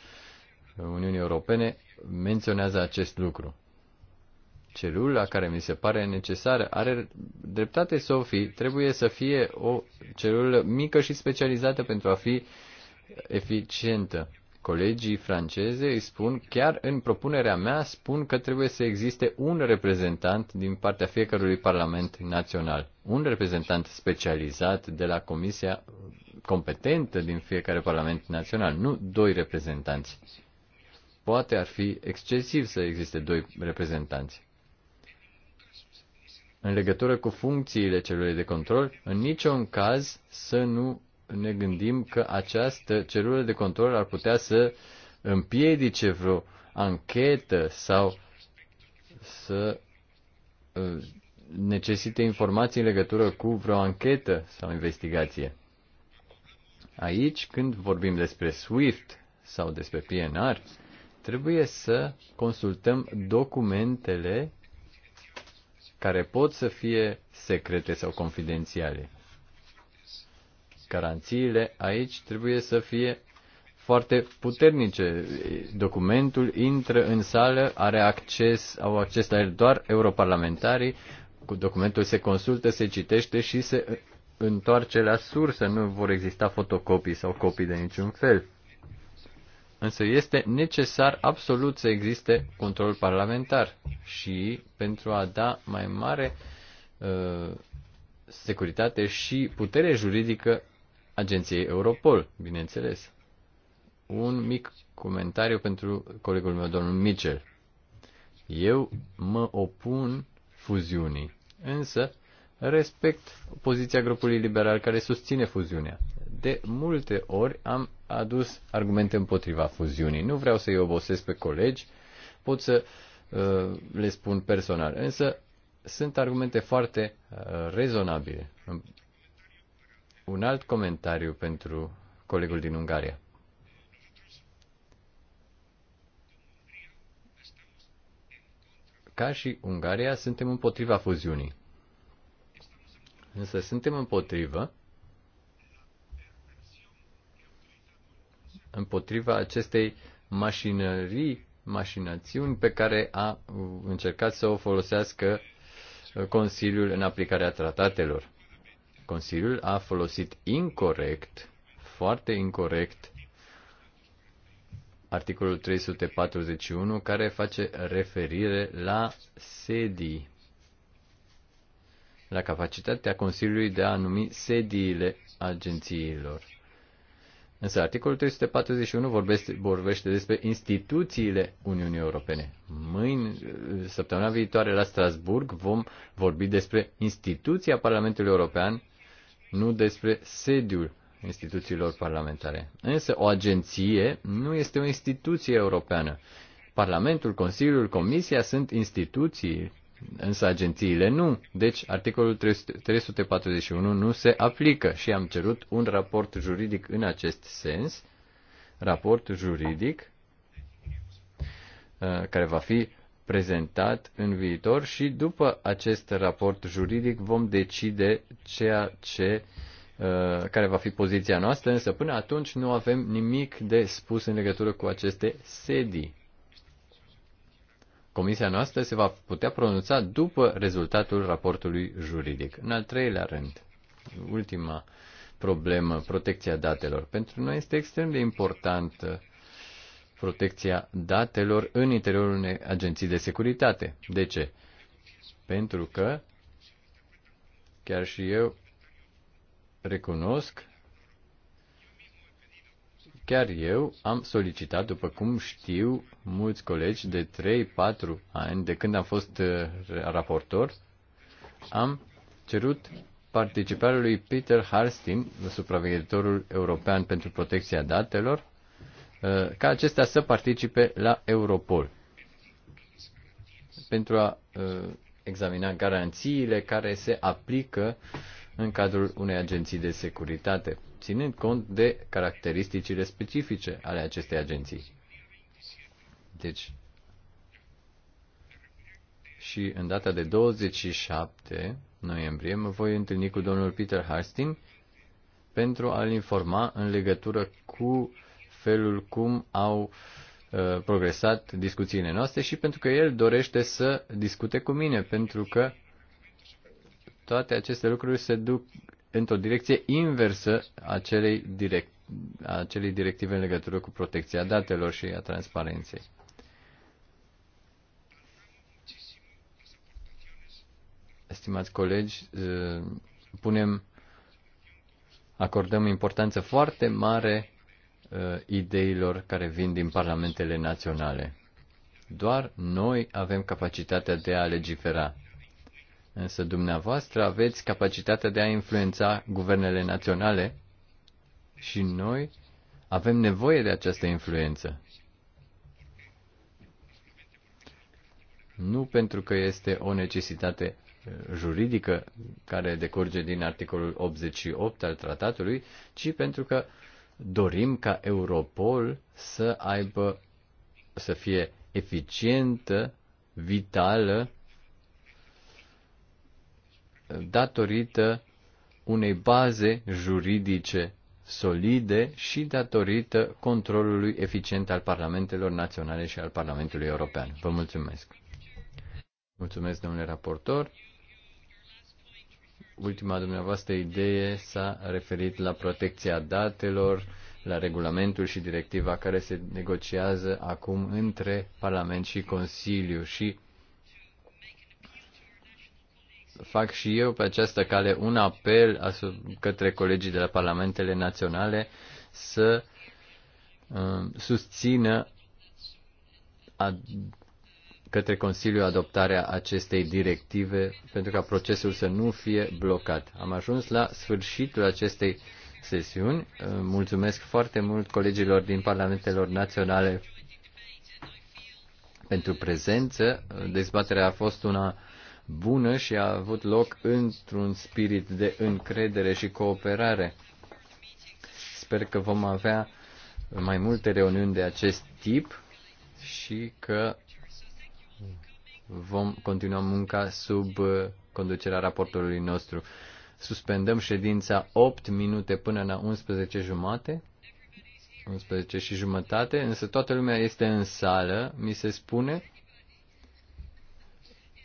Uniunii Europene menționează acest lucru. Celula care mi se pare necesară are dreptate Sophie, trebuie să fie o celulă mică și specializată pentru a fi eficientă. Colegii franceze îi spun, chiar în propunerea mea, spun că trebuie să existe un reprezentant din partea fiecărui parlament național, un reprezentant specializat de la comisia competentă din fiecare parlament național, nu doi reprezentanți. Poate ar fi excesiv să existe doi reprezentanți. În legătură cu funcțiile celor de control, în niciun caz să nu ne gândim că această celulă de control ar putea să împiedice vreo anchetă sau să uh, necesite informații în legătură cu vreo anchetă sau investigație. Aici, când vorbim despre SWIFT sau despre PNR, trebuie să consultăm documentele care pot să fie secrete sau confidențiale. Garanțiile aici trebuie să fie foarte puternice. Documentul intră în sală, are acces, au acces la el doar europarlamentarii, cu documentul se consultă, se citește și se întoarce la sursă, nu vor exista fotocopii sau copii de niciun fel. Însă este necesar absolut să existe control parlamentar și pentru a da mai mare uh, securitate și putere juridică agenției Europol, bineînțeles. Un mic comentariu pentru colegul meu, domnul Mitchell. Eu mă opun fuziunii, însă respect poziția grupului liberal care susține fuziunea. De multe ori am adus argumente împotriva fuziunii. Nu vreau să-i obosesc pe colegi, pot să uh, le spun personal, însă sunt argumente foarte uh, rezonabile. Un alt comentariu pentru colegul din Ungaria. Ca și Ungaria, suntem împotriva fuziunii. Însă suntem împotrivă împotriva acestei mașinării, mașinațiuni pe care a încercat să o folosească Consiliul în aplicarea tratatelor. Consiliul a folosit incorrect, foarte incorrect, articolul 341 care face referire la sedii, la capacitatea Consiliului de a numi sediile agențiilor. Însă articolul 341 vorbește, vorbește despre instituțiile Uniunii Europene. Mâine, săptămâna viitoare la Strasburg, vom vorbi despre instituția Parlamentului European nu despre sediul instituțiilor parlamentare. Însă o agenție nu este o instituție europeană. Parlamentul, Consiliul, Comisia sunt instituții, însă agențiile nu. Deci articolul 341 nu se aplică și am cerut un raport juridic în acest sens, raport juridic uh, care va fi prezentat în viitor și după acest raport juridic vom decide ceea ce uh, care va fi poziția noastră, însă până atunci nu avem nimic de spus în legătură cu aceste sedii. Comisia noastră se va putea pronunța după rezultatul raportului juridic. În al treilea rând, ultima problemă, protecția datelor. Pentru noi este extrem de importantă uh, protecția datelor în interiorul unei agenții de securitate. De ce? Pentru că chiar și eu recunosc, chiar eu am solicitat, după cum știu mulți colegi, de 3-4 ani, de când am fost uh, raportor, am cerut participarea lui Peter Harstin, supraveghetorul european pentru protecția datelor, Uh, ca acestea să participe la Europol pentru a uh, examina garanțiile care se aplică în cadrul unei agenții de securitate, ținând cont de caracteristicile specifice ale acestei agenții. Deci, și în data de 27 noiembrie mă voi întâlni cu domnul Peter Harstin pentru a-l informa în legătură cu felul cum au uh, progresat discuțiile noastre și pentru că el dorește să discute cu mine, pentru că toate aceste lucruri se duc într-o direcție inversă a acelei, direct, a acelei directive în legătură cu protecția datelor și a transparenței. Estimați colegi, uh, punem, acordăm importanță foarte mare Uh, ideilor care vin din parlamentele naționale. Doar noi avem capacitatea de a legifera. Însă dumneavoastră aveți capacitatea de a influența guvernele naționale și noi avem nevoie de această influență. Nu pentru că este o necesitate uh, juridică care decurge din articolul 88 al tratatului, ci pentru că dorim ca Europol să aibă, să fie eficientă, vitală, datorită unei baze juridice solide și datorită controlului eficient al parlamentelor naționale și al Parlamentului European. Vă mulțumesc. Mulțumesc, domnule raportor ultima dumneavoastră idee s-a referit la protecția datelor, la regulamentul și directiva care se negociază acum între Parlament și Consiliu și fac și eu pe această cale un apel către colegii de la Parlamentele Naționale să uh, susțină către Consiliu adoptarea acestei directive pentru ca procesul să nu fie blocat. Am ajuns la sfârșitul acestei sesiuni. Mulțumesc foarte mult colegilor din Parlamentelor Naționale pentru prezență. Dezbaterea a fost una bună și a avut loc într-un spirit de încredere și cooperare. Sper că vom avea mai multe reuniuni de acest tip și că vom continua munca sub uh, conducerea raportorului nostru. Suspendăm ședința 8 minute până la 11 jumate, 11 și jumătate, însă toată lumea este în sală, mi se spune.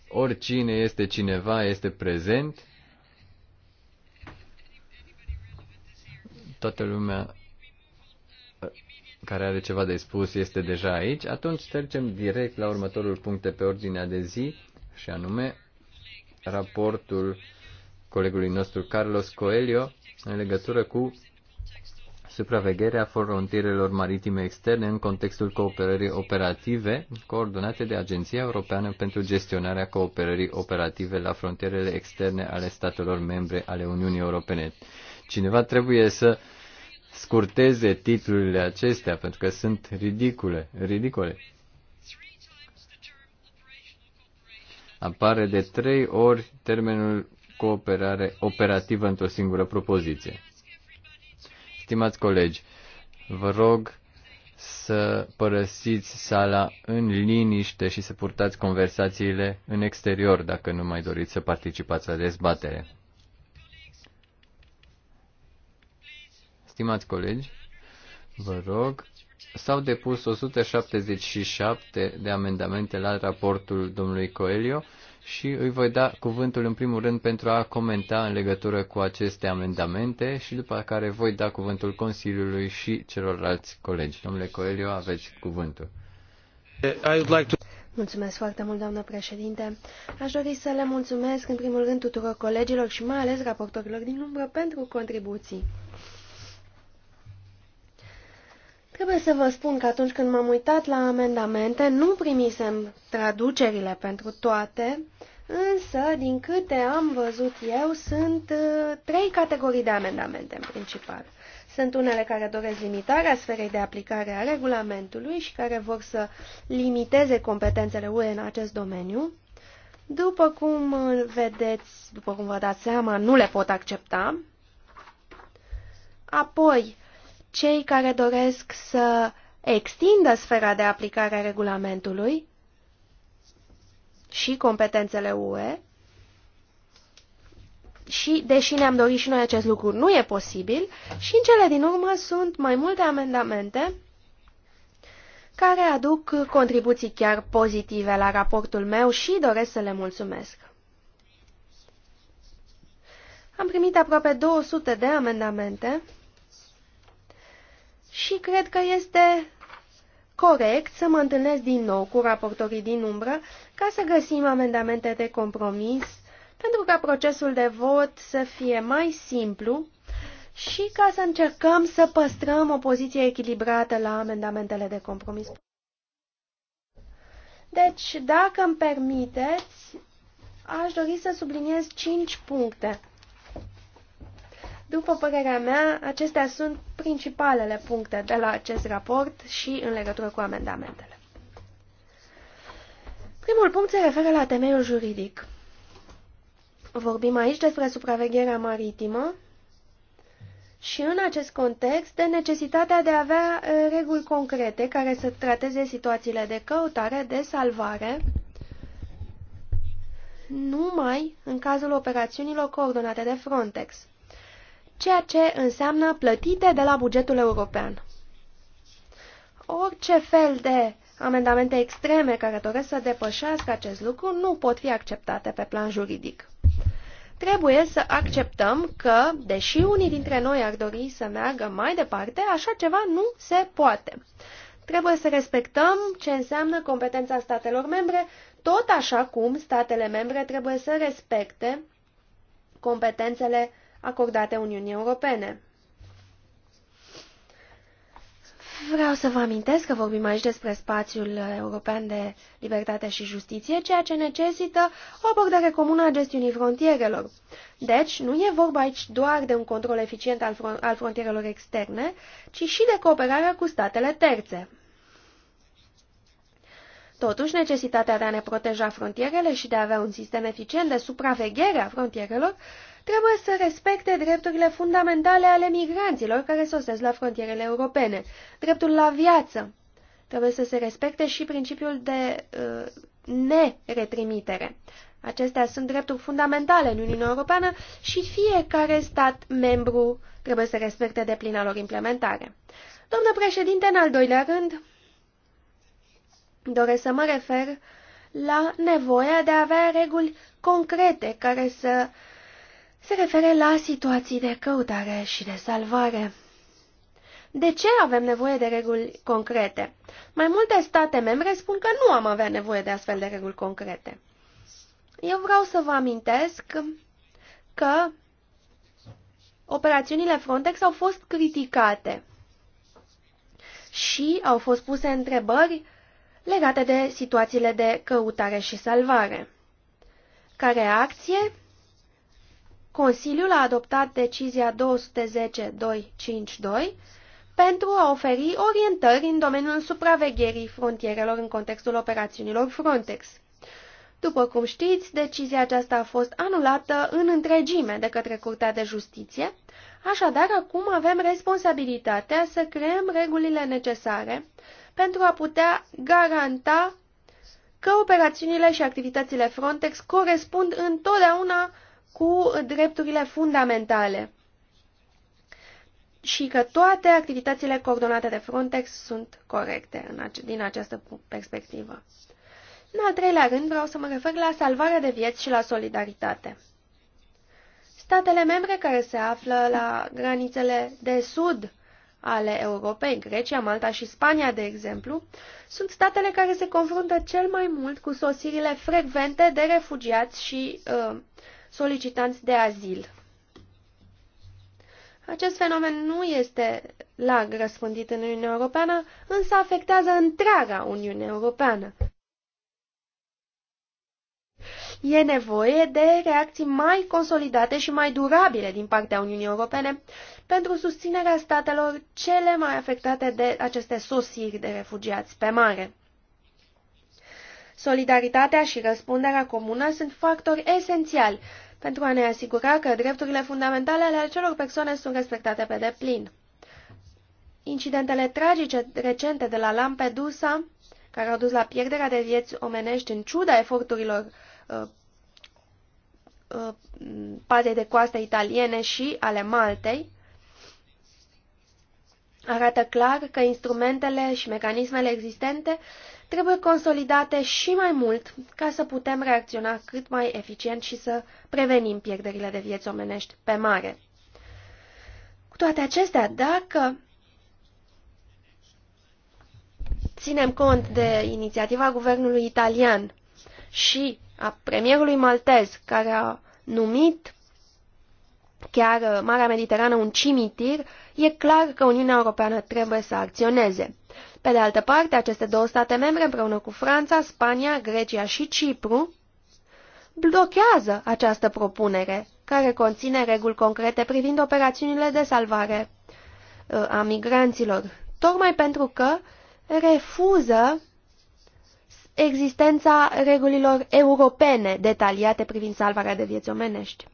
Oricine este cineva este prezent. Toată lumea care are ceva de spus este deja aici, atunci trecem direct la următorul punct de pe ordinea de zi, și anume raportul colegului nostru Carlos Coelho în legătură cu supravegherea frontierelor maritime externe în contextul cooperării operative coordonate de Agenția Europeană pentru gestionarea cooperării operative la frontierele externe ale statelor membre ale Uniunii Europene. Cineva trebuie să uh, scurteze titlurile acestea, pentru că sunt ridicule, ridicole. Apare de trei ori termenul cooperare operativă într-o singură propoziție. Stimați colegi, vă rog să părăsiți sala în liniște și să purtați conversațiile în exterior dacă nu mai doriți să participați la dezbatere. Stimați colegi, vă rog, s-au depus 177 de amendamente la raportul domnului Coelio și îi voi da cuvântul în primul rând pentru a comenta în legătură cu aceste amendamente și după care voi da cuvântul Consiliului și celorlalți colegi. Domnule Coelio, aveți cuvântul. Mulțumesc foarte mult, doamnă președinte. Aș dori să le mulțumesc în primul rând tuturor colegilor și mai ales raportorilor din umbră pentru contribuții. Trebuie să vă spun că atunci când m-am uitat la amendamente, nu primisem traducerile pentru toate, însă, din câte am văzut eu, sunt uh, trei categorii de amendamente în principal. Sunt unele care doresc limitarea sferei de aplicare a regulamentului și care vor să limiteze competențele UE în acest domeniu. După cum vedeți, după cum vă dați seama, nu le pot accepta. Apoi, cei care doresc să extindă sfera de aplicare a regulamentului și competențele UE. Și, deși ne-am dorit și noi acest lucru, nu e posibil. Și în cele din urmă sunt mai multe amendamente care aduc contribuții chiar pozitive la raportul meu și doresc să le mulțumesc. Am primit aproape 200 de amendamente și cred că este corect să mă întâlnesc din nou cu raportorii din umbră ca să găsim amendamente de compromis pentru ca procesul de vot să fie mai simplu și ca să încercăm să păstrăm o poziție echilibrată la amendamentele de compromis. Deci, dacă îmi permiteți, aș dori să subliniez 5 puncte. După părerea mea, acestea sunt principalele puncte de la acest raport și în legătură cu amendamentele. Primul punct se referă la temeiul juridic. Vorbim aici despre supravegherea maritimă și în acest context de necesitatea de a avea reguli concrete care să trateze situațiile de căutare, de salvare, numai în cazul operațiunilor coordonate de Frontex ceea ce înseamnă plătite de la bugetul european. Orice fel de amendamente extreme care doresc să depășească acest lucru nu pot fi acceptate pe plan juridic. Trebuie să acceptăm că, deși unii dintre noi ar dori să meargă mai departe, așa ceva nu se poate. Trebuie să respectăm ce înseamnă competența statelor membre, tot așa cum statele membre trebuie să respecte competențele acordate Uniunii Europene. Vreau să vă amintesc că vorbim aici despre spațiul european de libertate și justiție, ceea ce necesită o abordare comună a gestiunii frontierelor. Deci, nu e vorba aici doar de un control eficient al, fron al frontierelor externe, ci și de cooperarea cu statele terțe. Totuși, necesitatea de a ne proteja frontierele și de a avea un sistem eficient de supraveghere a frontierelor trebuie să respecte drepturile fundamentale ale migranților care sosesc la frontierele europene, dreptul la viață. Trebuie să se respecte și principiul de uh, neretrimitere. Acestea sunt drepturi fundamentale în Uniunea Europeană și fiecare stat membru trebuie să respecte de plina lor implementare. Domnul președinte, în al doilea rând, doresc să mă refer la nevoia de a avea reguli concrete care să uh, se referă la situații de căutare și de salvare. De ce avem nevoie de reguli concrete? Mai multe state membre spun că nu am avea nevoie de astfel de reguli concrete. Eu vreau să vă amintesc că operațiunile Frontex au fost criticate și au fost puse întrebări legate de situațiile de căutare și salvare. Ca reacție, Consiliul a adoptat decizia 210.252 pentru a oferi orientări în domeniul supravegherii frontierelor în contextul operațiunilor Frontex. După cum știți, decizia aceasta a fost anulată în întregime de către Curtea de Justiție, așadar acum avem responsabilitatea să creăm regulile necesare pentru a putea garanta că operațiunile și activitățile Frontex corespund întotdeauna cu drepturile fundamentale și că toate activitățile coordonate de Frontex sunt corecte în ace din această perspectivă. În al treilea rând, vreau să mă refer la salvarea de vieți și la solidaritate. Statele membre care se află la granițele de sud ale Europei, Grecia, Malta și Spania, de exemplu, sunt statele care se confruntă cel mai mult cu sosirile frecvente de refugiați și uh, solicitanți de azil. Acest fenomen nu este larg răspândit în Uniunea Europeană, însă afectează întreaga Uniune Europeană. E nevoie de reacții mai consolidate și mai durabile din partea Uniunii Europene pentru susținerea statelor cele mai afectate de aceste sosiri de refugiați pe mare. Solidaritatea și răspunderea comună sunt factori esențiali pentru a ne asigura că drepturile fundamentale ale acelor persoane sunt respectate pe deplin. Incidentele tragice recente de la Lampedusa, care au dus la pierderea de vieți omenești în ciuda eforturilor uh, uh, pazei de coastă italiene și ale Maltei, arată clar că instrumentele și mecanismele existente trebuie consolidate și mai mult ca să putem reacționa cât mai eficient și să prevenim pierderile de vieți omenești pe mare. Cu toate acestea, dacă ținem cont de inițiativa guvernului italian și a premierului maltez, care a numit chiar uh, Marea Mediterană un cimitir, e clar că Uniunea Europeană trebuie să acționeze. Pe de altă parte, aceste două state membre, împreună cu Franța, Spania, Grecia și Cipru, blochează această propunere, care conține reguli concrete privind operațiunile de salvare uh, a migranților, tocmai pentru că refuză existența regulilor europene detaliate privind salvarea de vieți omenești.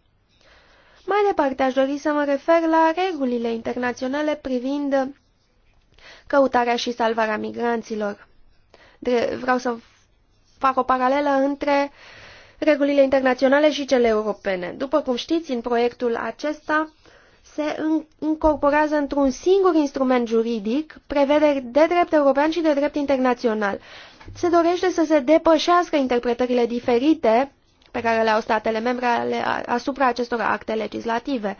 Mai departe, aș dori să mă refer la regulile internaționale privind căutarea și salvarea migranților. Vreau să fac o paralelă între regulile internaționale și cele europene. După cum știți, în proiectul acesta se incorporează într-un singur instrument juridic prevederi de drept european și de drept internațional. Se dorește să se depășească interpretările diferite pe care le au statele membre asupra acestor acte legislative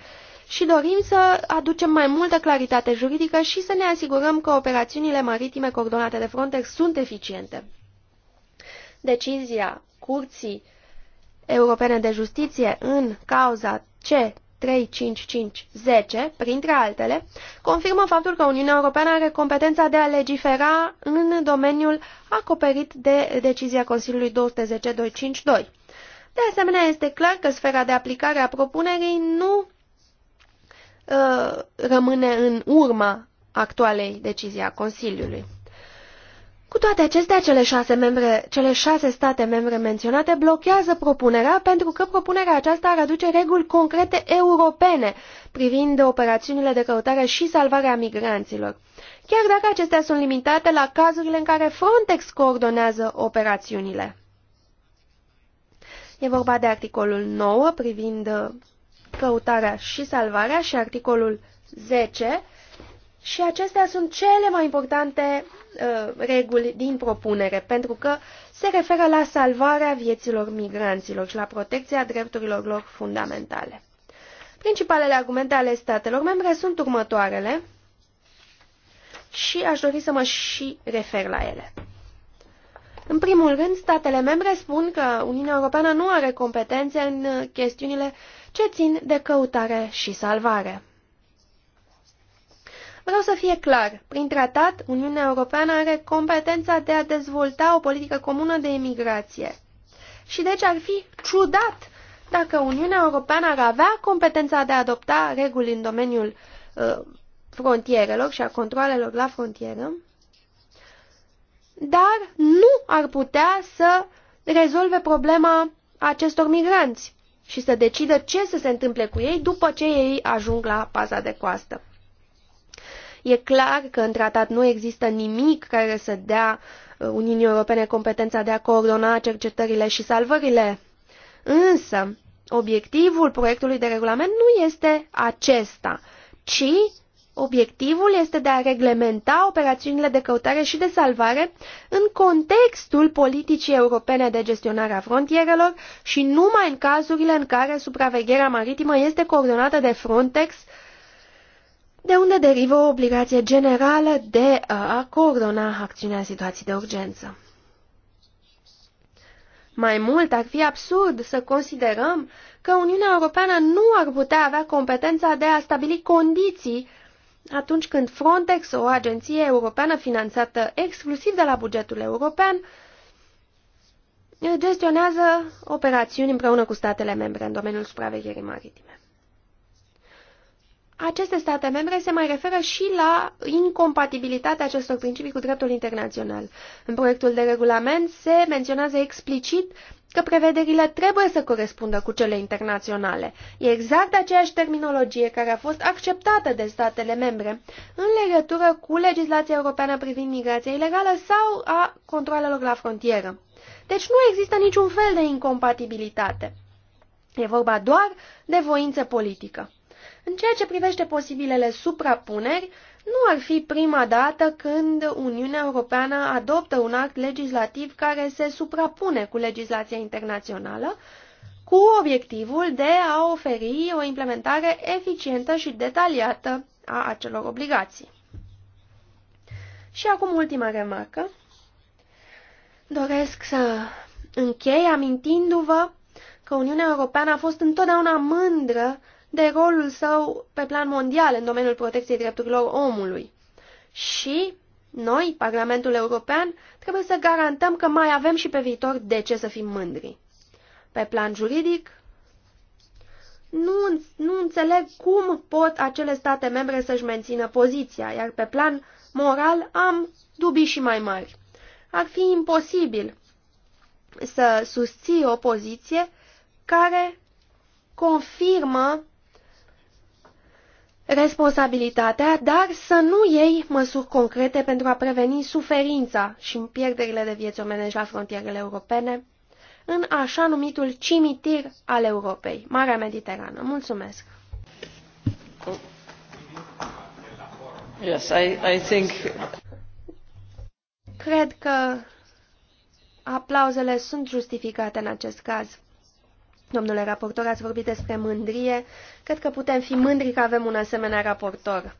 și dorim să aducem mai multă claritate juridică și să ne asigurăm că operațiunile maritime coordonate de Frontex sunt eficiente. Decizia Curții Europene de Justiție în cauza C 355/10, printre altele, confirmă faptul că Uniunea Europeană are competența de a legifera în domeniul acoperit de decizia Consiliului 210.252. De asemenea, este clar că sfera de aplicare a propunerii nu uh, rămâne în urma actualei decizii a Consiliului. Cu toate acestea, cele șase, membre, cele șase state membre menționate blochează propunerea pentru că propunerea aceasta ar aduce reguli concrete europene privind operațiunile de căutare și salvare a migranților, chiar dacă acestea sunt limitate la cazurile în care Frontex coordonează operațiunile. E vorba de articolul 9 privind uh, căutarea și salvarea și articolul 10 și acestea sunt cele mai importante uh, reguli din propunere, pentru că se referă la salvarea vieților migranților și la protecția drepturilor lor fundamentale. Principalele argumente ale statelor membre sunt următoarele și aș dori să mă și refer la ele. În primul rând, statele membre spun că Uniunea Europeană nu are competențe în uh, chestiunile ce țin de căutare și salvare. Vreau să fie clar, prin tratat, Uniunea Europeană are competența de a dezvolta o politică comună de imigrație. Și deci ar fi ciudat dacă Uniunea Europeană ar avea competența de a adopta reguli în domeniul uh, frontierelor și a controalelor la frontieră, dar nu ar putea să rezolve problema acestor migranți și să decidă ce să se întâmple cu ei după ce ei ajung la paza de coastă. E clar că în tratat nu există nimic care să dea uh, Uniunii Europene competența de a coordona cercetările și salvările. Însă, obiectivul proiectului de regulament nu este acesta, ci Obiectivul este de a reglementa operațiunile de căutare și de salvare în contextul politicii europene de gestionare a frontierelor și numai în cazurile în care supravegherea maritimă este coordonată de Frontex, de unde derivă o obligație generală de uh, a coordona acțiunea în situații de urgență. Mai mult, ar fi absurd să considerăm că Uniunea Europeană nu ar putea avea competența de a stabili condiții atunci când Frontex, o agenție europeană finanțată exclusiv de la bugetul european, gestionează operațiuni împreună cu statele membre în domeniul supravegherii maritime aceste state membre se mai referă și la incompatibilitatea acestor principii cu dreptul internațional. În proiectul de regulament se menționează explicit că prevederile trebuie să corespundă cu cele internaționale. E exact aceeași terminologie care a fost acceptată de statele membre în legătură cu legislația europeană privind migrația ilegală sau a controalelor la frontieră. Deci nu există niciun fel de incompatibilitate. E vorba doar de voință politică. În ceea ce privește posibilele suprapuneri, nu ar fi prima dată când Uniunea Europeană adoptă un act legislativ care se suprapune cu legislația internațională, cu obiectivul de a oferi o implementare eficientă și detaliată a acelor obligații. Și acum ultima remarcă. Doresc să închei amintindu-vă că Uniunea Europeană a fost întotdeauna mândră de rolul său pe plan mondial în domeniul protecției drepturilor omului. Și noi, Parlamentul European, trebuie să garantăm că mai avem și pe viitor de ce să fim mândri. Pe plan juridic, nu, nu înțeleg cum pot acele state membre să-și mențină poziția, iar pe plan moral am dubii și mai mari. Ar fi imposibil să susții o poziție care confirmă responsabilitatea, dar să nu iei măsuri concrete pentru a preveni suferința și pierderile de vieți omenești la frontierele europene în așa numitul cimitir al Europei, Marea Mediterană. Mulțumesc! Yes, I, I think... Cred că aplauzele sunt justificate în acest caz. Domnule raportor, ați vorbit despre mândrie. Cred că putem fi mândri că avem un asemenea raportor.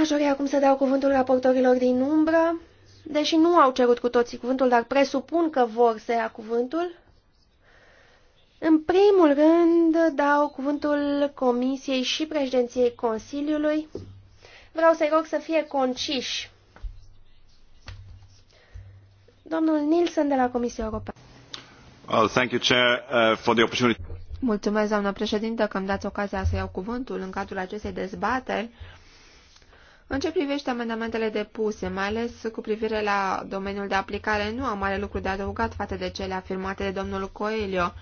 Aș dori acum să dau cuvântul raportorilor din umbră, deși nu au cerut cu toții cuvântul, dar presupun că vor să ia cuvântul. În primul rând, dau cuvântul Comisiei și președinției Consiliului. Vreau să-i rog să fie conciși. Domnul Nilsson de la Comisia Europeană. Uh, Mulțumesc, doamnă președintă, că îmi dați ocazia să iau cuvântul în cadrul acestei dezbateri. În ce privește amendamentele depuse, mai ales cu privire la domeniul de aplicare, nu am mare lucru de adăugat față de cele afirmate de domnul Coelho,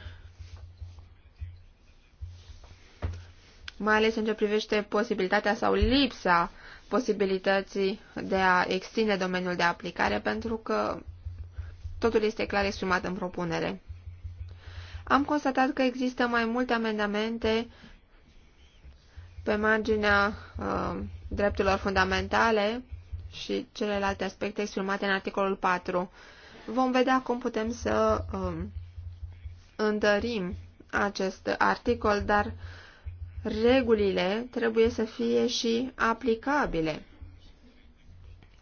mai ales în ce privește posibilitatea sau lipsa posibilității de a extinde domeniul de aplicare, pentru că totul este clar exprimat în propunere. Am constatat că există mai multe amendamente pe marginea uh, drepturilor fundamentale și celelalte aspecte exprimate în articolul 4. Vom vedea cum putem să uh, întărim acest articol, dar regulile trebuie să fie și aplicabile.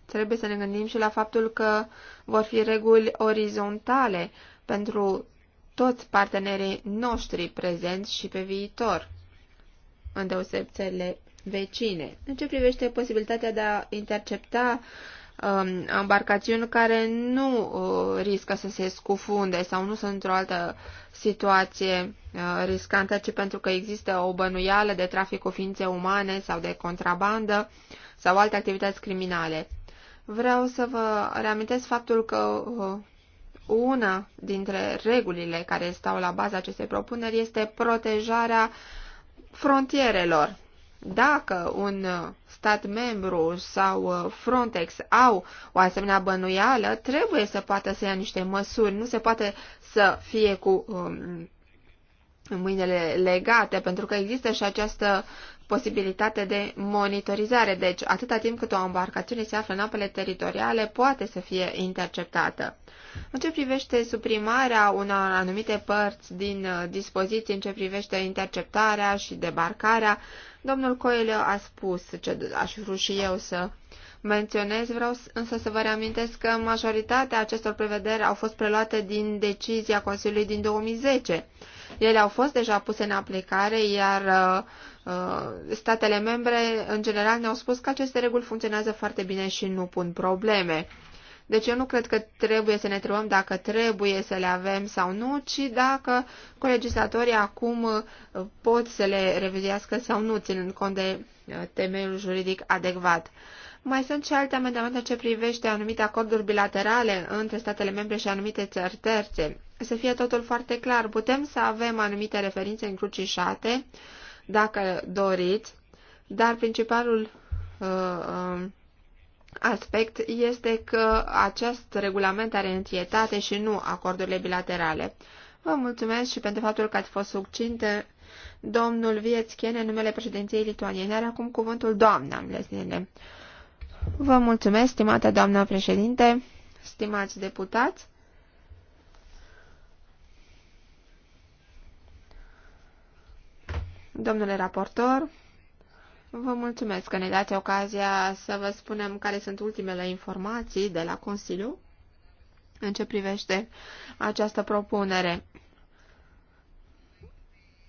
Trebuie să ne gândim și la faptul că vor fi reguli orizontale pentru toți partenerii noștri prezenți și pe viitor, în țările vecine. În ce privește posibilitatea de a intercepta um, embarcațiuni care nu uh, riscă să se scufunde sau nu sunt într-o altă situație uh, riscantă, ci pentru că există o bănuială de trafic cu ființe umane sau de contrabandă sau alte activități criminale. Vreau să vă reamintesc faptul că uh, una dintre regulile care stau la baza acestei propuneri este protejarea frontierelor. Dacă un stat membru sau uh, Frontex au o asemenea bănuială, trebuie să poată să ia niște măsuri. Nu se poate să fie cu um, mâinile legate, pentru că există și această posibilitate de monitorizare. Deci, atâta timp cât o embarcațiune se află în apele teritoriale, poate să fie interceptată. În ce privește suprimarea unor anumite părți din uh, dispoziții, în ce privește interceptarea și debarcarea, domnul Coelho a spus ce aș vrea și eu să menționez, vreau însă să vă reamintesc că majoritatea acestor prevederi au fost preluate din decizia Consiliului din 2010 ele au fost deja puse în aplicare, iar uh, uh, statele membre, în general, ne-au spus că aceste reguli funcționează foarte bine și nu pun probleme. Deci eu nu cred că trebuie să ne întrebăm dacă trebuie să le avem sau nu, ci dacă colegislatorii acum uh, pot să le revizuiască sau nu, ținând cont de temeiul juridic adecvat. Mai sunt și alte amendamente ce privește anumite acorduri bilaterale între statele membre și anumite țări terțe. Să fie totul foarte clar, putem să avem anumite referințe încrucișate, dacă doriți, dar principalul uh, uh, aspect este că acest regulament are întietate și nu acordurile bilaterale. Vă mulțumesc și pentru faptul că ați fost succinte. Domnul Viețchene, numele președinției lituaniene, are acum cuvântul doamna, am Vă mulțumesc, stimată doamna președinte, stimați deputați. Domnule raportor, vă mulțumesc că ne dați ocazia să vă spunem care sunt ultimele informații de la Consiliu în ce privește această propunere.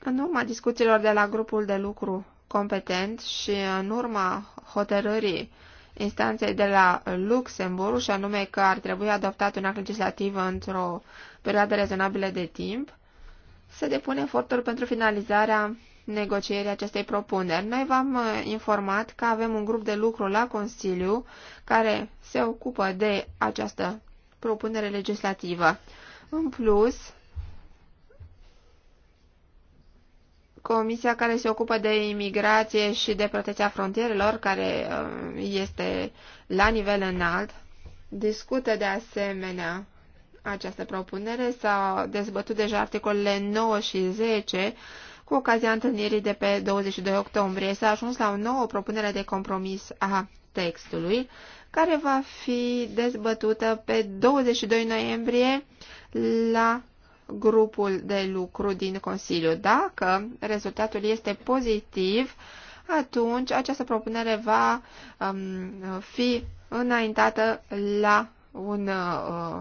În urma discuțiilor de la grupul de lucru competent și în urma hotărârii instanței de la Luxemburg, și anume că ar trebui adoptat un act legislativ într-o perioadă rezonabilă de timp, se depune efortul pentru finalizarea negocierii acestei propuneri. Noi v-am uh, informat că avem un grup de lucru la Consiliu care se ocupă de această propunere legislativă. În plus, comisia care se ocupă de imigrație și de protecția frontierelor, care uh, este la nivel înalt, discută de asemenea această propunere. S-au dezbătut deja articolele 9 și 10 cu ocazia întâlnirii de pe 22 octombrie. S-a ajuns la o nouă propunere de compromis a textului, care va fi dezbătută pe 22 noiembrie la grupul de lucru din Consiliu. Dacă rezultatul este pozitiv, atunci această propunere va um, fi înaintată la un uh,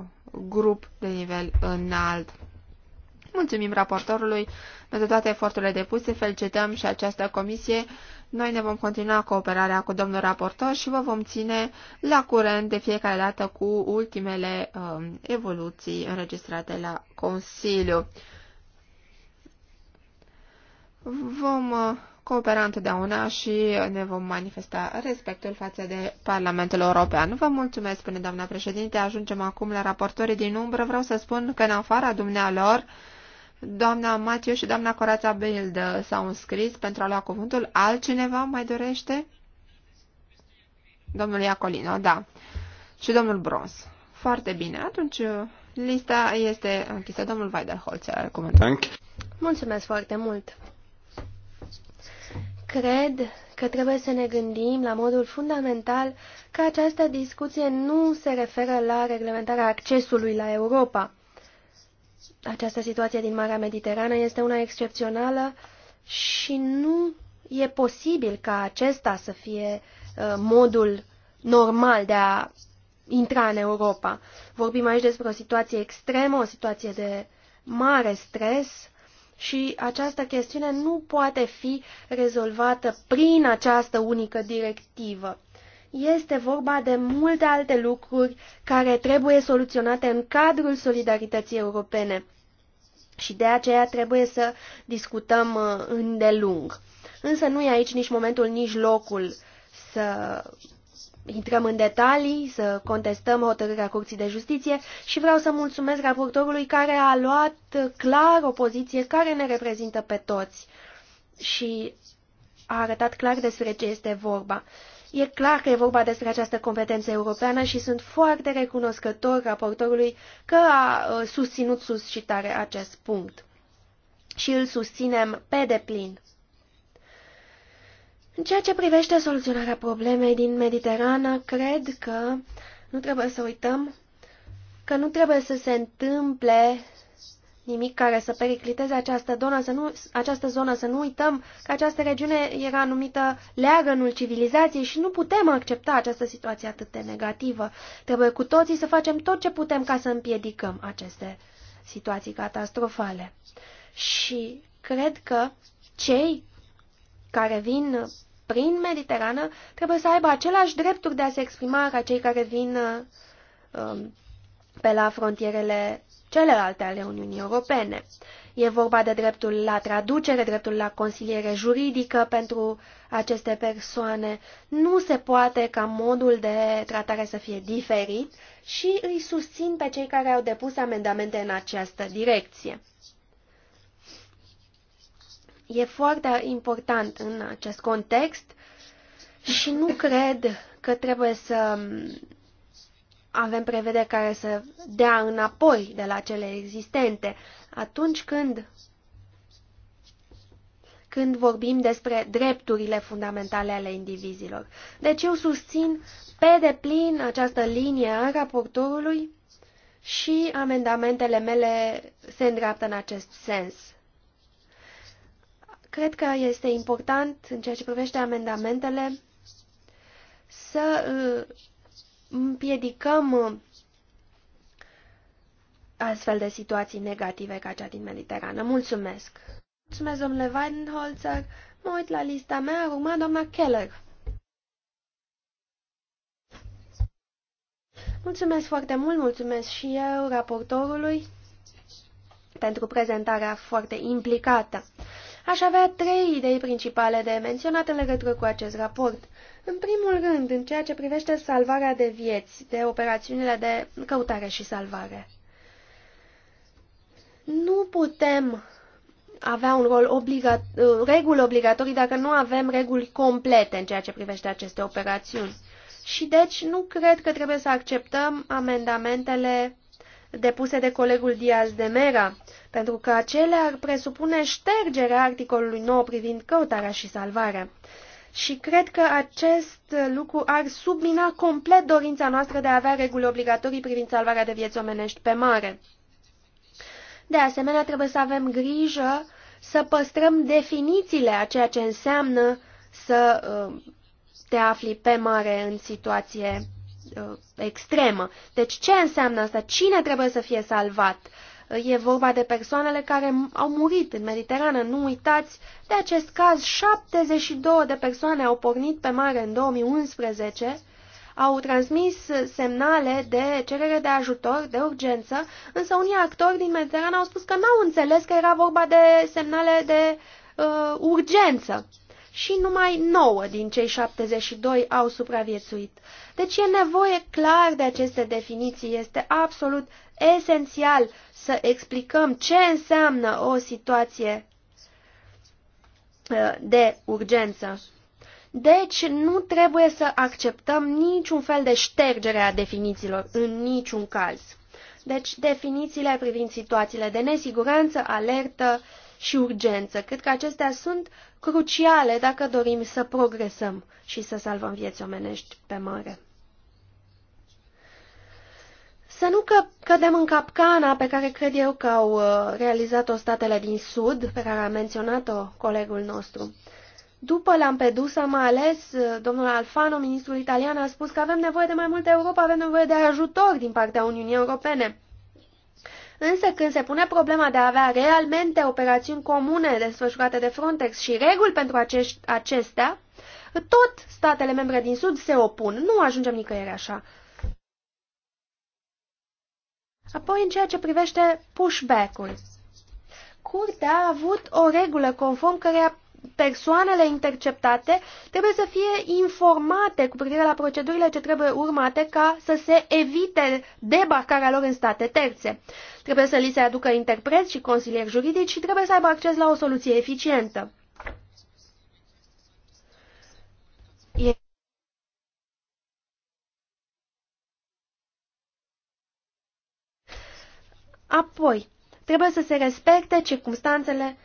grup de nivel înalt. Mulțumim raportorului pentru toate eforturile depuse, felicităm și această comisie. Noi ne vom continua cooperarea cu domnul raportor și vă vom ține la curent de fiecare dată cu ultimele um, evoluții înregistrate la Consiliu. Vom uh, coopera întotdeauna și ne vom manifesta respectul față de Parlamentul European. Vă mulțumesc, spune doamna președinte. Ajungem acum la raportorii din umbră. Vreau să spun că în afara dumnealor, Doamna Matiu și doamna Corața Bild s-au înscris pentru a lua cuvântul. Altcineva mai dorește? Domnul Iacolino, da. Și domnul Bros. Foarte bine. Atunci lista este închisă. Domnul Weiderholzer are cuvântul. Thank. Mulțumesc foarte mult. Cred că trebuie să ne gândim la modul fundamental că această discuție nu se referă la reglementarea accesului la Europa. Această situație din Marea Mediterană este una excepțională și nu e posibil ca acesta să fie uh, modul normal de a intra în Europa. Vorbim aici despre o situație extremă, o situație de mare stres și această chestiune nu poate fi rezolvată prin această unică directivă. Este vorba de multe alte lucruri care trebuie soluționate în cadrul solidarității europene și de aceea trebuie să discutăm uh, îndelung. Însă nu e aici nici momentul, nici locul să intrăm în detalii, să contestăm hotărârea Curții de Justiție și vreau să mulțumesc raportorului care a luat clar o poziție care ne reprezintă pe toți și a arătat clar despre ce este vorba. E clar că e vorba despre această competență europeană și sunt foarte recunoscător raportorului că a susținut suscitare acest punct. Și îl susținem pe deplin. În ceea ce privește soluționarea problemei din Mediterană, cred că nu trebuie să uităm că nu trebuie să se întâmple nimic care să pericliteze această, donă, să nu, această zonă, să nu uităm că această regiune era numită leagănul civilizației și nu putem accepta această situație atât de negativă. Trebuie cu toții să facem tot ce putem ca să împiedicăm aceste situații catastrofale. Și cred că cei care vin prin Mediterană trebuie să aibă același drepturi de a se exprima ca cei care vin uh, pe la frontierele celelalte ale Uniunii Europene. E vorba de dreptul la traducere, dreptul la consiliere juridică pentru aceste persoane. Nu se poate ca modul de tratare să fie diferit și îi susțin pe cei care au depus amendamente în această direcție. E foarte important în acest context și nu cred că trebuie să avem prevederi care să dea înapoi de la cele existente. Atunci când, când vorbim despre drepturile fundamentale ale indivizilor. Deci eu susțin pe deplin această linie a raportorului și amendamentele mele se îndreaptă în acest sens. Cred că este important, în ceea ce privește amendamentele, să împiedicăm uh, astfel de situații negative ca cea din Mediterană. Mulțumesc! Mulțumesc, domnule Weidenholzer. Mă uit la lista mea, urma doamna Keller. Mulțumesc foarte mult, mulțumesc și eu raportorului pentru prezentarea foarte implicată. Aș avea trei idei principale de menționat în legătură cu acest raport. În primul rând, în ceea ce privește salvarea de vieți, de operațiunile de căutare și salvare. Nu putem avea un rol obligat, uh, reguli obligatorii dacă nu avem reguli complete în ceea ce privește aceste operațiuni. Și deci nu cred că trebuie să acceptăm amendamentele depuse de colegul Diaz de Mera, pentru că acelea ar presupune ștergerea articolului 9 privind căutarea și salvarea. Și cred că acest lucru ar submina complet dorința noastră de a avea reguli obligatorii privind salvarea de vieți omenești pe mare. De asemenea, trebuie să avem grijă să păstrăm definițiile a ceea ce înseamnă să uh, te afli pe mare în situație Uh, extremă. Deci ce înseamnă asta? Cine trebuie să fie salvat? Uh, e vorba de persoanele care au murit în Mediterană. Nu uitați, de acest caz, 72 de persoane au pornit pe mare în 2011 au transmis semnale de cerere de ajutor, de urgență, însă unii actori din Mediterană au spus că n-au înțeles că era vorba de semnale de uh, urgență și numai 9 din cei 72 au supraviețuit. Deci e nevoie clar de aceste definiții, este absolut esențial să explicăm ce înseamnă o situație uh, de urgență. Deci nu trebuie să acceptăm niciun fel de ștergere a definițiilor, în niciun caz. Deci definițiile privind situațiile de nesiguranță, alertă, uh, și urgență. Cred că acestea sunt cruciale dacă dorim să progresăm și să salvăm vieți omenești pe mare. Să nu că cădem în capcana pe care cred eu că au uh, realizat-o statele din Sud, pe care a menționat-o colegul nostru. După Lampedusa, mai ales, uh, domnul Alfano, ministrul italian, a spus că avem nevoie de mai multă Europa, avem nevoie de ajutor din partea Uniunii Europene. Însă când se pune problema de a avea realmente operațiuni comune desfășurate de Frontex și reguli pentru acești, acestea, tot statele membre din Sud se opun. Nu ajungem nicăieri așa. Apoi, în ceea ce privește pushback-ul, Curtea a avut o regulă conform căreia persoanele interceptate trebuie să fie informate cu privire la procedurile ce trebuie urmate ca să se evite debarcarea lor în state terțe. Trebuie să li se aducă interpreți și consilieri juridici și trebuie să aibă acces la o soluție eficientă. Apoi, trebuie să se respecte circumstanțele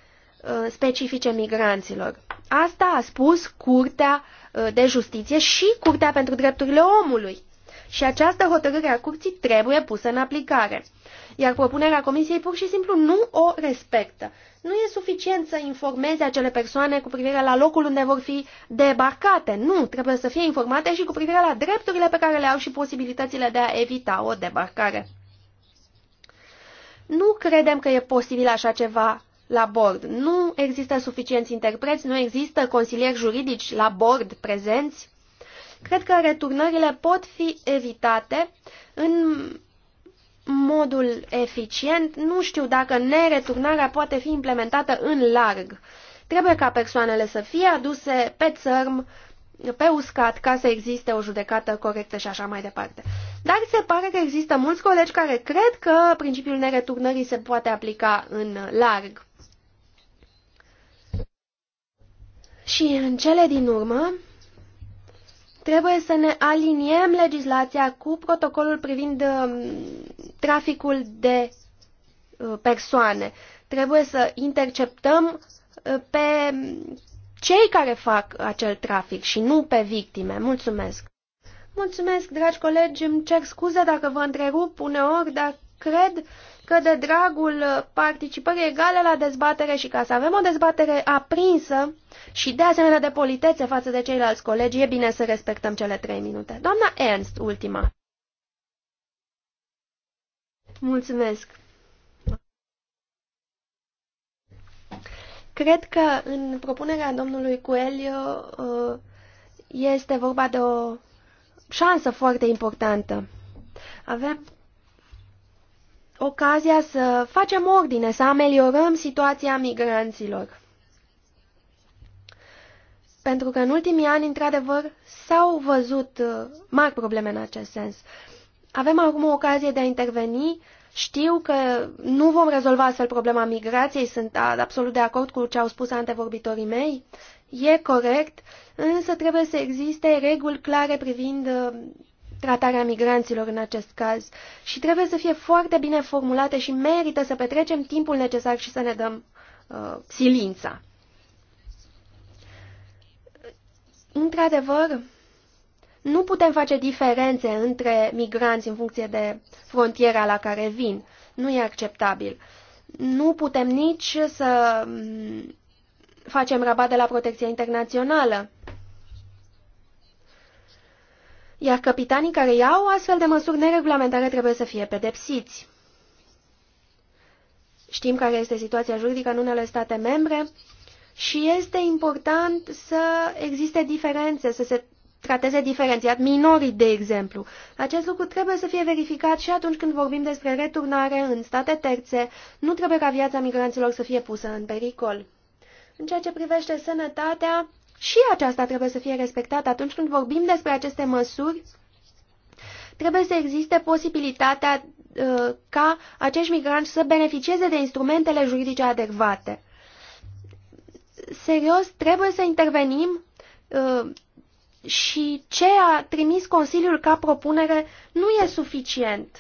Uh, specifice migranților. Asta a spus Curtea uh, de Justiție și Curtea pentru Drepturile Omului. Și această hotărâre a curții trebuie pusă în aplicare. Iar propunerea comisiei pur și simplu nu o respectă. Nu e suficient să informeze acele persoane cu privire la locul unde vor fi debarcate. Nu, trebuie să fie informate și cu privire la drepturile pe care le au și posibilitățile de a evita o debarcare. Nu credem că e posibil așa ceva la bord. Nu există suficienți interpreți, nu există consilieri juridici la bord prezenți. Cred că returnările pot fi evitate în modul eficient. Nu știu dacă nereturnarea poate fi implementată în larg. Trebuie ca persoanele să fie aduse pe țărm, pe uscat, ca să existe o judecată corectă și așa mai departe. Dar se pare că există mulți colegi care cred că principiul nereturnării se poate aplica în larg. Și în cele din urmă, trebuie să ne aliniem legislația cu protocolul privind um, traficul de uh, persoane. Trebuie să interceptăm uh, pe cei care fac acel trafic și nu pe victime. Mulțumesc! Mulțumesc, dragi colegi, îmi cer scuze dacă vă întrerup uneori, dar cred că de dragul participării egale la dezbatere și ca să avem o dezbatere aprinsă și de asemenea de politețe față de ceilalți colegi, e bine să respectăm cele trei minute. Doamna Ernst, ultima. Mulțumesc. Cred că în propunerea domnului Coelho uh, este vorba de o șansă foarte importantă. Avem ocazia să facem ordine, să ameliorăm situația migranților. Pentru că în ultimii ani, într-adevăr, s-au văzut uh, mari probleme în acest sens. Avem acum o ocazie de a interveni. Știu că nu vom rezolva astfel problema migrației, sunt absolut de acord cu ce au spus antevorbitorii mei. E corect, însă trebuie să existe reguli clare privind uh, tratarea migranților în acest caz și trebuie să fie foarte bine formulate și merită să petrecem timpul necesar și să ne dăm uh, silința. Într-adevăr, nu putem face diferențe între migranți în funcție de frontiera la care vin. Nu e acceptabil. Nu putem nici să mm, facem rabat de la protecția internațională iar capitanii care iau astfel de măsuri neregulamentare trebuie să fie pedepsiți. Știm care este situația juridică în unele state membre și este important să existe diferențe, să se trateze diferențiat minorii, de exemplu. Acest lucru trebuie să fie verificat și atunci când vorbim despre returnare în state terțe, nu trebuie ca viața migranților să fie pusă în pericol. În ceea ce privește sănătatea, și aceasta trebuie să fie respectată atunci când vorbim despre aceste măsuri. Trebuie să existe posibilitatea uh, ca acești migranți să beneficieze de instrumentele juridice adecvate. Serios, trebuie să intervenim uh, și ce a trimis Consiliul ca propunere nu e suficient.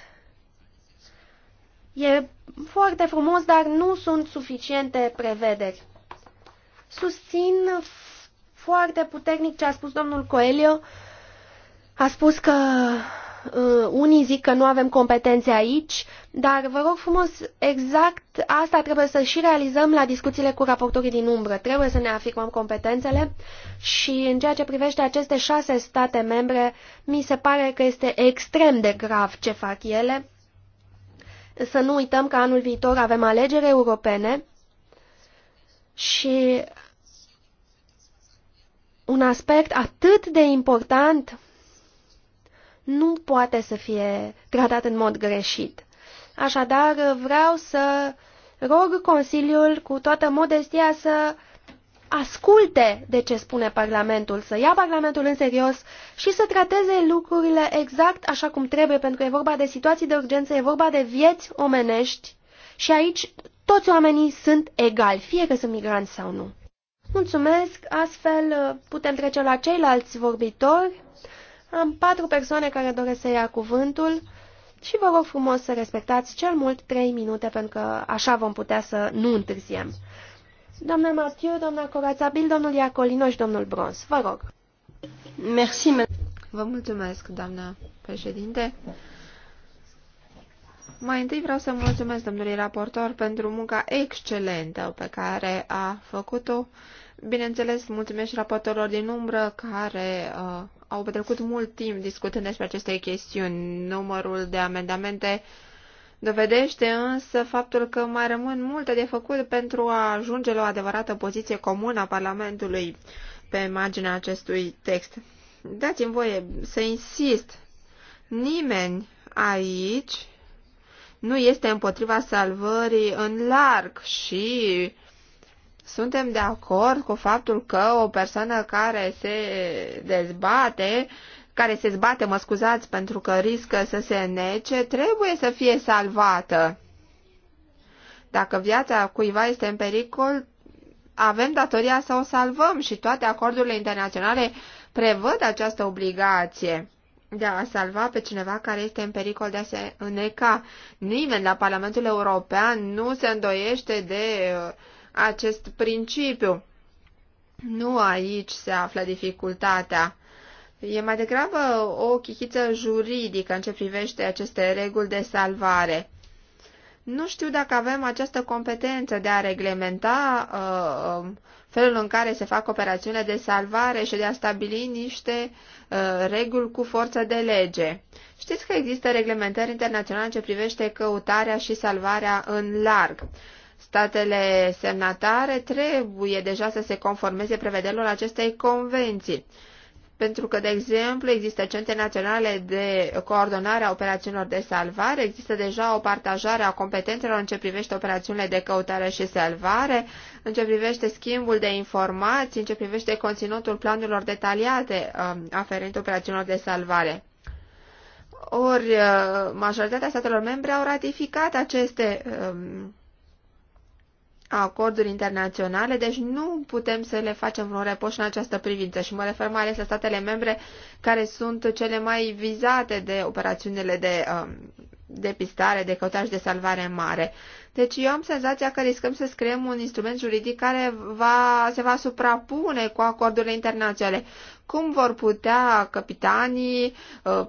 E foarte frumos, dar nu sunt suficiente prevederi. Susțin foarte puternic ce a spus domnul Coelho. A spus că uh, unii zic că nu avem competențe aici, dar vă rog frumos, exact asta trebuie să și realizăm la discuțiile cu raportorii din umbră. Trebuie să ne afirmăm competențele și în ceea ce privește aceste șase state membre, mi se pare că este extrem de grav ce fac ele. Să nu uităm că anul viitor avem alegeri europene și un aspect atât de important nu poate să fie tratat în mod greșit. Așadar, vreau să rog Consiliul cu toată modestia să asculte de ce spune Parlamentul, să ia Parlamentul în serios și să trateze lucrurile exact așa cum trebuie, pentru că e vorba de situații de urgență, e vorba de vieți omenești și aici toți oamenii sunt egali, fie că sunt migranți sau nu. Mulțumesc, astfel uh, putem trece la ceilalți vorbitori. Am patru persoane care doresc să ia cuvântul și vă rog frumos să respectați cel mult trei minute, pentru că așa vom putea să nu întârziem. Doamna Mathieu, doamna Corațabil, domnul Iacolino și domnul Brons, vă rog. Merci, Vă mulțumesc, doamna președinte. Mai întâi vreau să mulțumesc domnului raportor pentru munca excelentă pe care a făcut-o Bineînțeles, mulțumesc și raportorilor din umbră care uh, au petrecut mult timp discutând despre aceste chestiuni. Numărul de amendamente dovedește însă faptul că mai rămân multe de făcut pentru a ajunge la o adevărată poziție comună a Parlamentului pe marginea acestui text. Dați-mi voie să insist, nimeni aici nu este împotriva salvării în larg și suntem de acord cu faptul că o persoană care se dezbate, care se zbate, mă scuzați, pentru că riscă să se nece, trebuie să fie salvată. Dacă viața cuiva este în pericol, avem datoria să o salvăm și toate acordurile internaționale prevăd această obligație de a salva pe cineva care este în pericol de a se îneca. Nimeni la Parlamentul European nu se îndoiește de uh, acest principiu. Nu aici se află dificultatea. E mai degrabă o chichiță juridică în ce privește aceste reguli de salvare. Nu știu dacă avem această competență de a reglementa uh, um, felul în care se fac operațiunile de salvare și de a stabili niște uh, reguli cu forță de lege. Știți că există reglementări internaționale în ce privește căutarea și salvarea în larg Statele semnatare trebuie deja să se conformeze prevederilor acestei convenții, pentru că, de exemplu, există centre naționale de coordonare a operațiunilor de salvare, există deja o partajare a competențelor în ce privește operațiunile de căutare și salvare, în ce privește schimbul de informații, în ce privește conținutul planurilor detaliate um, aferente operațiunilor de salvare. Ori uh, majoritatea statelor membre au ratificat aceste um, acorduri internaționale, deci nu putem să le facem vreun repoș în această privință și mă refer mai ales la statele membre care sunt cele mai vizate de operațiunile de um, depistare, de căutare de salvare în mare. Deci eu am senzația că riscăm să scriem un instrument juridic care va, se va suprapune cu acordurile internaționale. Cum vor putea capitanii, uh,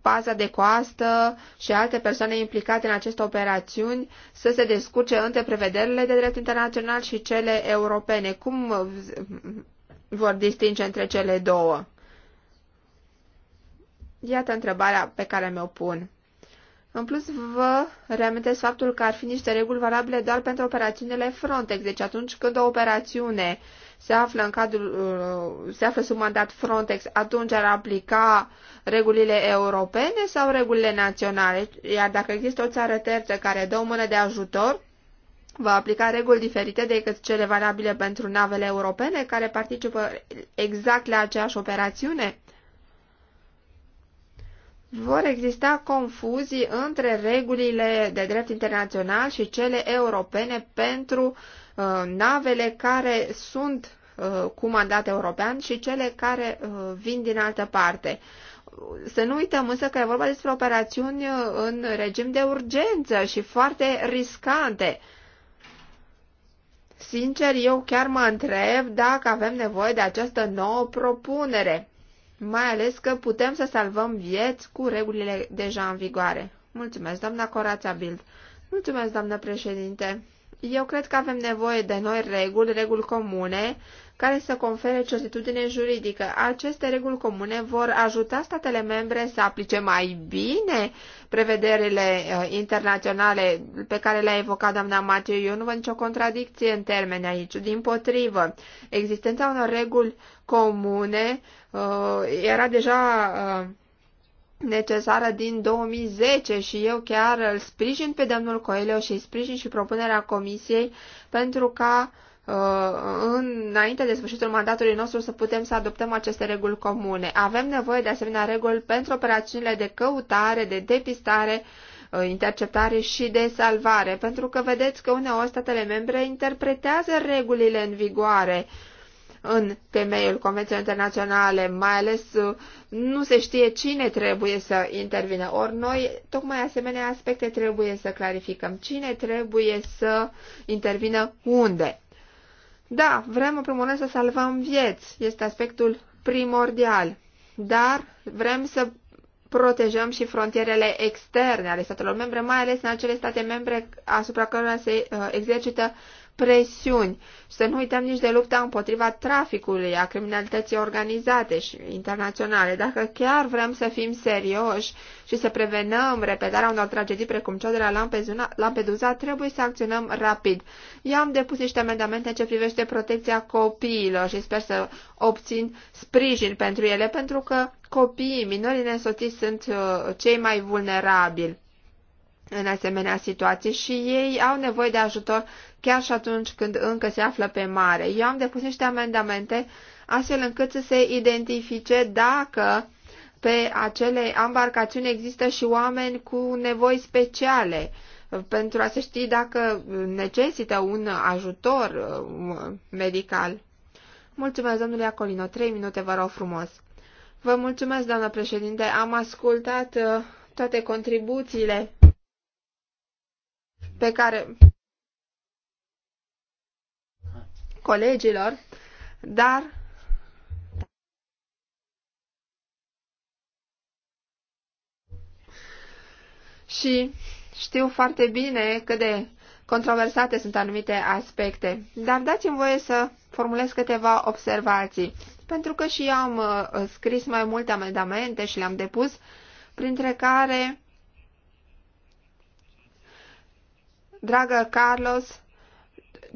paza de coastă și alte persoane implicate în aceste operațiuni să se descurce între prevederile de drept internațional și cele europene? Cum vor distinge între cele două? Iată întrebarea pe care mi-o pun. În plus, vă reamintesc faptul că ar fi niște reguli valabile doar pentru operațiunile Frontex. Deci atunci când o operațiune se află, în cadrul, uh, se află sub mandat Frontex, atunci ar aplica regulile europene sau regulile naționale. Iar dacă există o țară terță care dă o mână de ajutor, va aplica reguli diferite decât cele valabile pentru navele europene care participă exact la aceeași operațiune? vor exista confuzii între regulile de drept internațional și cele europene pentru uh, navele care sunt uh, cu mandat european și cele care uh, vin din altă parte. Să nu uităm însă că e vorba despre operațiuni uh, în regim de urgență și foarte riscante. Sincer, eu chiar mă întreb dacă avem nevoie de această nouă propunere mai ales că putem să salvăm vieți cu regulile deja în vigoare. Mulțumesc, doamna Corața Bild. Mulțumesc, doamnă președinte. Eu cred că avem nevoie de noi reguli, reguli comune, care să confere certitudine juridică. Aceste reguli comune vor ajuta statele membre să aplice mai bine prevederile uh, internaționale pe care le-a evocat doamna Mathieu, eu nu văd nicio contradicție în termeni aici. Din potrivă, existența unor reguli comune uh, era deja uh, necesară din 2010 și eu chiar îl sprijin pe domnul Coelho și îi sprijin și propunerea comisiei pentru ca uh, Uh, înainte de sfârșitul mandatului nostru să putem să adoptăm aceste reguli comune. Avem nevoie de asemenea reguli pentru operațiunile de căutare, de depistare, uh, interceptare și de salvare, pentru că vedeți că uneori statele membre interpretează regulile în vigoare în temeiul Convenției Internaționale, mai ales uh, nu se știe cine trebuie să intervină. Ori noi, tocmai asemenea aspecte trebuie să clarificăm. Cine trebuie să intervină unde? Da, vrem în primul rând să salvăm vieți, este aspectul primordial, dar vrem să protejăm și frontierele externe ale statelor membre, mai ales în acele state membre asupra cărora se uh, exercită presiuni și să nu uităm nici de lupta împotriva traficului, a criminalității organizate și internaționale. Dacă chiar vrem să fim serioși și să prevenăm repetarea unor tragedii precum cea de la Lampedusa, trebuie să acționăm rapid. Eu am depus niște amendamente în ce privește protecția copiilor și sper să obțin sprijin pentru ele, pentru că copiii, minorii nesoțiți sunt uh, cei mai vulnerabili în asemenea situații și ei au nevoie de ajutor chiar și atunci când încă se află pe mare. Eu am depus niște amendamente astfel încât să se identifice dacă pe acele embarcațiuni există și oameni cu nevoi speciale uh, pentru a se ști dacă uh, necesită un ajutor uh, medical. Mulțumesc, domnule Acolino. Trei minute, vă rog frumos. Vă mulțumesc, doamnă președinte. Am ascultat toate contribuțiile pe care colegilor, dar și știu foarte bine cât de controversate sunt anumite aspecte, dar dați-mi voie să formulez câteva observații, pentru că și eu am uh, scris mai multe amendamente și le-am depus, printre care dragă Carlos,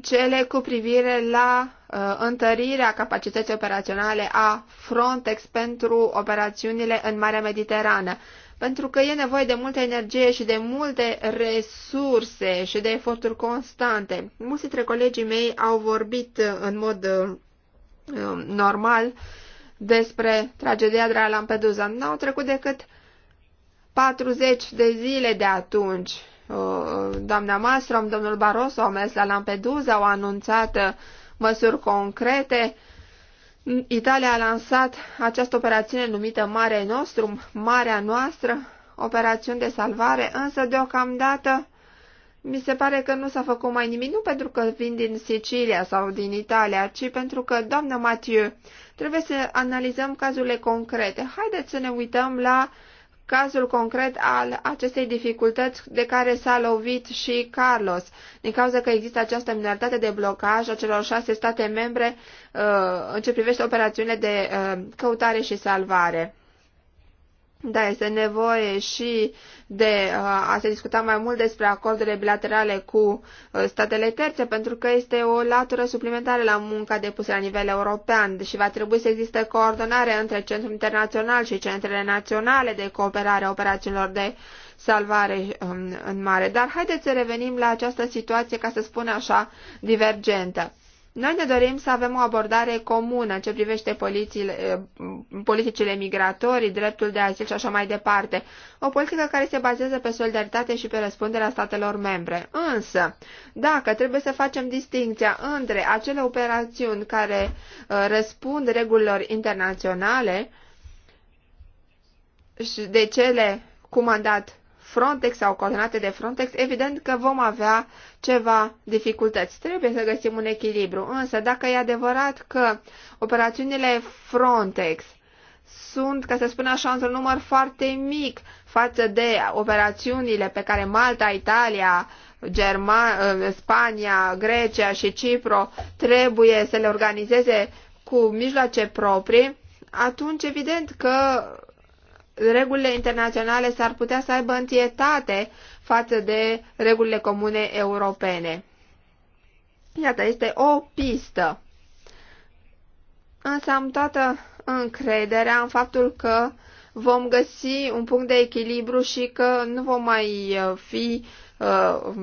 cele cu privire la uh, întărirea capacității operaționale a Frontex pentru operațiunile în Marea Mediterană. Pentru că e nevoie de multă energie și de multe resurse și de eforturi constante. Mulți dintre colegii mei au vorbit uh, în mod uh, uh, normal despre tragedia de la Lampedusa. N-au trecut decât 40 de zile de atunci Uh, doamna Mastrom, domnul Barroso au mers la Lampedusa, au anunțat uh, măsuri concrete. Italia a lansat această operațiune numită Mare Nostrum, Marea Noastră, operațiuni de salvare, însă deocamdată mi se pare că nu s-a făcut mai nimic, nu pentru că vin din Sicilia sau din Italia, ci pentru că, doamnă Mathieu, trebuie să analizăm cazurile concrete. Haideți să ne uităm la uh, cazul concret al acestei dificultăți de care s-a lovit și Carlos, din cauza că există această minoritate de blocaj a celor șase state membre uh, în ce privește operațiunile de uh, căutare și salvare. Da, este nevoie și de uh, a se discuta mai mult despre acordurile bilaterale cu uh, statele terțe, pentru că este o latură suplimentară la munca depusă la nivel european și deci va trebui să existe coordonare între Centrul Internațional și Centrele Naționale de Cooperare a Operațiunilor de salvare um, în mare. Dar haideți să revenim la această situație, ca să spun așa, divergentă. Noi ne dorim să avem o abordare comună în ce privește politicile, eh, politicile migratorii, dreptul de azil și așa mai departe. O politică care se bazează pe solidaritate și pe răspunderea statelor membre. Însă, dacă trebuie să facem distinția între acele operațiuni care eh, răspund regulilor internaționale și de cele cu mandat Frontex sau coordonate de Frontex, evident că vom avea ceva dificultăți. Trebuie să găsim un echilibru, însă dacă e adevărat că operațiunile Frontex sunt, ca să spun așa, într-un număr foarte mic față de operațiunile pe care Malta, Italia, German, uh, Spania, Grecia și Cipru trebuie să le organizeze cu mijloace proprii, atunci evident că regulile internaționale s-ar putea să aibă întietate față de regulile comune europene. Iată, este o pistă. Însă am toată încrederea în faptul că vom găsi un punct de echilibru și că nu vom mai fi uh,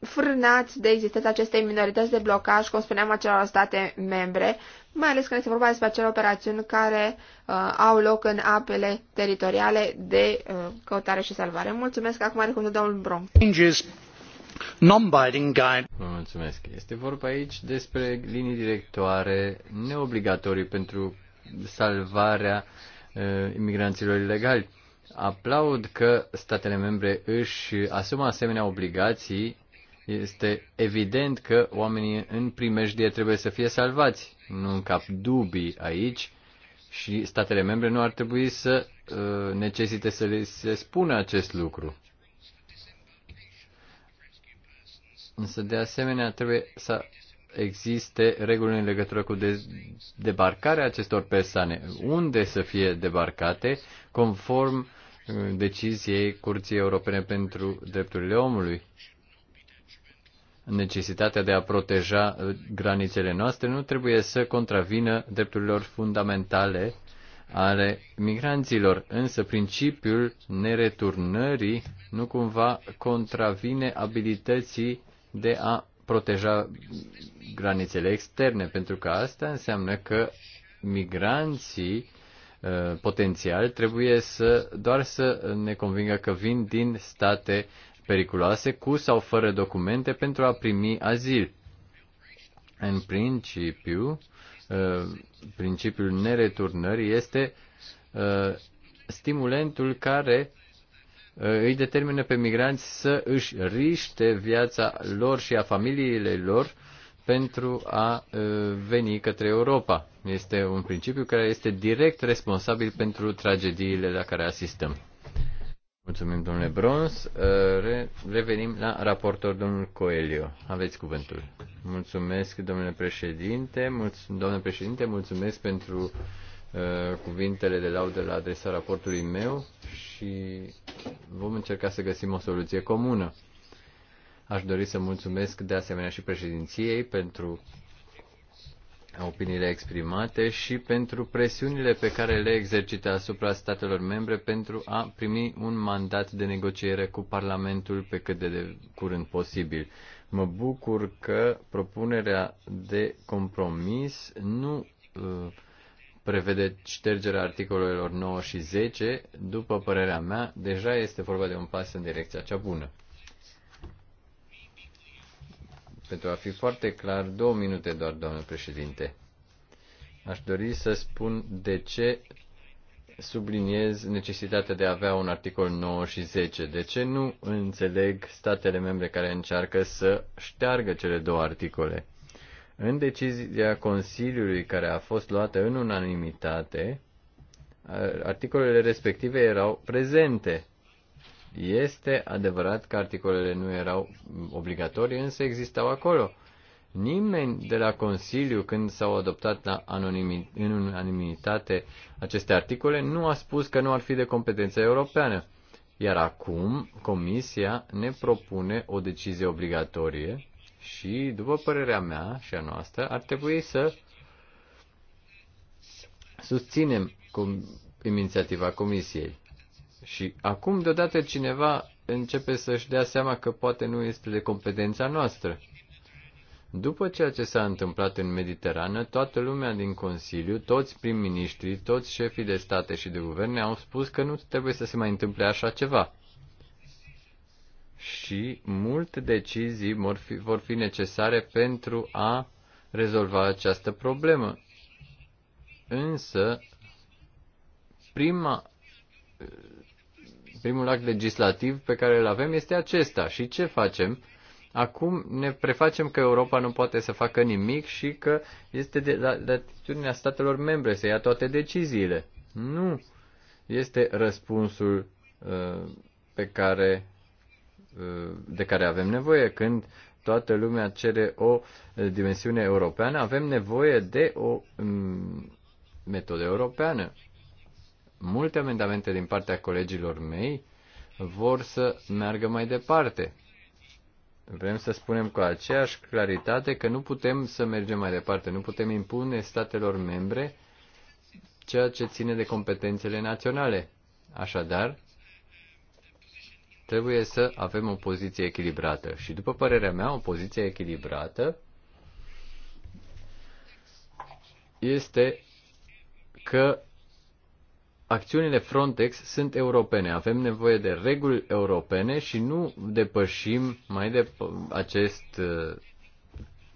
frânați de existența acestei minorități de blocaj, cum spuneam, acelor state membre, mai ales când este vorba despre acele operațiuni care uh, au loc în apele teritoriale de uh, căutare și salvare. Mulțumesc. Acum are cuvântul domnul Brom. Vă mulțumesc. Este vorba aici despre linii directoare neobligatorii pentru salvarea uh, imigranților ilegali. Aplaud că statele membre își asumă asemenea obligații este evident că oamenii în primejdie trebuie să fie salvați. Nu încap dubii aici și statele membre nu ar trebui să uh, necesite să le se spună acest lucru. Însă, de asemenea, trebuie să existe reguli în legătură cu de- debarcarea acestor persoane, unde să fie debarcate, conform uh, deciziei Curții Europene pentru Drepturile Omului necesitatea de a proteja uh, granițele noastre nu trebuie să contravină drepturilor fundamentale ale migranților, însă principiul nereturnării nu cumva contravine abilității de a proteja granițele externe, pentru că asta înseamnă că migranții uh, potențial trebuie să doar să ne convingă că vin din state periculoase cu sau fără documente pentru a primi azil. În principiu, uh, principiul nereturnării este uh, stimulentul care uh, îi determină pe migranți să își riște viața lor și a familiile lor pentru a veni către Europa. Este un principiu care este direct responsabil pentru tragediile la care asistăm. Mulțumim, domnule Brons. Uh, revenim la raportor, domnul Coelio. Aveți cuvântul. Mulțumesc, domnule președinte. Mulț- domnule președinte, mulțumesc pentru uh, cuvintele de laudă la adresa raportului meu și vom încerca să găsim o soluție comună. Aș dori să mulțumesc de asemenea și președinției pentru opiniile exprimate și pentru presiunile pe care le exercită asupra statelor membre pentru a primi un mandat de negociere cu Parlamentul pe cât de curând posibil. Mă bucur că propunerea de compromis nu uh, prevede ștergerea articolelor 9 și 10. După părerea mea, deja este vorba de un pas în direcția cea bună. Pentru a fi foarte clar, două minute doar, domnule președinte. Aș dori să spun de ce subliniez necesitatea de a avea un articol 9 și 10. De ce nu înțeleg statele membre care încearcă să șteargă cele două articole? În decizia Consiliului care a fost luată în unanimitate, articolele respective erau prezente. Este adevărat că articolele nu erau obligatorii, însă existau acolo. Nimeni de la Consiliu, când s-au adoptat la anonimi, în unanimitate aceste articole, nu a spus că nu ar fi de competență europeană. Iar acum Comisia ne propune o decizie obligatorie și, după părerea mea și a noastră, ar trebui să susținem inițiativa Comisiei. Și acum, deodată, cineva începe să-și dea seama că poate nu este de competența noastră. După ceea ce s-a întâmplat în Mediterană, toată lumea din Consiliu, toți prim-ministrii, toți șefii de state și de guverne au spus că nu trebuie să se mai întâmple așa ceva. Și multe decizii vor fi, vor fi necesare pentru a rezolva această problemă. Însă, prima primul act legislativ pe care îl avem este acesta. Și ce facem? Acum ne prefacem că Europa nu poate să facă nimic și că este de, la, de atitudinea statelor membre să ia toate deciziile. Nu este răspunsul uh, pe care, uh, de care avem nevoie. Când toată lumea cere o uh, dimensiune europeană, avem nevoie de o um, metodă europeană multe amendamente din partea colegilor mei vor să meargă mai departe. Vrem să spunem cu aceeași claritate că nu putem să mergem mai departe, nu putem impune statelor membre ceea ce ține de competențele naționale. Așadar, trebuie să avem o poziție echilibrată. Și după părerea mea, o poziție echilibrată este că acțiunile Frontex sunt europene. Avem nevoie de reguli europene și nu depășim mai de acest uh,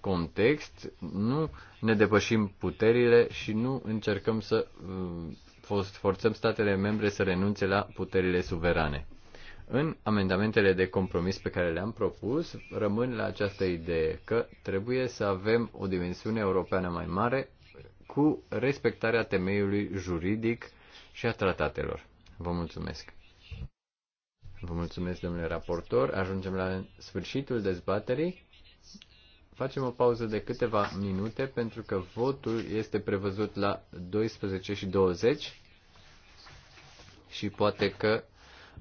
context, nu ne depășim puterile și nu încercăm să uh, forțăm statele membre să renunțe la puterile suverane. În amendamentele de compromis pe care le-am propus, rămân la această idee că trebuie să avem o dimensiune europeană mai mare cu respectarea temeiului juridic și a tratatelor. Vă mulțumesc! Vă mulțumesc, domnule raportor. Ajungem la sfârșitul dezbaterii. Facem o pauză de câteva minute pentru că votul este prevăzut la 12 și 20 și poate că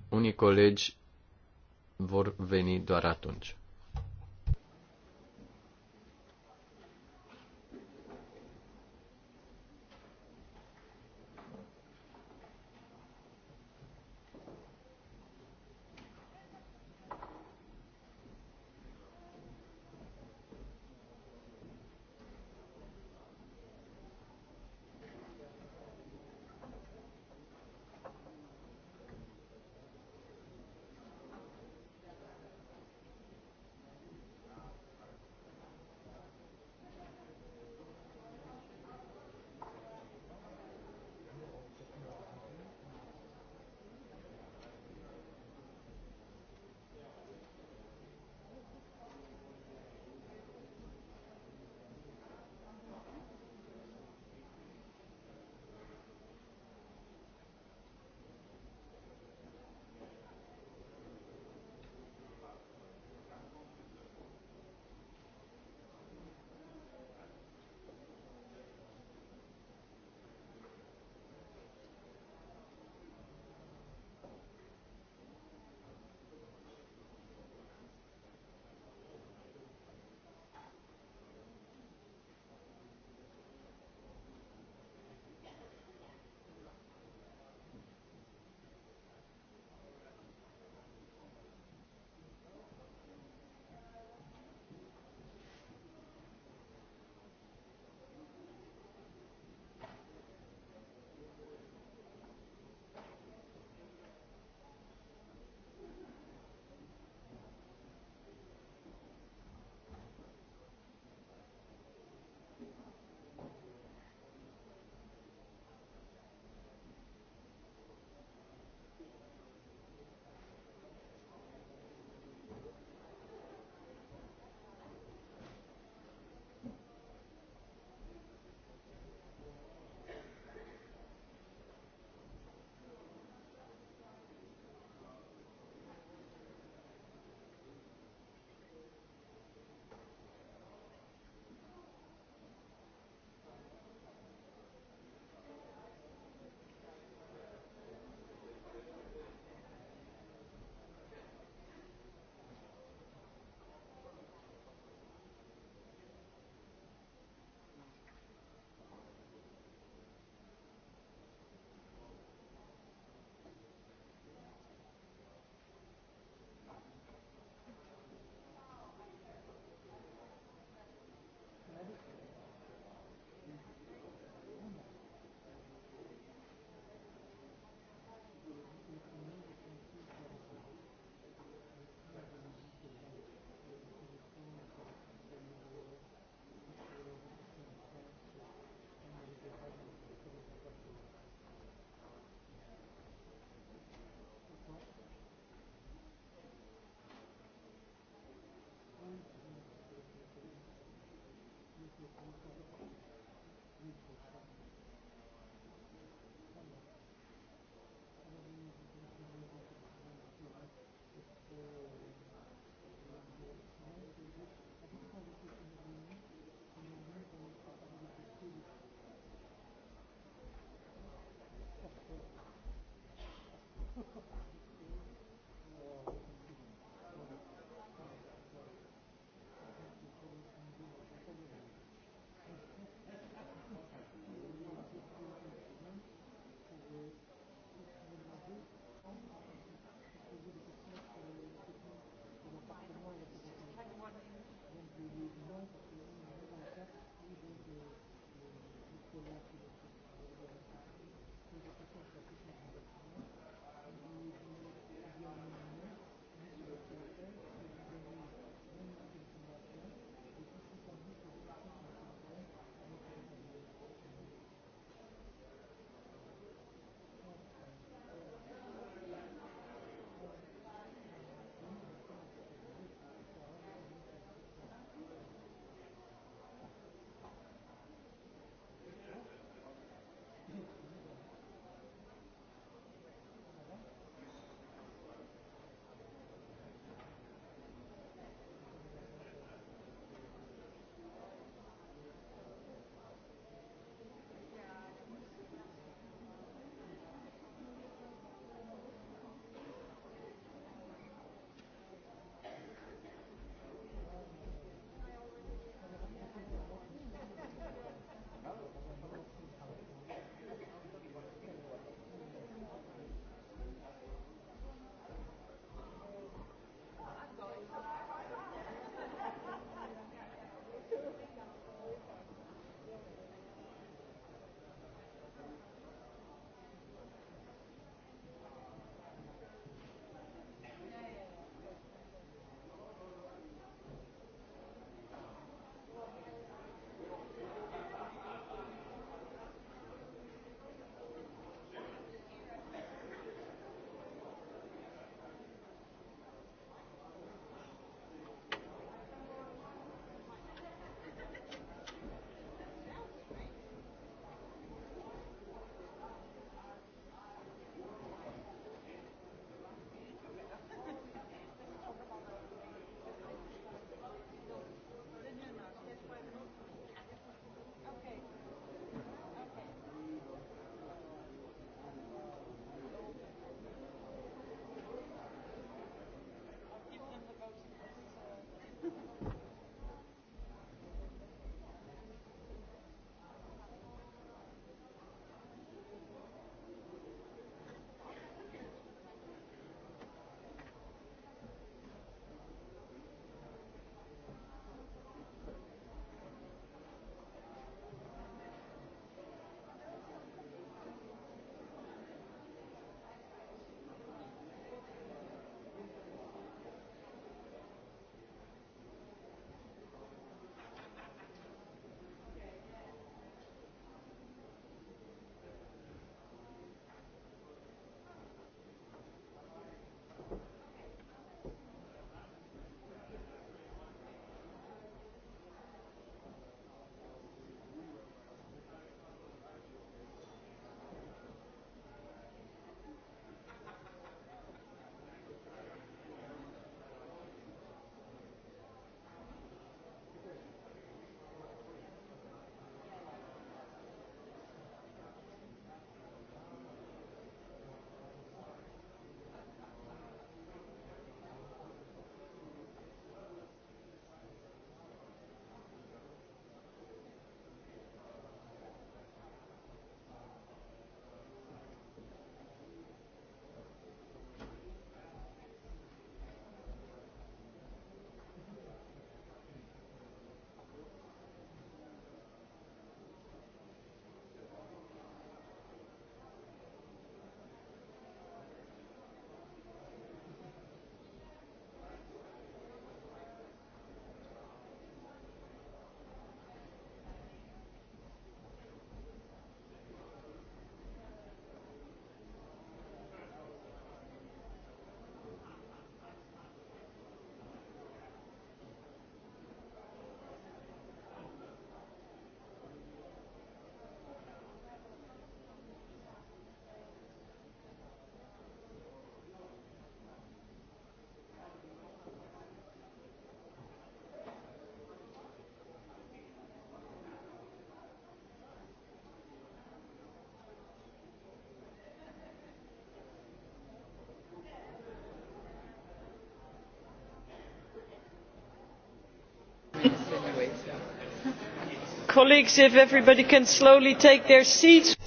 unii colegi vor veni doar atunci.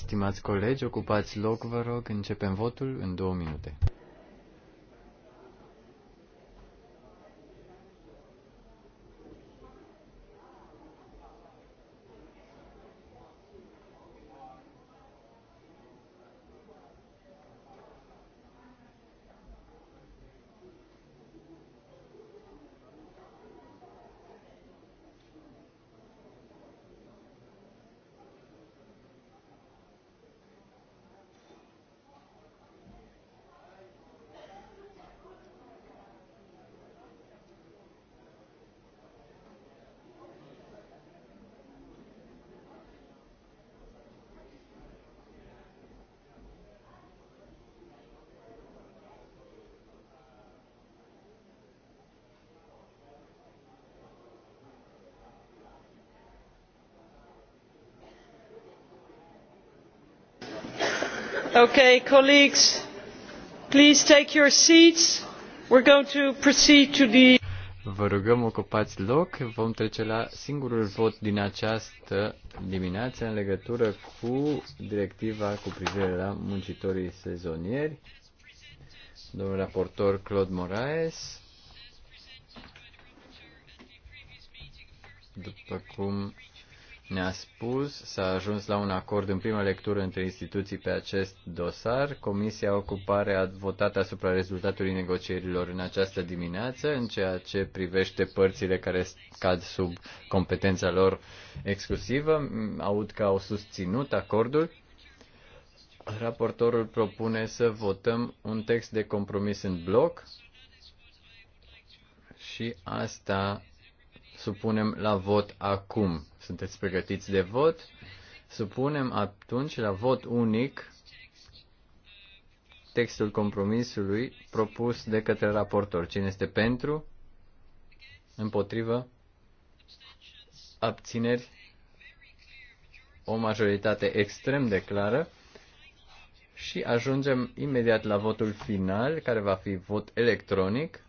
Stimați colegi, ocupați loc, vă rog, începem votul în două minute. colleagues, please take your seats. We're going to proceed to the... Vă rugăm, ocupați loc. Vom trece la singurul vot din această dimineață în legătură cu directiva cu privire la muncitorii sezonieri. Domnul raportor Claude Moraes. După cum ne-a spus, s-a ajuns la un acord în prima lectură între instituții pe acest dosar. Comisia Ocupare a votat asupra rezultatului negocierilor în această dimineață, în ceea ce privește părțile care cad sub competența lor exclusivă. Aud că au susținut acordul. Raportorul propune să votăm un text de compromis în bloc și asta supunem la vot acum sunteți pregătiți de vot? Supunem atunci la vot unic textul compromisului propus de către raportor. Cine este pentru? Împotrivă? Abțineri? O majoritate extrem de clară. Și ajungem imediat la votul final, care va fi vot electronic.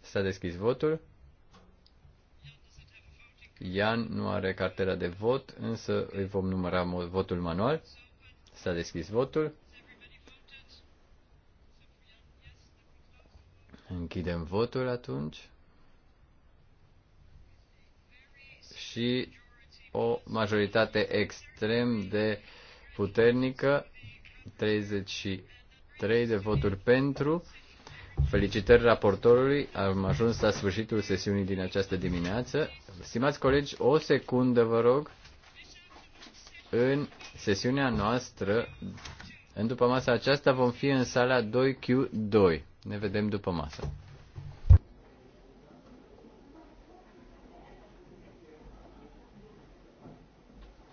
S-a deschis votul. Ian nu are cartela de vot, însă îi vom număra votul manual. S-a deschis votul. Închidem votul atunci. Și o majoritate extrem de puternică, 33 de voturi pentru, Felicitări raportorului, am ajuns la sfârșitul sesiunii din această dimineață. Stimați colegi, o secundă vă rog. În sesiunea noastră, în după masa aceasta, vom fi în sala 2Q2. Ne vedem după masă.